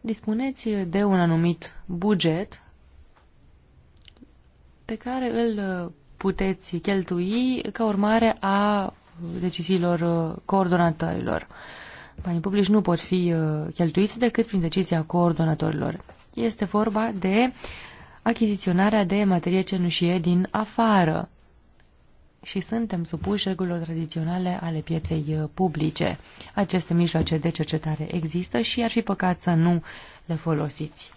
[SPEAKER 3] dispuneți de un anumit buget pe care îl uh, puteți cheltui ca urmare a deciziilor uh, coordonatorilor. Banii publici nu pot fi uh, cheltuiți decât prin decizia coordonatorilor. Este vorba de achiziționarea de materie cenușie din afară și suntem supuși regulilor tradiționale ale pieței publice. Aceste mijloace de cercetare există și ar fi păcat să nu le folosiți.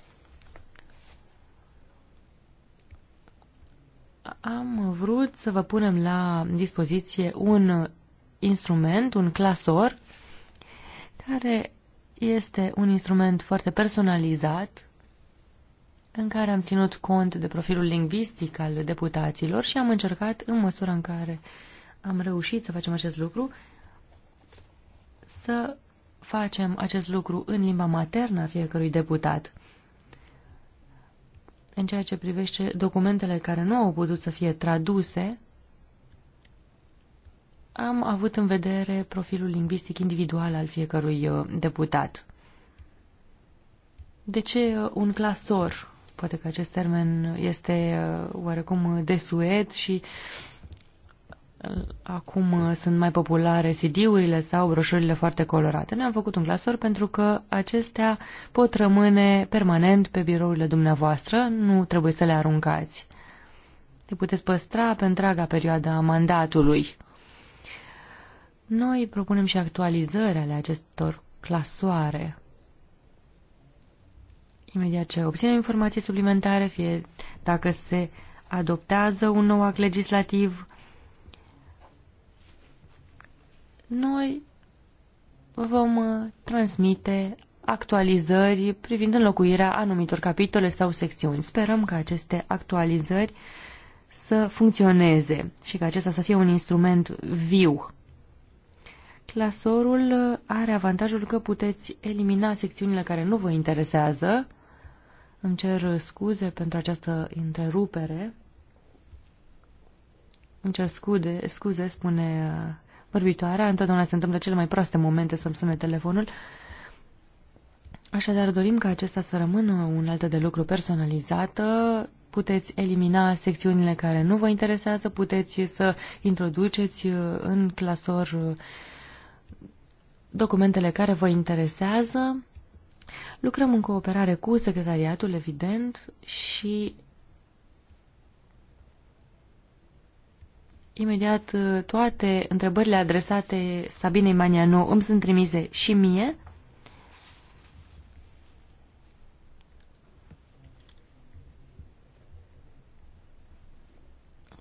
[SPEAKER 3] am vrut să vă punem la dispoziție un instrument, un clasor, care este un instrument foarte personalizat, în care am ținut cont de profilul lingvistic al deputaților și am încercat, în măsura în care am reușit să facem acest lucru, să facem acest lucru în limba maternă a fiecărui deputat în ceea ce privește documentele care nu au putut să fie traduse, am avut în vedere profilul lingvistic individual al fiecărui uh, deputat. De ce uh, un clasor? Poate că acest termen este uh, oarecum desuet și uh, Acum uh, sunt mai populare CD-urile sau broșurile foarte colorate. Ne-am făcut un clasor pentru că acestea pot rămâne permanent pe birourile dumneavoastră, nu trebuie să le aruncați. Le puteți păstra pe întreaga perioadă a mandatului. Noi propunem și actualizări ale acestor clasoare. Imediat ce obținem informații suplimentare, fie dacă se adoptează un nou act legislativ, Noi vom uh, transmite actualizări privind înlocuirea anumitor capitole sau secțiuni. Sperăm că aceste actualizări să funcționeze și că acesta să fie un instrument viu. Clasorul uh, are avantajul că puteți elimina secțiunile care nu vă interesează. Îmi cer uh, scuze pentru această întrerupere. Îmi cer scuze, scuze spune vorbitoarea, întotdeauna se întâmplă cele mai proaste momente să-mi sune telefonul. Așadar, dorim ca acesta să rămână un altă de lucru personalizată, puteți elimina secțiunile care nu vă interesează, puteți să introduceți uh, în clasor uh, documentele care vă interesează. Lucrăm în cooperare cu secretariatul, evident, și Imediat uh, toate întrebările adresate Sabinei Manianu îmi sunt trimise și mie.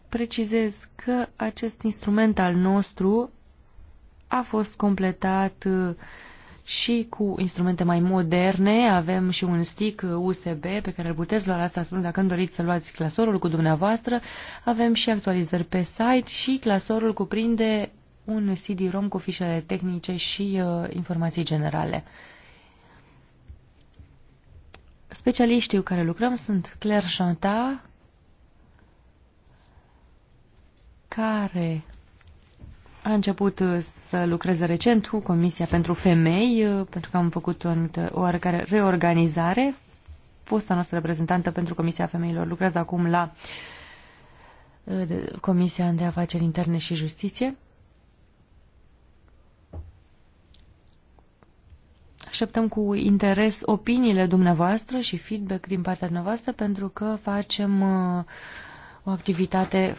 [SPEAKER 3] Precizez că acest instrument al nostru a fost completat uh, și cu instrumente mai moderne. Avem și un stick USB pe care îl puteți lua la Strasbourg dacă îmi doriți să luați clasorul cu dumneavoastră. Avem și actualizări pe site și clasorul cuprinde un CD-ROM cu fișele tehnice și uh, informații generale. Specialiștii cu care lucrăm sunt Claire Chanta, care a început uh, să lucreze recent cu Comisia pentru Femei, uh, pentru că am făcut o anumită oarecare reorganizare. Fosta noastră reprezentantă pentru Comisia Femeilor lucrează acum la uh, Comisia de Afaceri Interne și Justiție. Așteptăm cu interes opiniile dumneavoastră și feedback din partea dumneavoastră pentru că facem o activitate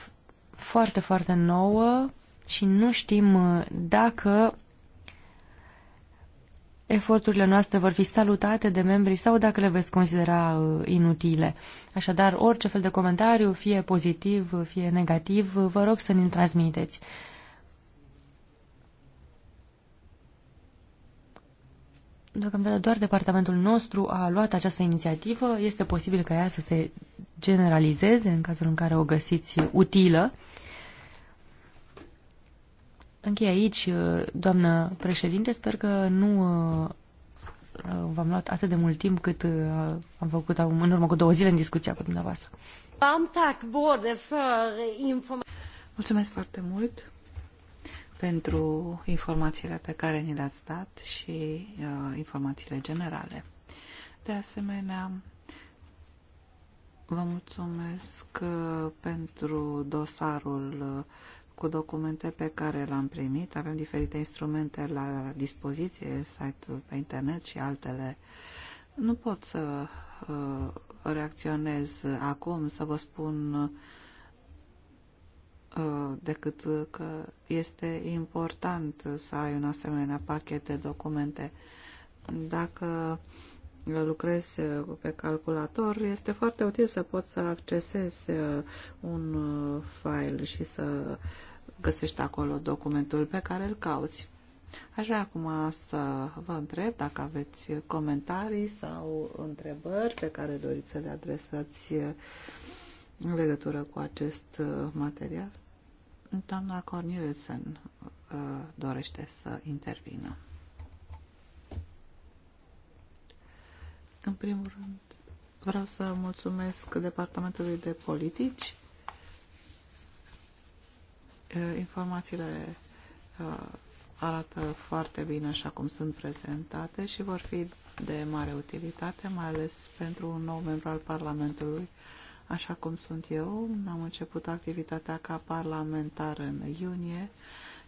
[SPEAKER 3] foarte, foarte nouă și nu știm uh, dacă eforturile noastre vor fi salutate de membrii sau dacă le veți considera uh, inutile. Așadar, orice fel de comentariu, fie pozitiv, fie negativ, uh, vă rog să ne-l transmiteți. Deocamdată doar departamentul nostru a luat această inițiativă. Este posibil ca ea să se generalizeze în cazul în care o găsiți utilă. Închei aici, uh, doamnă președinte. Sper că nu uh, uh, v-am luat atât de mult timp cât am făcut acum, în urmă cu două zile în discuția cu dumneavoastră.
[SPEAKER 4] Mulțumesc foarte mult pentru informațiile pe care ni le-ați dat și uh, informațiile generale. De asemenea, vă mulțumesc uh, pentru dosarul uh, cu documente pe care le-am primit. Avem diferite instrumente la dispoziție, site-ul pe internet și altele. Nu pot să uh, reacționez acum, să vă spun uh, decât că este important să ai un asemenea pachet de documente. Dacă uh, lucrez uh, pe calculator, este foarte util să poți să accesezi uh, un uh, file și să găsești acolo documentul pe care îl cauți. Aș vrea acum să vă întreb dacă aveți comentarii sau întrebări pe care doriți să le adresați în legătură cu acest material. Doamna Cornelisen dorește să intervină. În primul rând, vreau să mulțumesc Departamentului de Politici. Informațiile arată foarte bine așa cum sunt prezentate și vor fi de mare utilitate, mai ales pentru un nou membru al Parlamentului, așa cum sunt eu. Am început activitatea ca parlamentar în iunie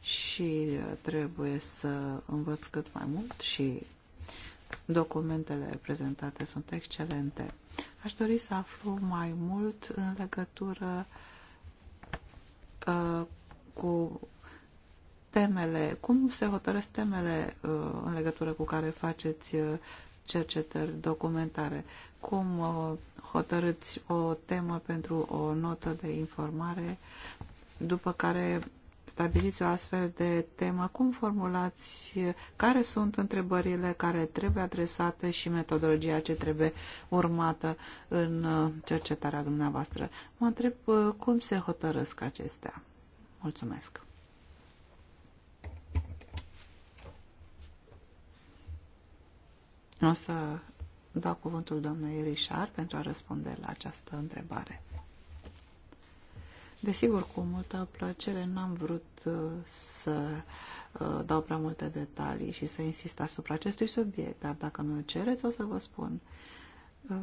[SPEAKER 4] și trebuie să învăț cât mai mult și Documentele prezentate sunt excelente. Aș dori să aflu mai mult în legătură uh, cu temele, cum se hotărăsc temele uh, în legătură cu care faceți uh, cercetări documentare, cum uh, hotărâți o temă pentru o notă de informare, după care stabiliți o astfel de temă, cum formulați, care sunt întrebările care trebuie adresate și metodologia ce trebuie urmată în uh, cercetarea dumneavoastră. Mă întreb uh, cum se hotărăsc acestea. Mulțumesc. O să dau cuvântul doamnei Richard pentru a răspunde la această întrebare. Desigur, cu multă plăcere, n-am vrut uh, să uh, dau prea multe detalii și să insist asupra acestui subiect, dar dacă mi-o cereți, o să vă spun. Uh,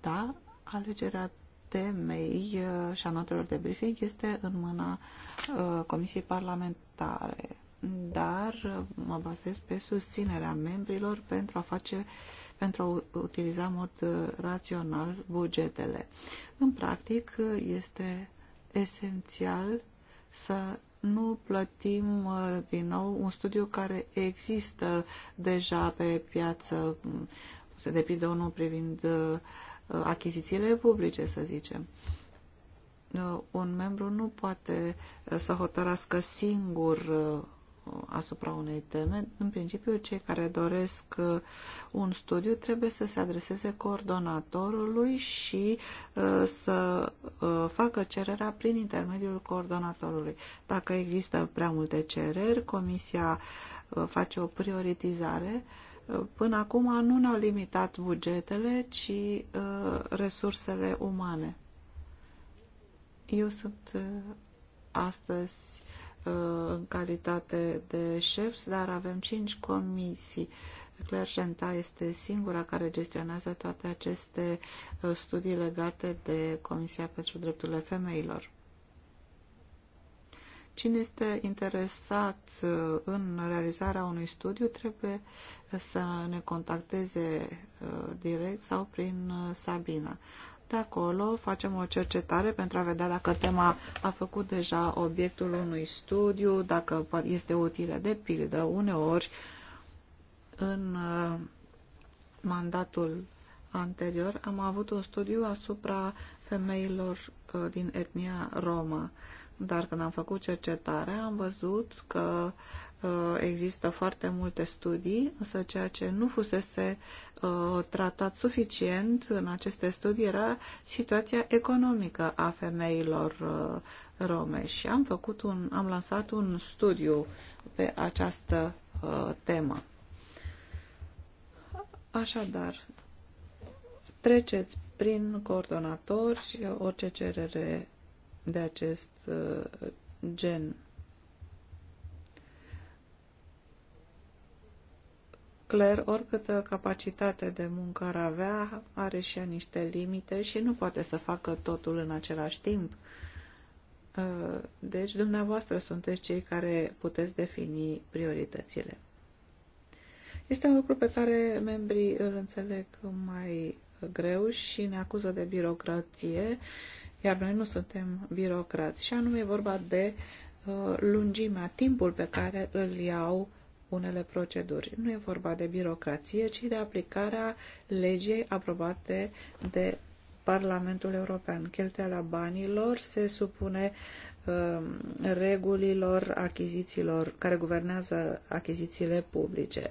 [SPEAKER 4] da, alegerea temei și a notelor de briefing este în mâna Comisiei Parlamentare, dar mă bazez pe susținerea membrilor pentru a face pentru a utiliza în mod rațional bugetele. În practic, este esențial să nu plătim uh, din nou un studiu care există deja pe piață, mm, se depinde unul privind uh, achizițiile publice, să zicem. Uh, un membru nu poate să hotărască singur asupra unei teme, în principiu cei care doresc uh, un studiu trebuie să se adreseze coordonatorului și uh, să uh, facă cererea prin intermediul coordonatorului. Dacă există prea multe cereri, comisia face o prioritizare Până acum nu ne-au limitat bugetele, ci uh, resursele umane. Eu sunt uh, astăzi uh, Uh, în calitate de șef, dar avem cinci comisii. Claire Genta este singura care gestionează toate aceste uh, studii legate de Comisia pentru Drepturile Femeilor. Cine este interesat uh, în realizarea unui studiu trebuie să ne contacteze direct sau prin Sabina. De acolo facem o cercetare pentru a vedea dacă tema a făcut deja obiectul unui studiu, dacă este utilă. De pildă, uneori, în uh, mandatul anterior, am avut un studiu asupra femeilor uh, din etnia romă. Dar când am făcut cercetarea, am văzut că uh, Uh, există foarte multe studii, însă ceea ce nu fusese uh, tratat suficient în aceste studii era situația economică a femeilor uh, rome și am făcut un, am lansat un studiu pe această temă. Așadar, treceți prin coordonatori orice cerere de acest gen Claire, oricâtă capacitate de muncă ar avea, are și ea niște limite și nu poate să facă totul în același timp. Uh, deci, dumneavoastră sunteți cei care puteți defini prioritățile. Este un lucru pe care membrii îl înțeleg mai greu și ne acuză de birocrație, iar noi nu suntem birocrați. Și anume e vorba de uh, lungimea, timpul pe care îl iau unele proceduri. Nu e vorba de birocrație, ci de aplicarea legii aprobate de Parlamentul European. Cheltuiala banilor se supune um, regulilor achizițiilor care guvernează achizițiile publice.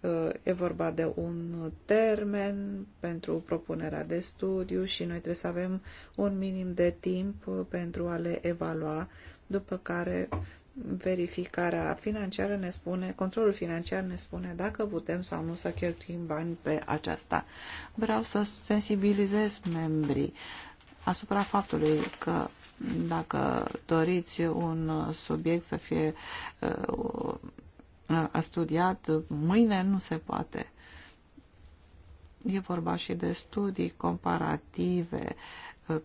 [SPEAKER 4] Uh, e vorba de un termen pentru propunerea de studiu și noi trebuie să avem un minim de timp uh, pentru a le evalua, după care verificarea financiară ne spune, controlul financiar ne spune dacă putem sau nu să cheltuim bani pe aceasta. Vreau să sensibilizez membrii asupra faptului că dacă doriți un subiect să fie uh, uh studiat, mâine nu se poate. E vorba și de studii comparative uh,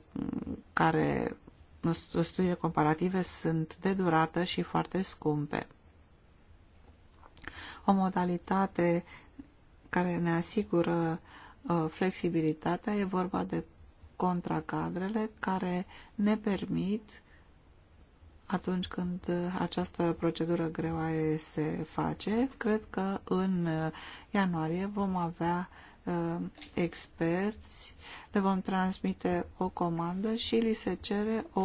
[SPEAKER 4] care studiile comparative sunt de durată și foarte scumpe. O modalitate care ne asigură uh, flexibilitatea e vorba de contracadrele care ne permit atunci când uh, această procedură greoaie se face. Cred că în uh, ianuarie vom avea Uh, experți, le vom transmite o comandă și li se cere o,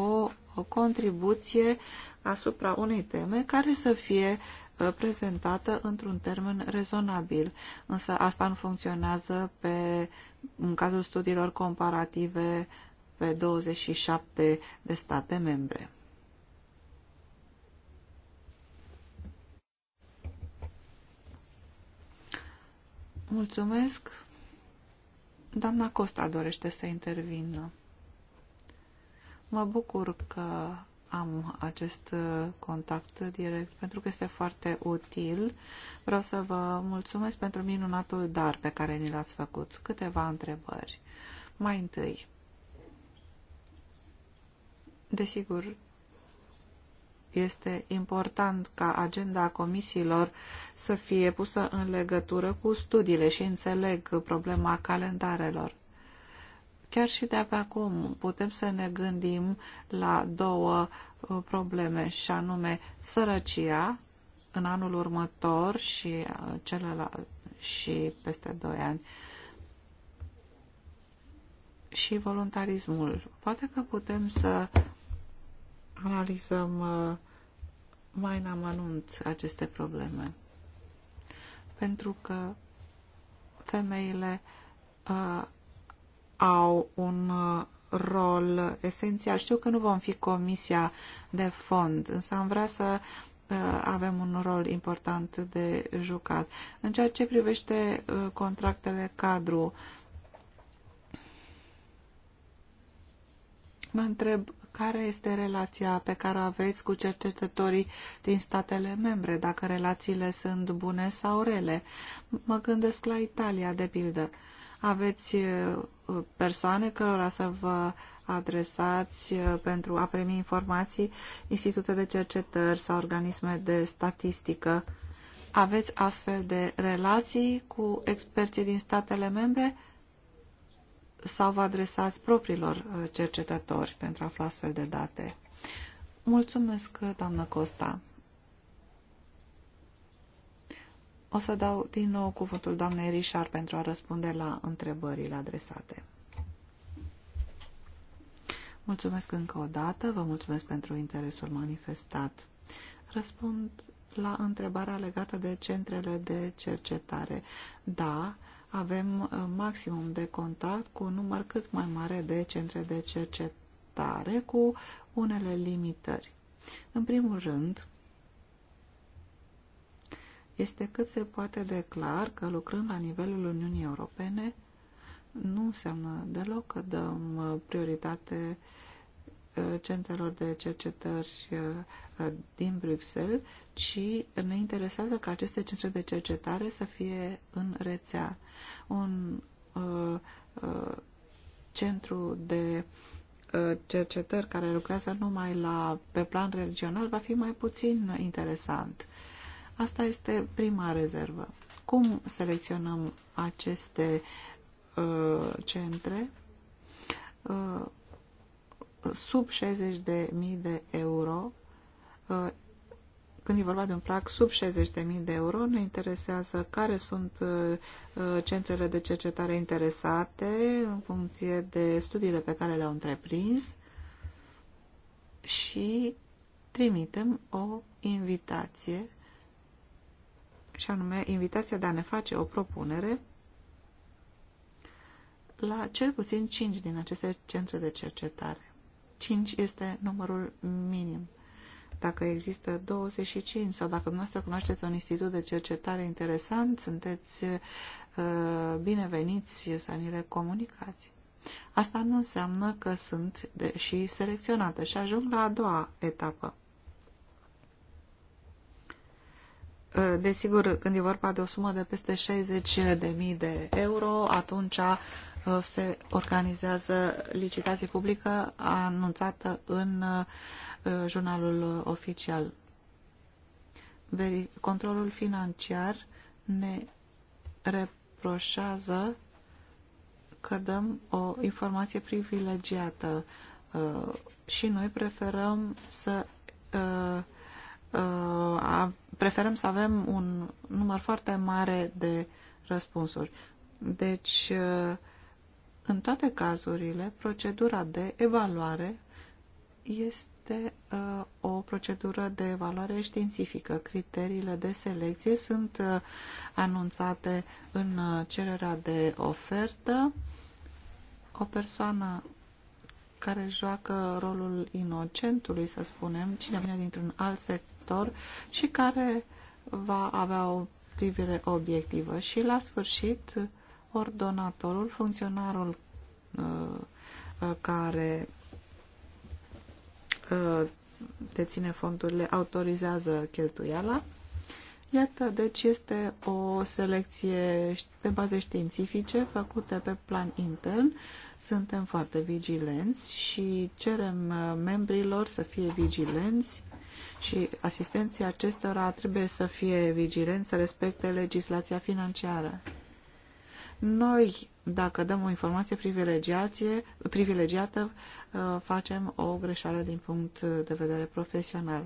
[SPEAKER 4] o contribuție asupra unei teme care să fie uh, prezentată într-un termen rezonabil. Însă asta nu funcționează pe, în cazul studiilor comparative pe 27 de state membre. Mulțumesc! Doamna Costa dorește să intervină. Mă bucur că am acest contact direct pentru că este foarte util. Vreau să vă mulțumesc pentru minunatul dar pe care ni l-ați făcut. Câteva întrebări. Mai întâi, desigur, este important ca agenda comisiilor să fie pusă în legătură cu studiile și înțeleg problema calendarelor. Chiar și de pe acum putem să ne gândim la două uh, probleme și anume sărăcia în anul următor și, uh, celălalt, și peste doi ani și voluntarismul. Poate că putem să analizăm uh, mai în amănunt aceste probleme. Pentru că femeile uh, au un uh, rol esențial. Știu că nu vom fi comisia de fond, însă am vrea să uh, avem un rol important de jucat. În ceea ce privește uh, contractele cadru, mă întreb care este relația pe care o aveți cu cercetătorii din statele membre, dacă relațiile sunt bune sau rele. Mă gândesc la Italia, de pildă. Aveți eh, persoane cărora să vă adresați eh, pentru a primi informații, institute de cercetări sau organisme de statistică. Aveți astfel de relații cu experții din statele membre? sau vă adresați propriilor uh, cercetători pentru a afla astfel de date. Mulțumesc, uh, doamnă Costa. O să dau din nou cuvântul doamnei Richard pentru a răspunde la întrebările adresate. Mulțumesc încă o dată, vă mulțumesc pentru interesul manifestat. Răspund la întrebarea legată de centrele de cercetare. Da, uh, avem uh, maximum de contact cu un număr cât mai mare de centre de cercetare cu unele limitări. În primul rând, este cât se poate de clar că lucrând la nivelul Uniunii Europene nu înseamnă deloc că dăm uh, prioritate uh, Eh, centrelor de cercetări eh, din Bruxelles, ci ne interesează ca aceste centre de cercetare să fie în rețea. Un uh, uh, centru de cercetări care lucrează numai la, pe plan regional va fi mai puțin interesant. Asta este prima rezervă. Cum selecționăm aceste uh, centre? Uh, sub 60.000 de euro, uh, când e vorba de un prag sub 60.000 de euro, ne interesează care sunt uh, uh, centrele de cercetare interesate în funcție de studiile pe care le-au întreprins și trimitem o invitație și anume invitația de a ne face o propunere la cel puțin 5 din aceste centre de cercetare. 5 este numărul minim. Dacă există 25 sau dacă dumneavoastră cunoașteți un institut de cercetare interesant, sunteți uh, bineveniți să ni le comunicați. Asta nu înseamnă că sunt de, și selecționate și ajung la a doua etapă. Uh, desigur, când e vorba de o sumă de peste 60.000 de euro, atunci Uh, se organizează licitație publică anunțată în uh, jurnalul oficial. Controlul financiar ne reproșează că dăm o informație privilegiată uh, și noi preferăm să preferăm să avem un număr foarte mare de răspunsuri. Deci, uh, în toate cazurile, procedura de evaluare este uh, o procedură de evaluare științifică. Criteriile de selecție sunt uh, anunțate în uh, cererea de ofertă. O persoană care joacă rolul inocentului, să spunem, cine vine dintr-un alt sector și care va avea o privire obiectivă. Și la sfârșit, uh, ordonatorul, funcționarul uh, uh, care uh, deține fondurile, autorizează cheltuiala. Iată, deci este o selecție pe baze științifice făcute pe plan intern. Suntem foarte vigilenți și cerem membrilor să fie vigilenți și asistenții acestora trebuie să fie vigilenți, să respecte legislația financiară. Noi, dacă dăm o informație privilegiată, uh, facem o greșeală din punct de vedere profesional.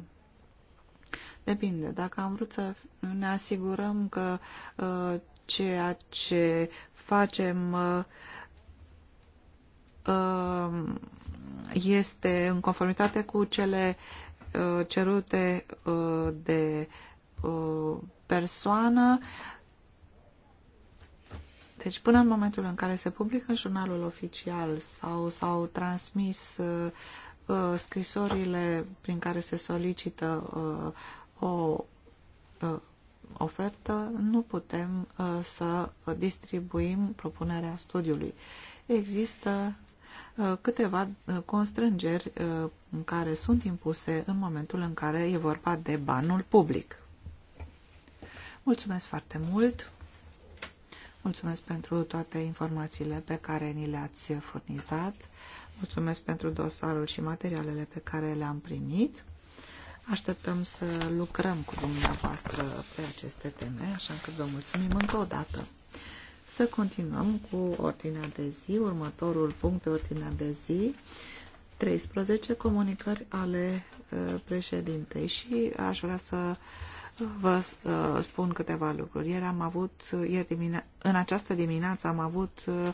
[SPEAKER 4] Depinde. Dacă am vrut să ne asigurăm că uh, ceea ce facem uh, este în conformitate cu cele cerute de persoană, deci până în momentul în care se publică jurnalul oficial sau s-au transmis uh, uh, scrisorile prin care se solicită uh, o uh, ofertă, nu putem uh, să distribuim propunerea studiului. Există uh, câteva constrângeri care sunt impuse în momentul în care e vorba de banul public. Mulțumesc foarte mult! Mulțumesc pentru toate informațiile pe care ni le-ați furnizat. Mulțumesc pentru dosarul și materialele pe care le-am primit. Așteptăm să lucrăm cu dumneavoastră pe aceste teme, așa că vă mulțumim încă o dată. Să continuăm cu ordinea de zi, următorul punct pe ordinea de zi, 13 comunicări ale uh, președintei și aș vrea să vă uh, spun câteva lucruri. Ieri am avut, uh, ieri dimine- în această dimineață am avut uh,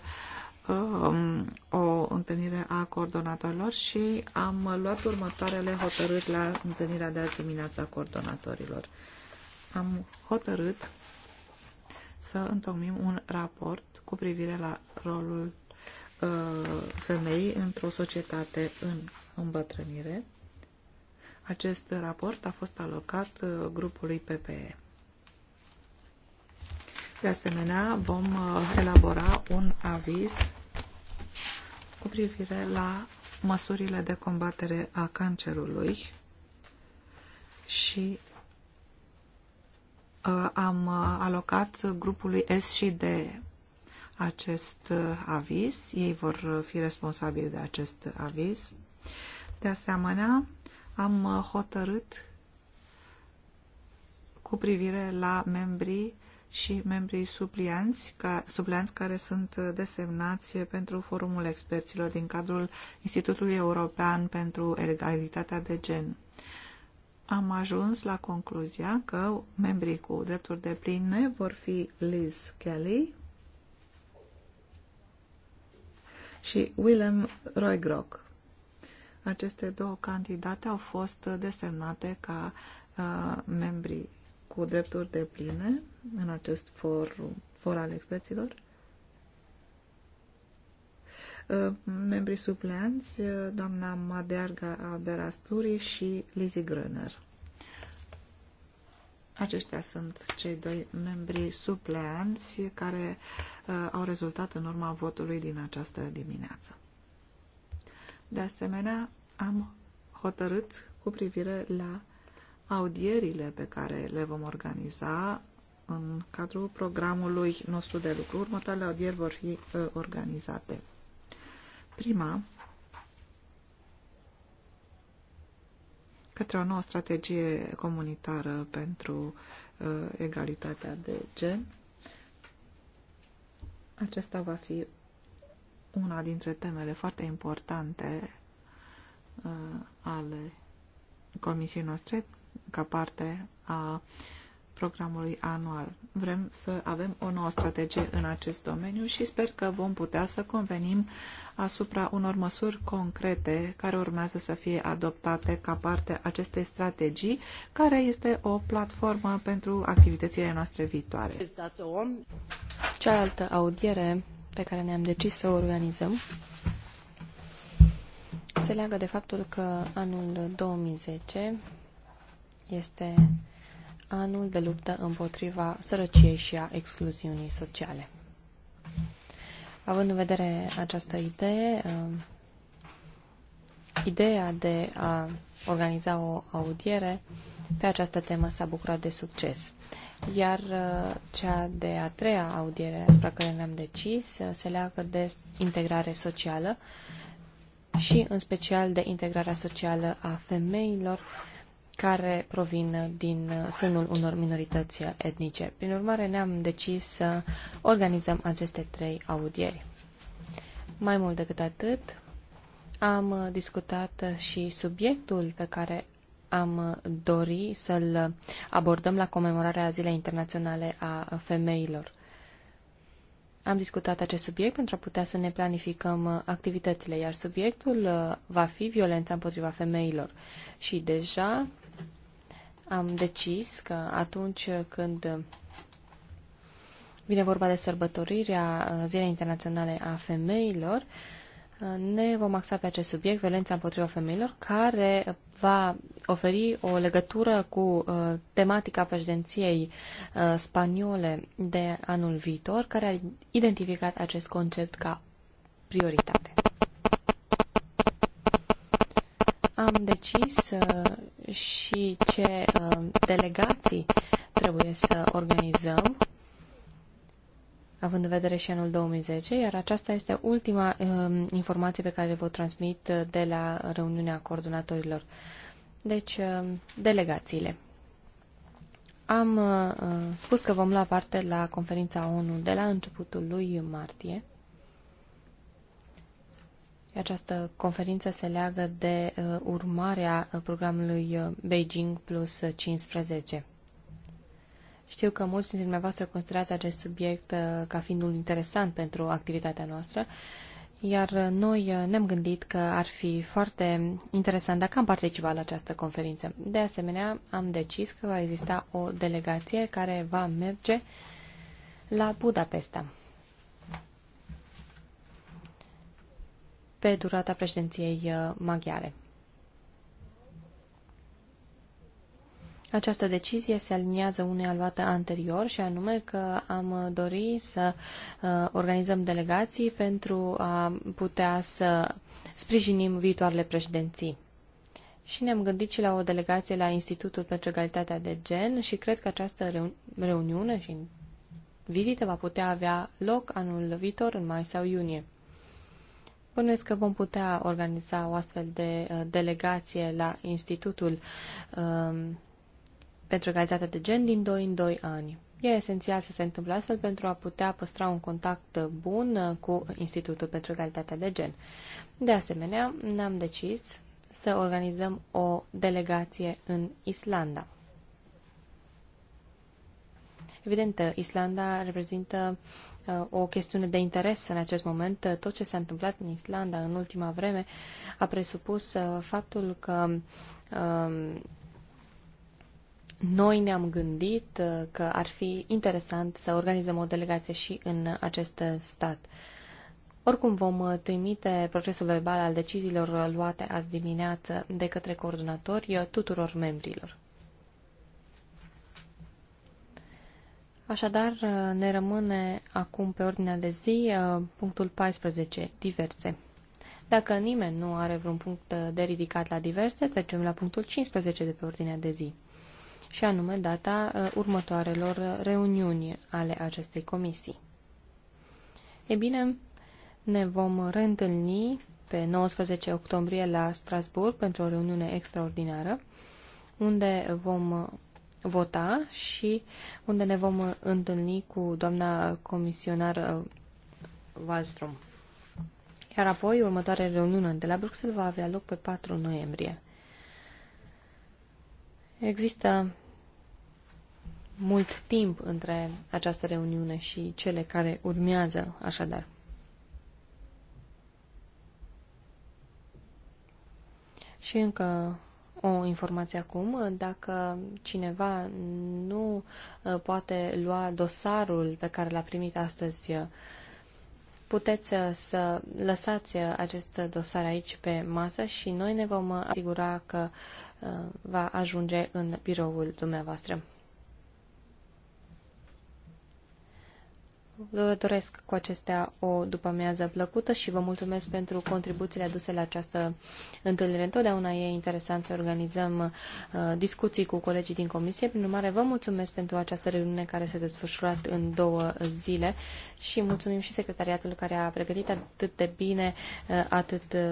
[SPEAKER 4] um, o întâlnire a coordonatorilor și am luat următoarele hotărâri la întâlnirea de azi dimineață a coordonatorilor. Am hotărât să întocmim un raport cu privire la rolul uh, femeii într-o societate în îmbătrânire acest raport a fost alocat uh, grupului PPE. De asemenea, vom uh, elabora un aviz cu privire la măsurile de combatere a cancerului și uh, am alocat grupului S și D acest aviz. Ei vor fi responsabili de acest aviz. De asemenea, am uh, hotărât cu privire la membrii și membrii suplianți, ca, suplianți care sunt uh, desemnați pentru forumul experților din cadrul Institutului European pentru Egalitatea de Gen. Am ajuns la concluzia că membrii cu drepturi de pline vor fi Liz Kelly și Willem Roygrock. Aceste două candidate au fost desemnate ca uh, membri cu drepturi de pline în acest for, for al experților. Uh, membrii supleanți, uh, doamna Madearga Berasturi și Lizzie Gröner. Aceștia sunt cei doi membri supleanți care uh, au rezultat în urma votului din această dimineață. De asemenea, am hotărât cu privire la audierile pe care le vom organiza în cadrul programului nostru de lucru. Următoarele audieri vor fi uh, organizate. Prima, către o nouă strategie comunitară pentru uh, egalitatea de gen. Acesta va fi una dintre temele foarte importante uh, ale comisiei noastre ca parte a programului anual. Vrem să avem o nouă strategie în acest domeniu și sper că vom putea să convenim asupra unor măsuri concrete care urmează să fie adoptate ca parte acestei strategii, care este o platformă pentru activitățile noastre viitoare. Cealaltă audiere pe care ne-am decis să o organizăm
[SPEAKER 2] se leagă de faptul că anul 2010 este anul de luptă împotriva sărăciei și a excluziunii sociale. Având în vedere această idee, um, ideea de a organiza o audiere pe această temă s-a bucurat de succes iar uh, cea de a treia audiere asupra care ne-am decis uh, se leagă de integrare socială și în special de integrarea socială a femeilor care provin din uh, sânul unor minorități etnice. Prin urmare, ne-am decis să organizăm aceste trei audieri. Mai mult decât atât, am discutat și subiectul pe care am dori să-l abordăm la comemorarea Zilei Internaționale a Femeilor. Am discutat acest subiect pentru a putea să ne planificăm activitățile, iar subiectul uh, va fi violența împotriva femeilor. Și deja am decis că atunci când vine vorba de sărbătorirea uh, Zilei Internaționale a Femeilor, uh, ne vom axa pe acest subiect, violența împotriva femeilor, care va oferi o legătură cu uh, tematica președinției uh, spaniole de anul viitor, care a identificat acest concept ca prioritate. Am decis uh, și ce uh, delegații trebuie să organizăm având în vedere și anul 2010, iar aceasta este ultima um, informație pe care le vă transmit de la reuniunea coordonatorilor. Deci, um, delegațiile. Am uh, spus că vom lua parte la conferința ONU de la începutul lui martie. Această conferință se leagă de uh, urmarea programului uh, Beijing plus 15. Știu că mulți dintre dumneavoastră considerați acest subiect uh, ca fiind un interesant pentru activitatea noastră, iar uh, noi uh, ne-am gândit că ar fi foarte interesant dacă am participat la această conferință. De asemenea, am decis că va exista o delegație care va merge la Budapesta. pe durata președinției maghiare. Această decizie se aliniază unei aluată anterior și anume că am dorit să uh, organizăm delegații pentru a putea să sprijinim viitoarele președinții. Și ne-am gândit și la o delegație la Institutul pentru Egalitatea de Gen și cred că această reuni reuniune și vizită va putea avea loc anul viitor, în mai sau iunie. Bănuiesc că vom putea organiza o astfel de uh, delegație la Institutul um, pentru egalitatea de gen din 2 în 2 ani. E esențial să se întâmple astfel pentru a putea păstra un contact bun uh, cu Institutul pentru Egalitatea de Gen. De asemenea, ne-am decis să organizăm o delegație în Islanda. Evident, uh, Islanda reprezintă uh, o chestiune de interes în acest moment. Tot ce s-a întâmplat în Islanda în ultima vreme a presupus faptul că um, noi ne-am gândit uh, că ar fi interesant să organizăm o delegație și în acest stat. Oricum vom uh, trimite procesul verbal al deciziilor luate azi dimineață de către coordonatori uh, tuturor membrilor. Așadar, ne rămâne acum pe ordinea de zi punctul 14, diverse. Dacă nimeni nu are vreun punct de ridicat la diverse, trecem la punctul 15 de pe ordinea de zi și anume data uh, următoarelor uh, reuniuni ale acestei comisii. E bine, ne vom reîntâlni pe 19 octombrie la Strasburg pentru o reuniune extraordinară, unde vom uh, vota și unde ne vom întâlni cu doamna comisionar Wallström. Iar apoi, următoarea reuniune de la Bruxelles va avea loc pe 4 noiembrie. Există mult timp între această reuniune și cele care urmează, așadar. Și încă o informație acum, dacă cineva nu uh, poate lua dosarul pe care l-a primit astăzi, uh, puteți uh, să lăsați acest dosar aici pe masă și noi ne vom asigura că va ajunge în biroul dumneavoastră. vă doresc cu acestea o după-amiază plăcută și vă mulțumesc pentru contribuțiile aduse la această întâlnire. Întotdeauna e interesant să organizăm uh, discuții cu colegii din comisie. Prin urmare, vă mulțumesc pentru această reuniune care s-a desfășurat în două zile și mulțumim și secretariatul care a pregătit atât de bine, uh, atât uh,